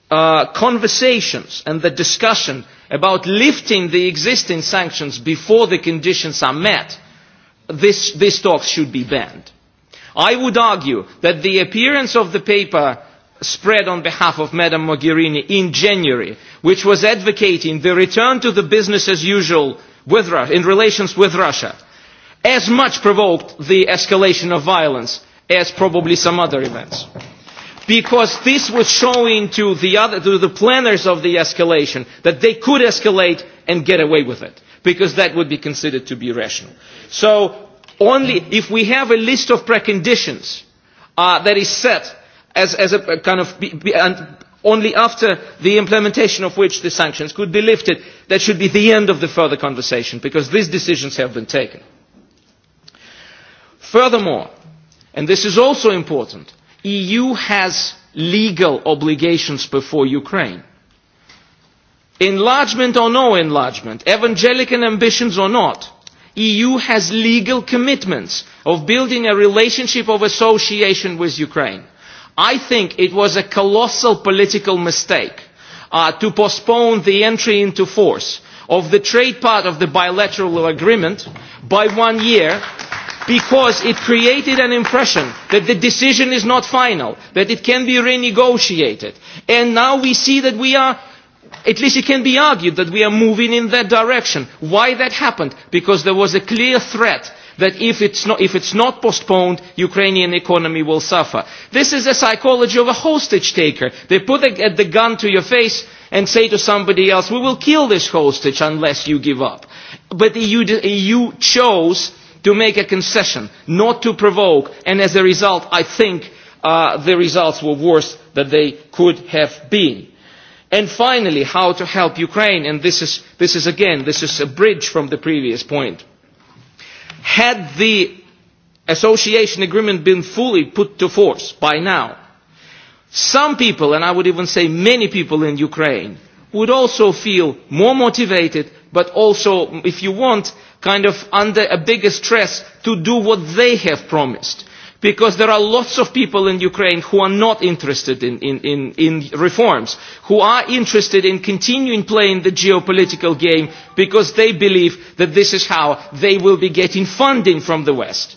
uh, conversations and the discussion about lifting the existing sanctions before the conditions are met, this, this talk should be banned. I would argue that the appearance of the paper spread on behalf of Madame Mogherini in January, which was advocating the return to the business as usual with Russia, in relations with Russia, as much provoked the escalation of violence as probably some other events. Because this was showing to the, other, to the planners of the escalation that they could escalate and get away with it, because that would be considered to be rational. So only if we have a list of preconditions uh, that is set as, as a kind of be, be, and only after the implementation of which the sanctions could be lifted. That should be the end of the further conversation because these decisions have been taken. Furthermore, and this is also important, EU has legal obligations before Ukraine. Enlargement or no enlargement, evangelical ambitions or not, EU has legal commitments of building a relationship of association with Ukraine. I think it was a colossal political mistake uh, to postpone the entry into force of the trade part of the bilateral agreement by one year because it created an impression that the decision is not final, that it can be renegotiated. And now we see that we are, at least it can be argued that we are moving in that direction. Why that happened? Because there was a clear threat that if it's not, if it's not postponed, Ukrainian economy will suffer. This is the psychology of a hostage taker. They put a, a, the gun to your face and say to somebody else, we will kill this hostage unless you give up. But the EU, EU chose to make a concession, not to provoke, and as a result, I think uh, the results were worse than they could have been. And finally, how to help Ukraine, and this is, this is again, this is a bridge from the previous point. Had the association agreement been fully put to force by now, some people, and I would even say many people in Ukraine, would also feel more motivated, but also, if you want, kind of under a bigger stress to do what they have promised. Because there are lots of people in Ukraine who are not interested in, in, in, in reforms, who are interested in continuing playing the geopolitical game because they believe that this is how they will be getting funding from the West.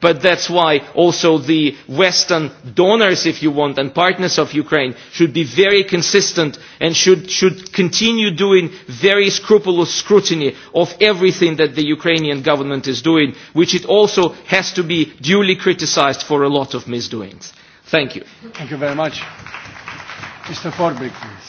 But that is why also the Western donors, if you want, and partners of Ukraine should be very consistent and should, should continue doing very scrupulous scrutiny of everything that the Ukrainian government is doing, which it also has to be duly criticised for a lot of misdoings. Thank you. Thank you very much. Mr. Forbrick, please.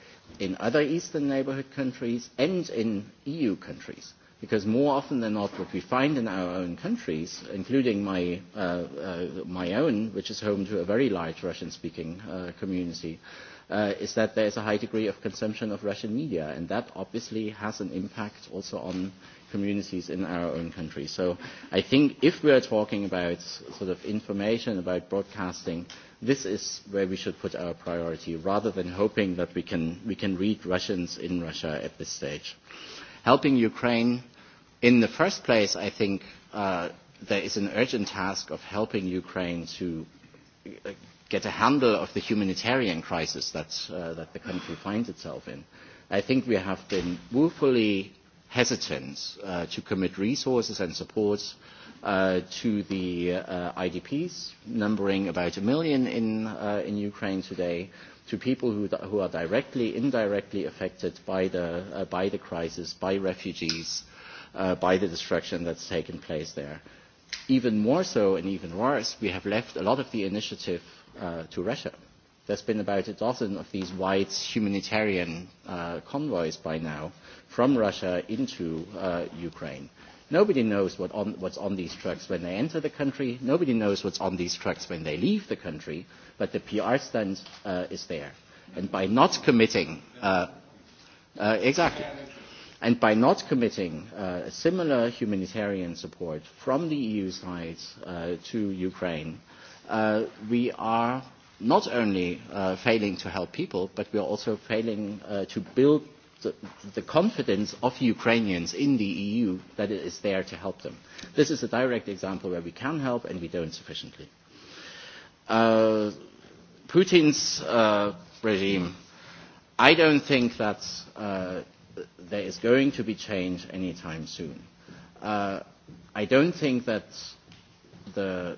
in other Eastern neighbourhood countries and in EU countries. Because more often than not, what we find in our own countries, including my, uh, uh, my own, which is home to a very large Russian-speaking uh, community, uh, is that there is a high degree of consumption of Russian media, and that obviously has an impact also on communities in our own country. So I think if we are talking about sort of information about broadcasting, this is where we should put our priority rather than hoping that we can, we can read Russians in Russia at this stage. Helping Ukraine, in the first place, I think uh, there is an urgent task of helping Ukraine to uh, get a handle of the humanitarian crisis that, uh, that the country finds itself in. I think we have been woefully hesitant uh, to commit resources and supports uh, uh, to the uh, IDPs, numbering about a million in, uh, in Ukraine today, to people who, who are directly, indirectly affected by the, uh, by the crisis, by refugees, uh, by the destruction that's taken place there. Even more so and even worse, we have left a lot of the initiative uh, to Russia. There's been about a dozen of these wide humanitarian uh, convoys by now from Russia into uh, Ukraine. Nobody knows what on, what's on these trucks when they enter the country. Nobody knows what's on these trucks when they leave the country. But the PR stunt uh, is there. And by not committing, uh, uh, exactly. And by not committing uh, similar humanitarian support from the EU side uh, to Ukraine, uh, we are not only uh, failing to help people, but we are also failing uh, to build the, confidence of Ukrainians in the EU that it is there to help them. This is a direct example where we can help and we don't sufficiently. Uh, Putin's uh, regime, I don't think that uh, there is going to be change anytime soon. Uh, I don't think that the